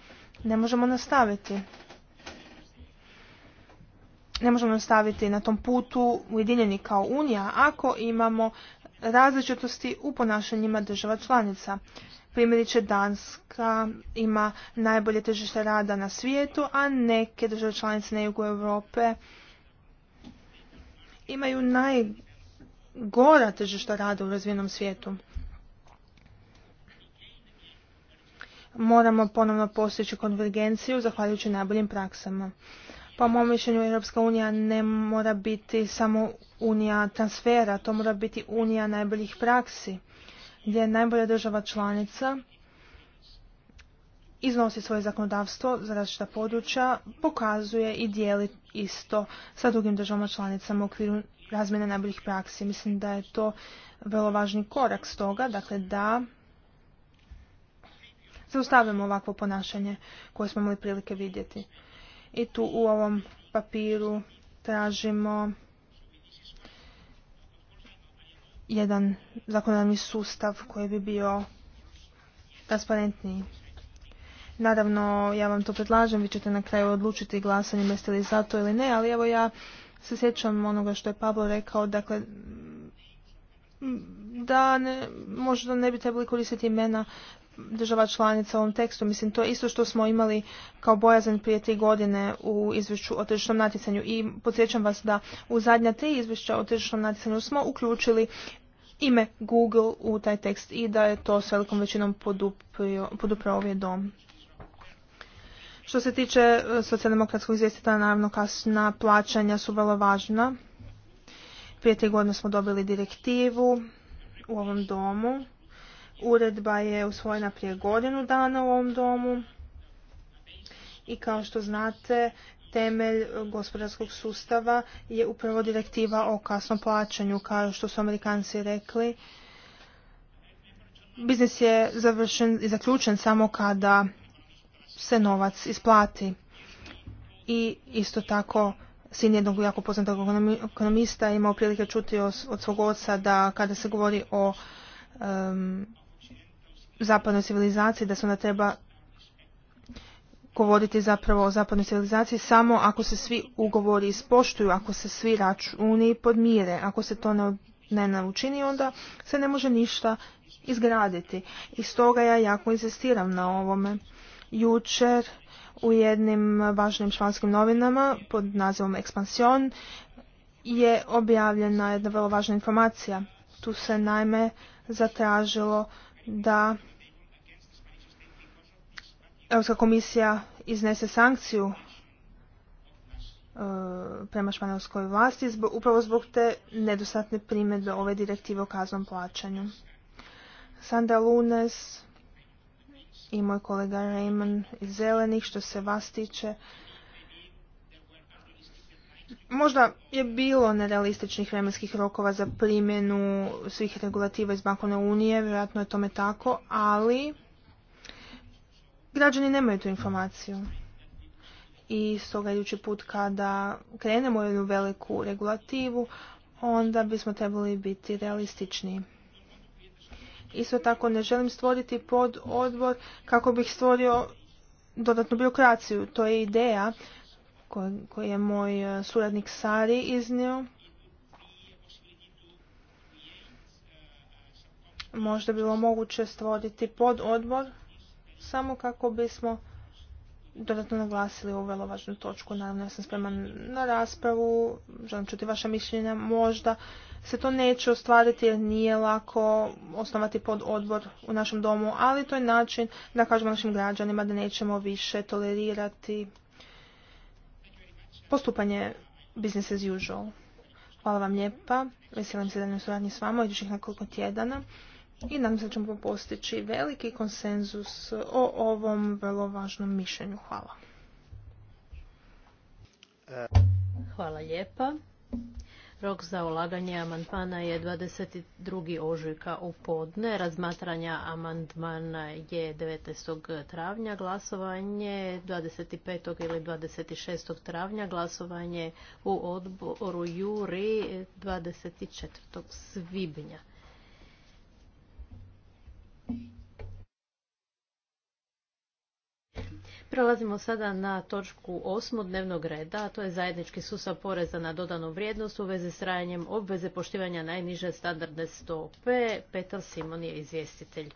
ne možemo nastaviti. Ne možemo nastaviti na tom putu ujedinjeni kao Unija ako imamo različitosti u ponašanjima država članica. Primjerice Danska ima najbolje težište rada na svijetu, a neke države članice na jugu Europe imaju naj gora tržišta rada u razvijenom svijetu. Moramo ponovno postići konvergenciju zahvaljujući najboljim praksama. Po mom mišljenju Europska unija ne mora biti samo unija transfera, to mora biti unija najboljih praksi, gdje najbolja država članica iznosi svoje zakonodavstvo za različita područja, pokazuje i dijeli isto sa drugim državama članicama u okviru razmjene najboljih praksi. Mislim da je to vrlo važni korak stoga, dakle da zaustavimo ovakvo ponašanje koje smo imali prilike vidjeti. I tu u ovom papiru tražimo jedan zakonodavni sustav koji bi bio transparentniji. Naravno, ja vam to predlažem, vi ćete na kraju odlučiti glasanjem jeste li za to ili ne, ali evo ja se sjećam onoga što je Pablo rekao, dakle, da ne, možda ne bi trebali koristiti imena država članica u ovom tekstu. Mislim, to je isto što smo imali kao bojazan prije tri godine u izvješću o tržišnom natjecanju. I podsjećam vas da u zadnja tri izvješća o tržišnom natjecanju smo uključili ime Google u taj tekst i da je to s velikom većinom podupio, poduprao ovaj dom. Što se tiče e, socijaldemokratskog izvjestitelja, naravno kasna plaćanja su vrlo važna. Prije tri godine smo dobili direktivu u ovom domu. Uredba je usvojena prije godinu dana u ovom domu. I kao što znate, temelj gospodarskog sustava je upravo direktiva o kasnom plaćanju, kao što su Amerikanci rekli. Biznis je završen i zaključen samo kada se novac isplati. I isto tako sin jednog jako poznatog ekonomista imao prilike čuti od svog oca da kada se govori o zapadnoj civilizaciji da se onda treba govoriti zapravo o zapadnoj civilizaciji samo ako se svi ugovori ispoštuju, ako se svi računi podmire. Ako se to ne, ne naučini, onda se ne može ništa izgraditi. I stoga ja jako insistiram na ovome jučer u jednim važnim španskim novinama pod nazivom Expansion je objavljena jedna vrlo važna informacija. Tu se najme zatražilo da Europska komisija iznese sankciju e, prema španjolskoj vlasti upravo zbog te nedostatne primjedbe ove direktive o kaznom plaćanju. Sandra Lunes i moj kolega Raymond iz Zelenih što se vas tiče. Možda je bilo nerealističnih vremenskih rokova za primjenu svih regulativa iz bankovne unije, vjerojatno je tome tako, ali građani nemaju tu informaciju. I stoga idući put kada krenemo u jednu veliku regulativu, onda bismo trebali biti realističniji isto tako ne želim stvoriti pod odbor kako bih stvorio dodatnu birokraciju. To je ideja koju je moj e, suradnik Sari iznio. Možda bilo moguće stvoriti pod odbor samo kako bismo dodatno naglasili ovu vrlo važnu točku. Naravno, ja sam spreman na raspravu, želim čuti vaša mišljenja, možda se to neće ostvariti jer nije lako osnovati pod odbor u našem domu, ali to je način da kažemo našim građanima da nećemo više tolerirati postupanje business as usual. Hvala vam lijepa, veselim se suradnji s vama idućih nekoliko tjedana i nadam se da ćemo postići veliki konsenzus o ovom vrlo važnom mišljenju. Hvala. Hvala lijepa. Rok za ulaganje amandmana je 22. ožujka u podne. Razmatranja amandmana je 19. travnja. Glasovanje 25. ili 26. travnja. Glasovanje u odboru Juri 24. svibnja. Prelazimo sada na točku osmu dnevnog reda, a to je zajednički sustav poreza na dodanu vrijednost u vezi s trajanjem obveze poštivanja najniže standardne stope. Petar Simon je izvjestitelj.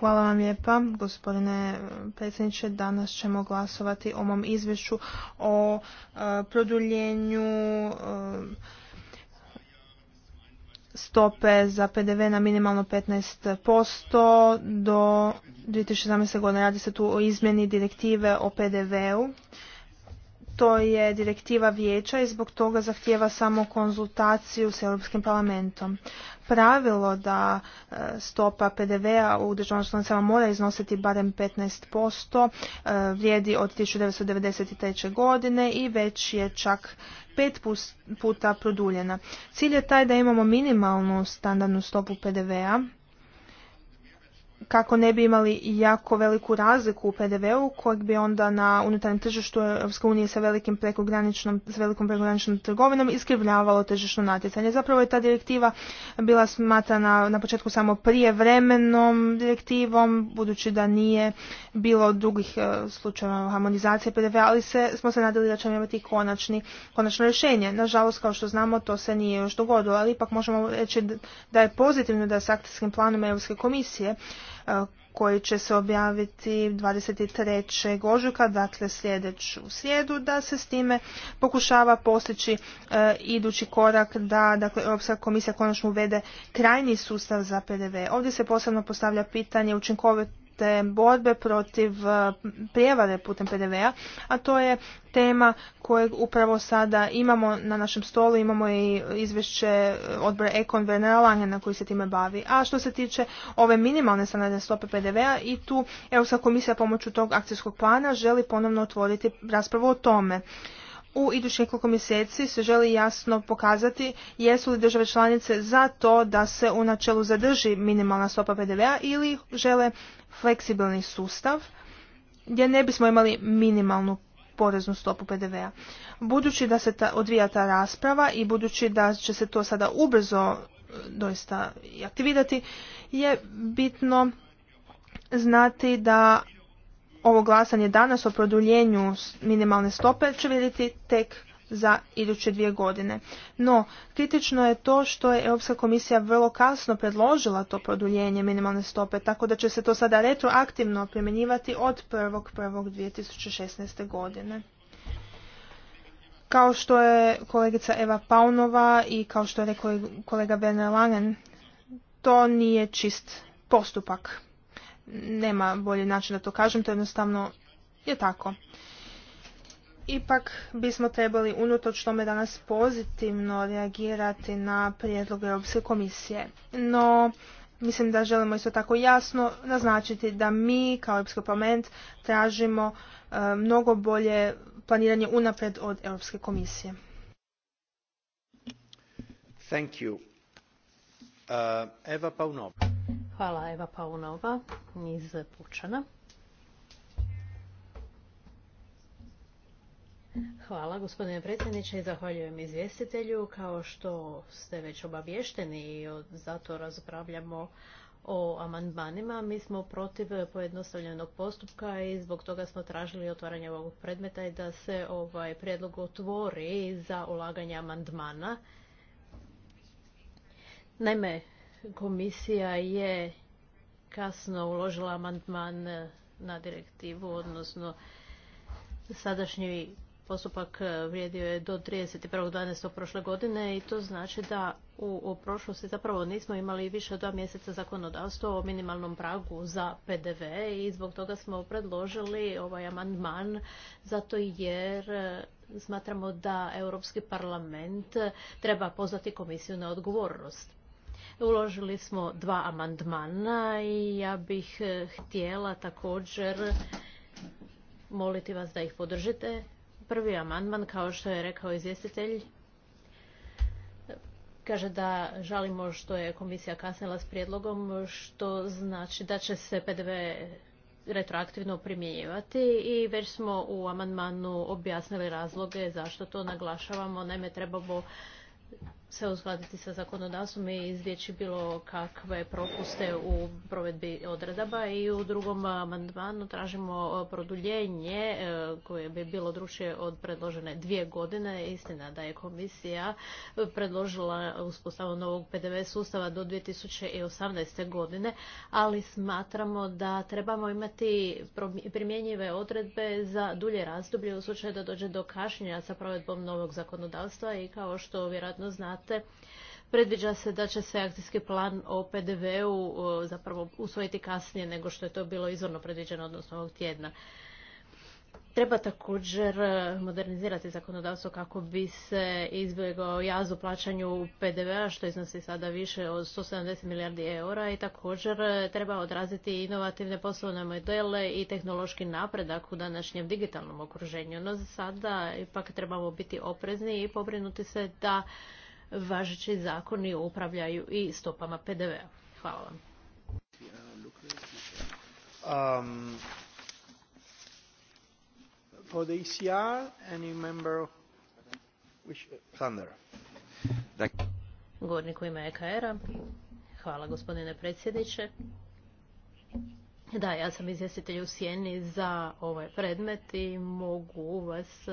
Hvala vam lijepa, gospodine eh, predsjedniče. Danas ćemo glasovati o mom izvješću o eh, produljenju eh, stope za PDV na minimalno 15% do 2017. godine. Radi se tu o izmjeni direktive o PDV-u to je direktiva vijeća i zbog toga zahtjeva samo konzultaciju s Europskim parlamentom. Pravilo da e, stopa PDV-a u državnom članicama mora iznositi barem 15% e, vrijedi od 1993. godine i već je čak pet puta produljena. Cilj je taj da imamo minimalnu standardnu stopu PDV-a kako ne bi imali jako veliku razliku u PDV-u kojeg bi onda na unutarnjem tržištu Europske unije sa velikim prekograničnom, sa velikom prekograničnom trgovinom iskrivljavalo tržišno natjecanje. Zapravo je ta direktiva bila smatrana na početku samo prijevremenom direktivom, budući da nije bilo drugih e, slučajeva harmonizacije PDV-a, ali se, smo se nadali da ćemo imati konačni, konačno rješenje. Nažalost, kao što znamo, to se nije još dogodilo, ali ipak možemo reći da je pozitivno da s akcijskim planom Europske komisije E, koji će se objaviti 23. ožujka, dakle sljedeću srijedu, da se s time pokušava postići e, idući korak da dakle, Europska komisija konačno uvede krajni sustav za PDV. Ovdje se posebno postavlja pitanje učinkovitosti borbe protiv e, prijevare putem PDV-a, a to je tema kojeg upravo sada imamo na našem stolu, imamo i izvješće odbora Ekon na na koji se time bavi. A što se tiče ove minimalne standardne stope PDV-a i tu Europska komisija pomoću tog akcijskog plana želi ponovno otvoriti raspravu o tome u idućih nekoliko mjeseci se želi jasno pokazati jesu li države članice za to da se u načelu zadrži minimalna stopa PDV-a ili žele fleksibilni sustav gdje ne bismo imali minimalnu poreznu stopu PDV-a. Budući da se ta, odvija ta rasprava i budući da će se to sada ubrzo e, doista aktivirati, je bitno znati da ovo glasanje danas o produljenju minimalne stope će vidjeti tek za iduće dvije godine. No, kritično je to što je Europska komisija vrlo kasno predložila to produljenje minimalne stope, tako da će se to sada retroaktivno primjenjivati od 1.1.2016. godine. Kao što je kolegica Eva Paunova i kao što je rekao kolega Werner Langen, to nije čist postupak nema bolji način da to kažem, to jednostavno je tako. Ipak bismo trebali unutoč tome danas pozitivno reagirati na prijedlog Europske komisije. No, mislim da želimo isto tako jasno naznačiti da mi kao Europski parlament tražimo e, mnogo bolje planiranje unapred od Europske komisije. Thank you. Uh, Eva Paunova. Hvala Eva Paunova iz Pučana. Hvala gospodine predsjedniče i zahvaljujem izvjestitelju. Kao što ste već obavješteni i zato razpravljamo o amandmanima, mi smo protiv pojednostavljenog postupka i zbog toga smo tražili otvaranje ovog predmeta i da se ovaj prijedlog otvori za ulaganje amandmana. Naime, komisija je kasno uložila amandman na direktivu, odnosno sadašnji postupak vrijedio je do 31.12. prošle godine i to znači da u, prošlosti zapravo nismo imali više od dva mjeseca zakonodavstvo o minimalnom pragu za PDV i zbog toga smo predložili ovaj amandman zato jer smatramo da Europski parlament treba pozvati komisiju na odgovornost. Uložili smo dva amandmana i ja bih e, htjela također moliti vas da ih podržite. Prvi amandman, kao što je rekao izvjestitelj, kaže da žalimo što je komisija kasnila s prijedlogom, što znači da će se PDV retroaktivno primjenjivati i već smo u amandmanu objasnili razloge zašto to naglašavamo. Naime, trebamo se uskladiti sa zakonodavstvom i izvjeći bilo kakve propuste u provedbi odredaba i u drugom amandmanu tražimo e, produljenje e, koje bi bilo drušije od predložene dvije godine. Istina da je komisija predložila uspostavu novog PDV sustava do 2018. godine, ali smatramo da trebamo imati primjenjive odredbe za dulje razdoblje u slučaju da dođe do kašnjenja sa provedbom novog zakonodavstva i kao što vjerojatno znate plate. Predviđa se da će se akcijski plan o PDV-u zapravo usvojiti kasnije nego što je to bilo izvorno predviđeno odnosno ovog tjedna. Treba također e, modernizirati zakonodavstvo kako bi se izbjegao jaz u plaćanju PDV-a što iznosi sada više od 170 milijardi eura i također e, treba odraziti inovativne poslovne modele i tehnološki napredak u današnjem digitalnom okruženju. No za sada ipak trebamo biti oprezni i pobrinuti se da važeći zakoni upravljaju i stopama PDV-a. Hvala vam. Um, e Govornik u ime EKR-a. Hvala gospodine predsjedniče. Da, ja sam izvjestitelj u Sjeni za ovaj predmet i mogu vas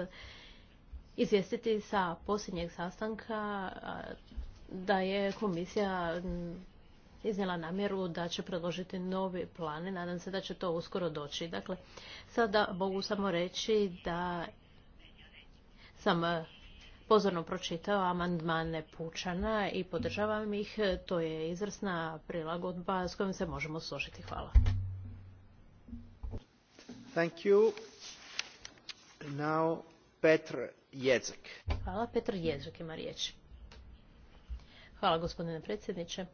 izvijestiti sa posljednjeg sastanka da je komisija iznijela namjeru da će predložiti plan i Nadam se da će to uskoro doći. Dakle, sada mogu samo reći da sam e, pozorno pročitao amandmane Pučana i podržavam ih. To je izvrsna prilagodba s kojom se možemo složiti. Hvala. Thank you. Now, Hvala, ima Hvala, gospodine predsjedniče.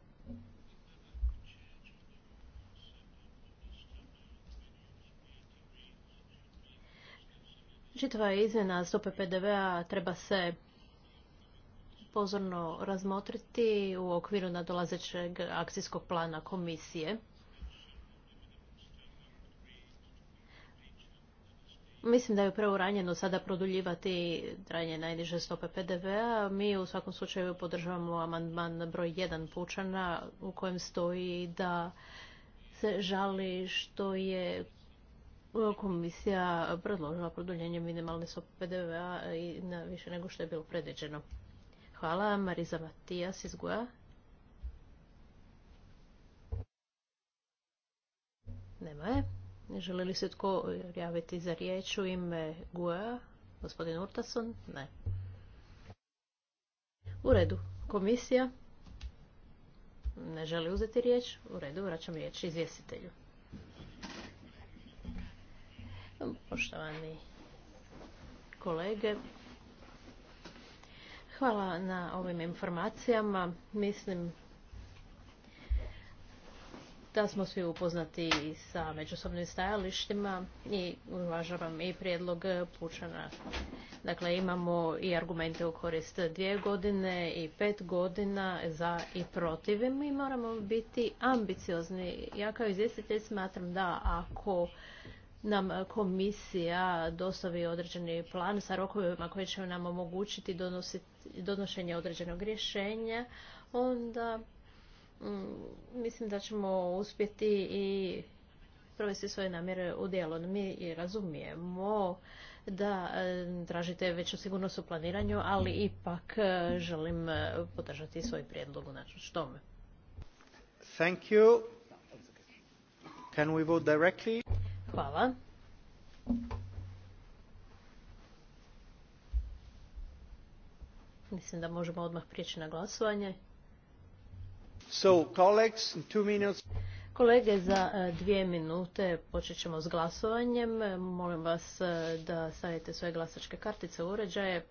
Čitava izmjena stope PDV-a treba se pozorno razmotriti u okviru nadolazećeg akcijskog plana komisije. Mislim da je preuranjeno sada produljivati trajanje najniže stope PDV-a. Mi u svakom slučaju podržavamo amandman broj 1 Pučana u kojem stoji da se žali što je komisija predložila produljenje minimalne stope PDV-a i na više nego što je bilo predviđeno. Hvala. Mariza Matijas iz Goja. Nema je. Želi li se tko javiti za riječ u ime GUA? Gospodin Urtason? Ne. U redu. Komisija? Ne želi uzeti riječ? U redu, vraćam riječ izvjestitelju. Poštovani kolege, hvala na ovim informacijama. Mislim da smo svi upoznati sa međusobnim stajalištima i uvažavam i prijedlog Pučana. Dakle, imamo i argumente u korist dvije godine i pet godina za i protiv. Mi moramo biti ambiciozni. Ja kao izvjestitelj smatram da ako nam komisija dostavi određeni plan sa rokovima koji će nam omogućiti donošenje određenog rješenja, onda Mm, mislim da ćemo uspjeti i provesti svoje namjere u djelo. Mi razumijemo da e, tražite veću sigurnost u planiranju, ali mm. ipak e, želim e, podržati svoj prijedlog u način tome. Thank you. Can we vote directly? Hvala. Mislim da možemo odmah prijeći na glasovanje. Kolege, za e, dvije minute počet ćemo s glasovanjem. Molim vas e, da stavite svoje glasačke kartice u uređaje.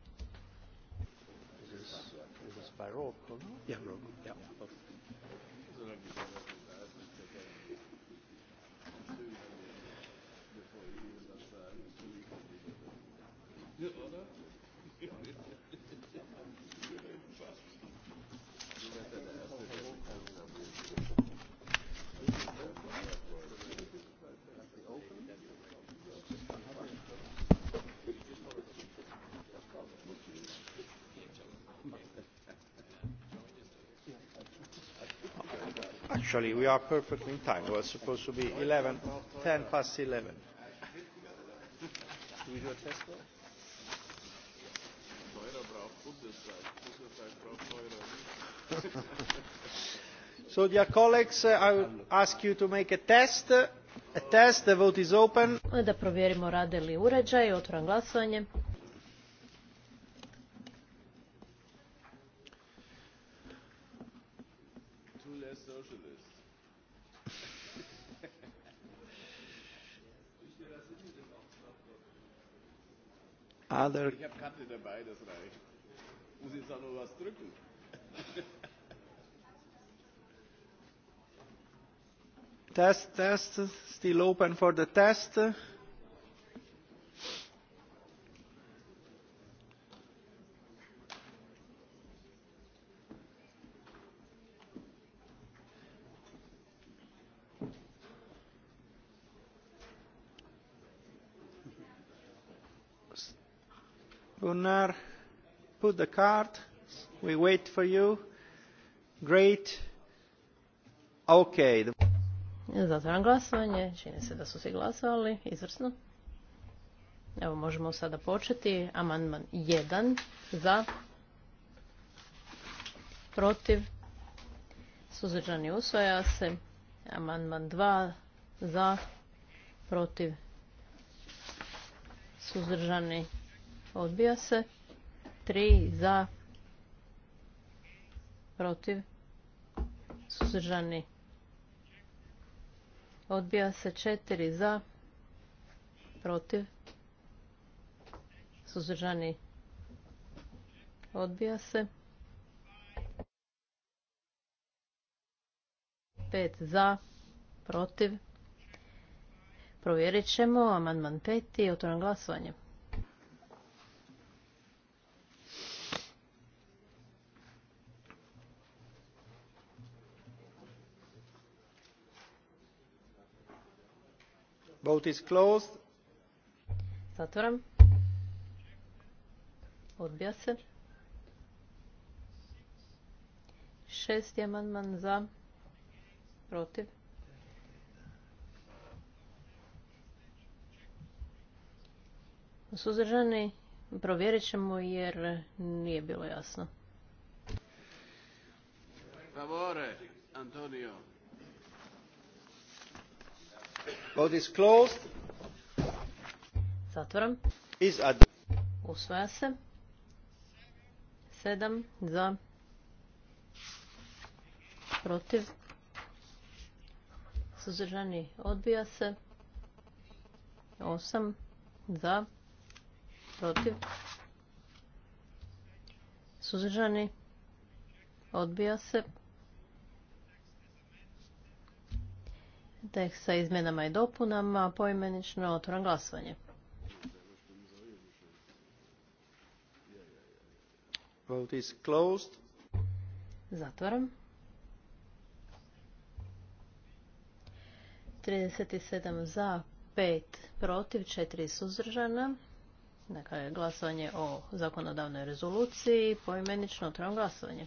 actually we are perfectly in time. We are supposed to be 11, 10 past 11. Do we do a test vote? so dear colleagues, uh, I would ask you to make a test. A test, the vote is open. Da provjerimo rade li uređaj, otvoram glasovanje. Other... Ich habe Kante dabei, das reicht. Muss jetzt auch noch was drücken. test, test, still open for the test. Put the card. We wait for you. Great. Okay. Zatvaram glasovanje. Čini se da su svi glasovali. Izvrsno. Evo možemo sada početi. Amandman 1 za protiv suzdržani usvaja se. Amandman 2 za protiv suzdržani Odbija se. 3 za. Protiv. Suzdržani. Odbija se 4 za. Protiv. Suzdržani. Odbija se. 5 za. Protiv. Provjerit ćemo amandman 5 i otvoram glasovanje. Zatvaram. is closed. Zatvoram. Odbija se. amandman za. Protiv. Suzdržani provjerit ćemo jer nije bilo jasno. Favore, Antonio. Vote is closed. Usvaja se. Sedam za. Protiv. Suzdržani odbija se. Osam za. Protiv. Suzdržani odbija se. Tek sa izmjenama i dopunama, poimenično otvoran glasovanje. Vote is closed. 37 za, 5 protiv, 4 suzdržana. Dakle, glasovanje o zakonodavnoj rezoluciji, poimenično otvoran glasovanje.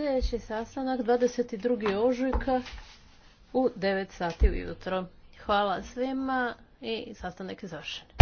sljedeći sastanak 22. ožujka u 9 sati ujutro. Hvala svima i sastanak je završen.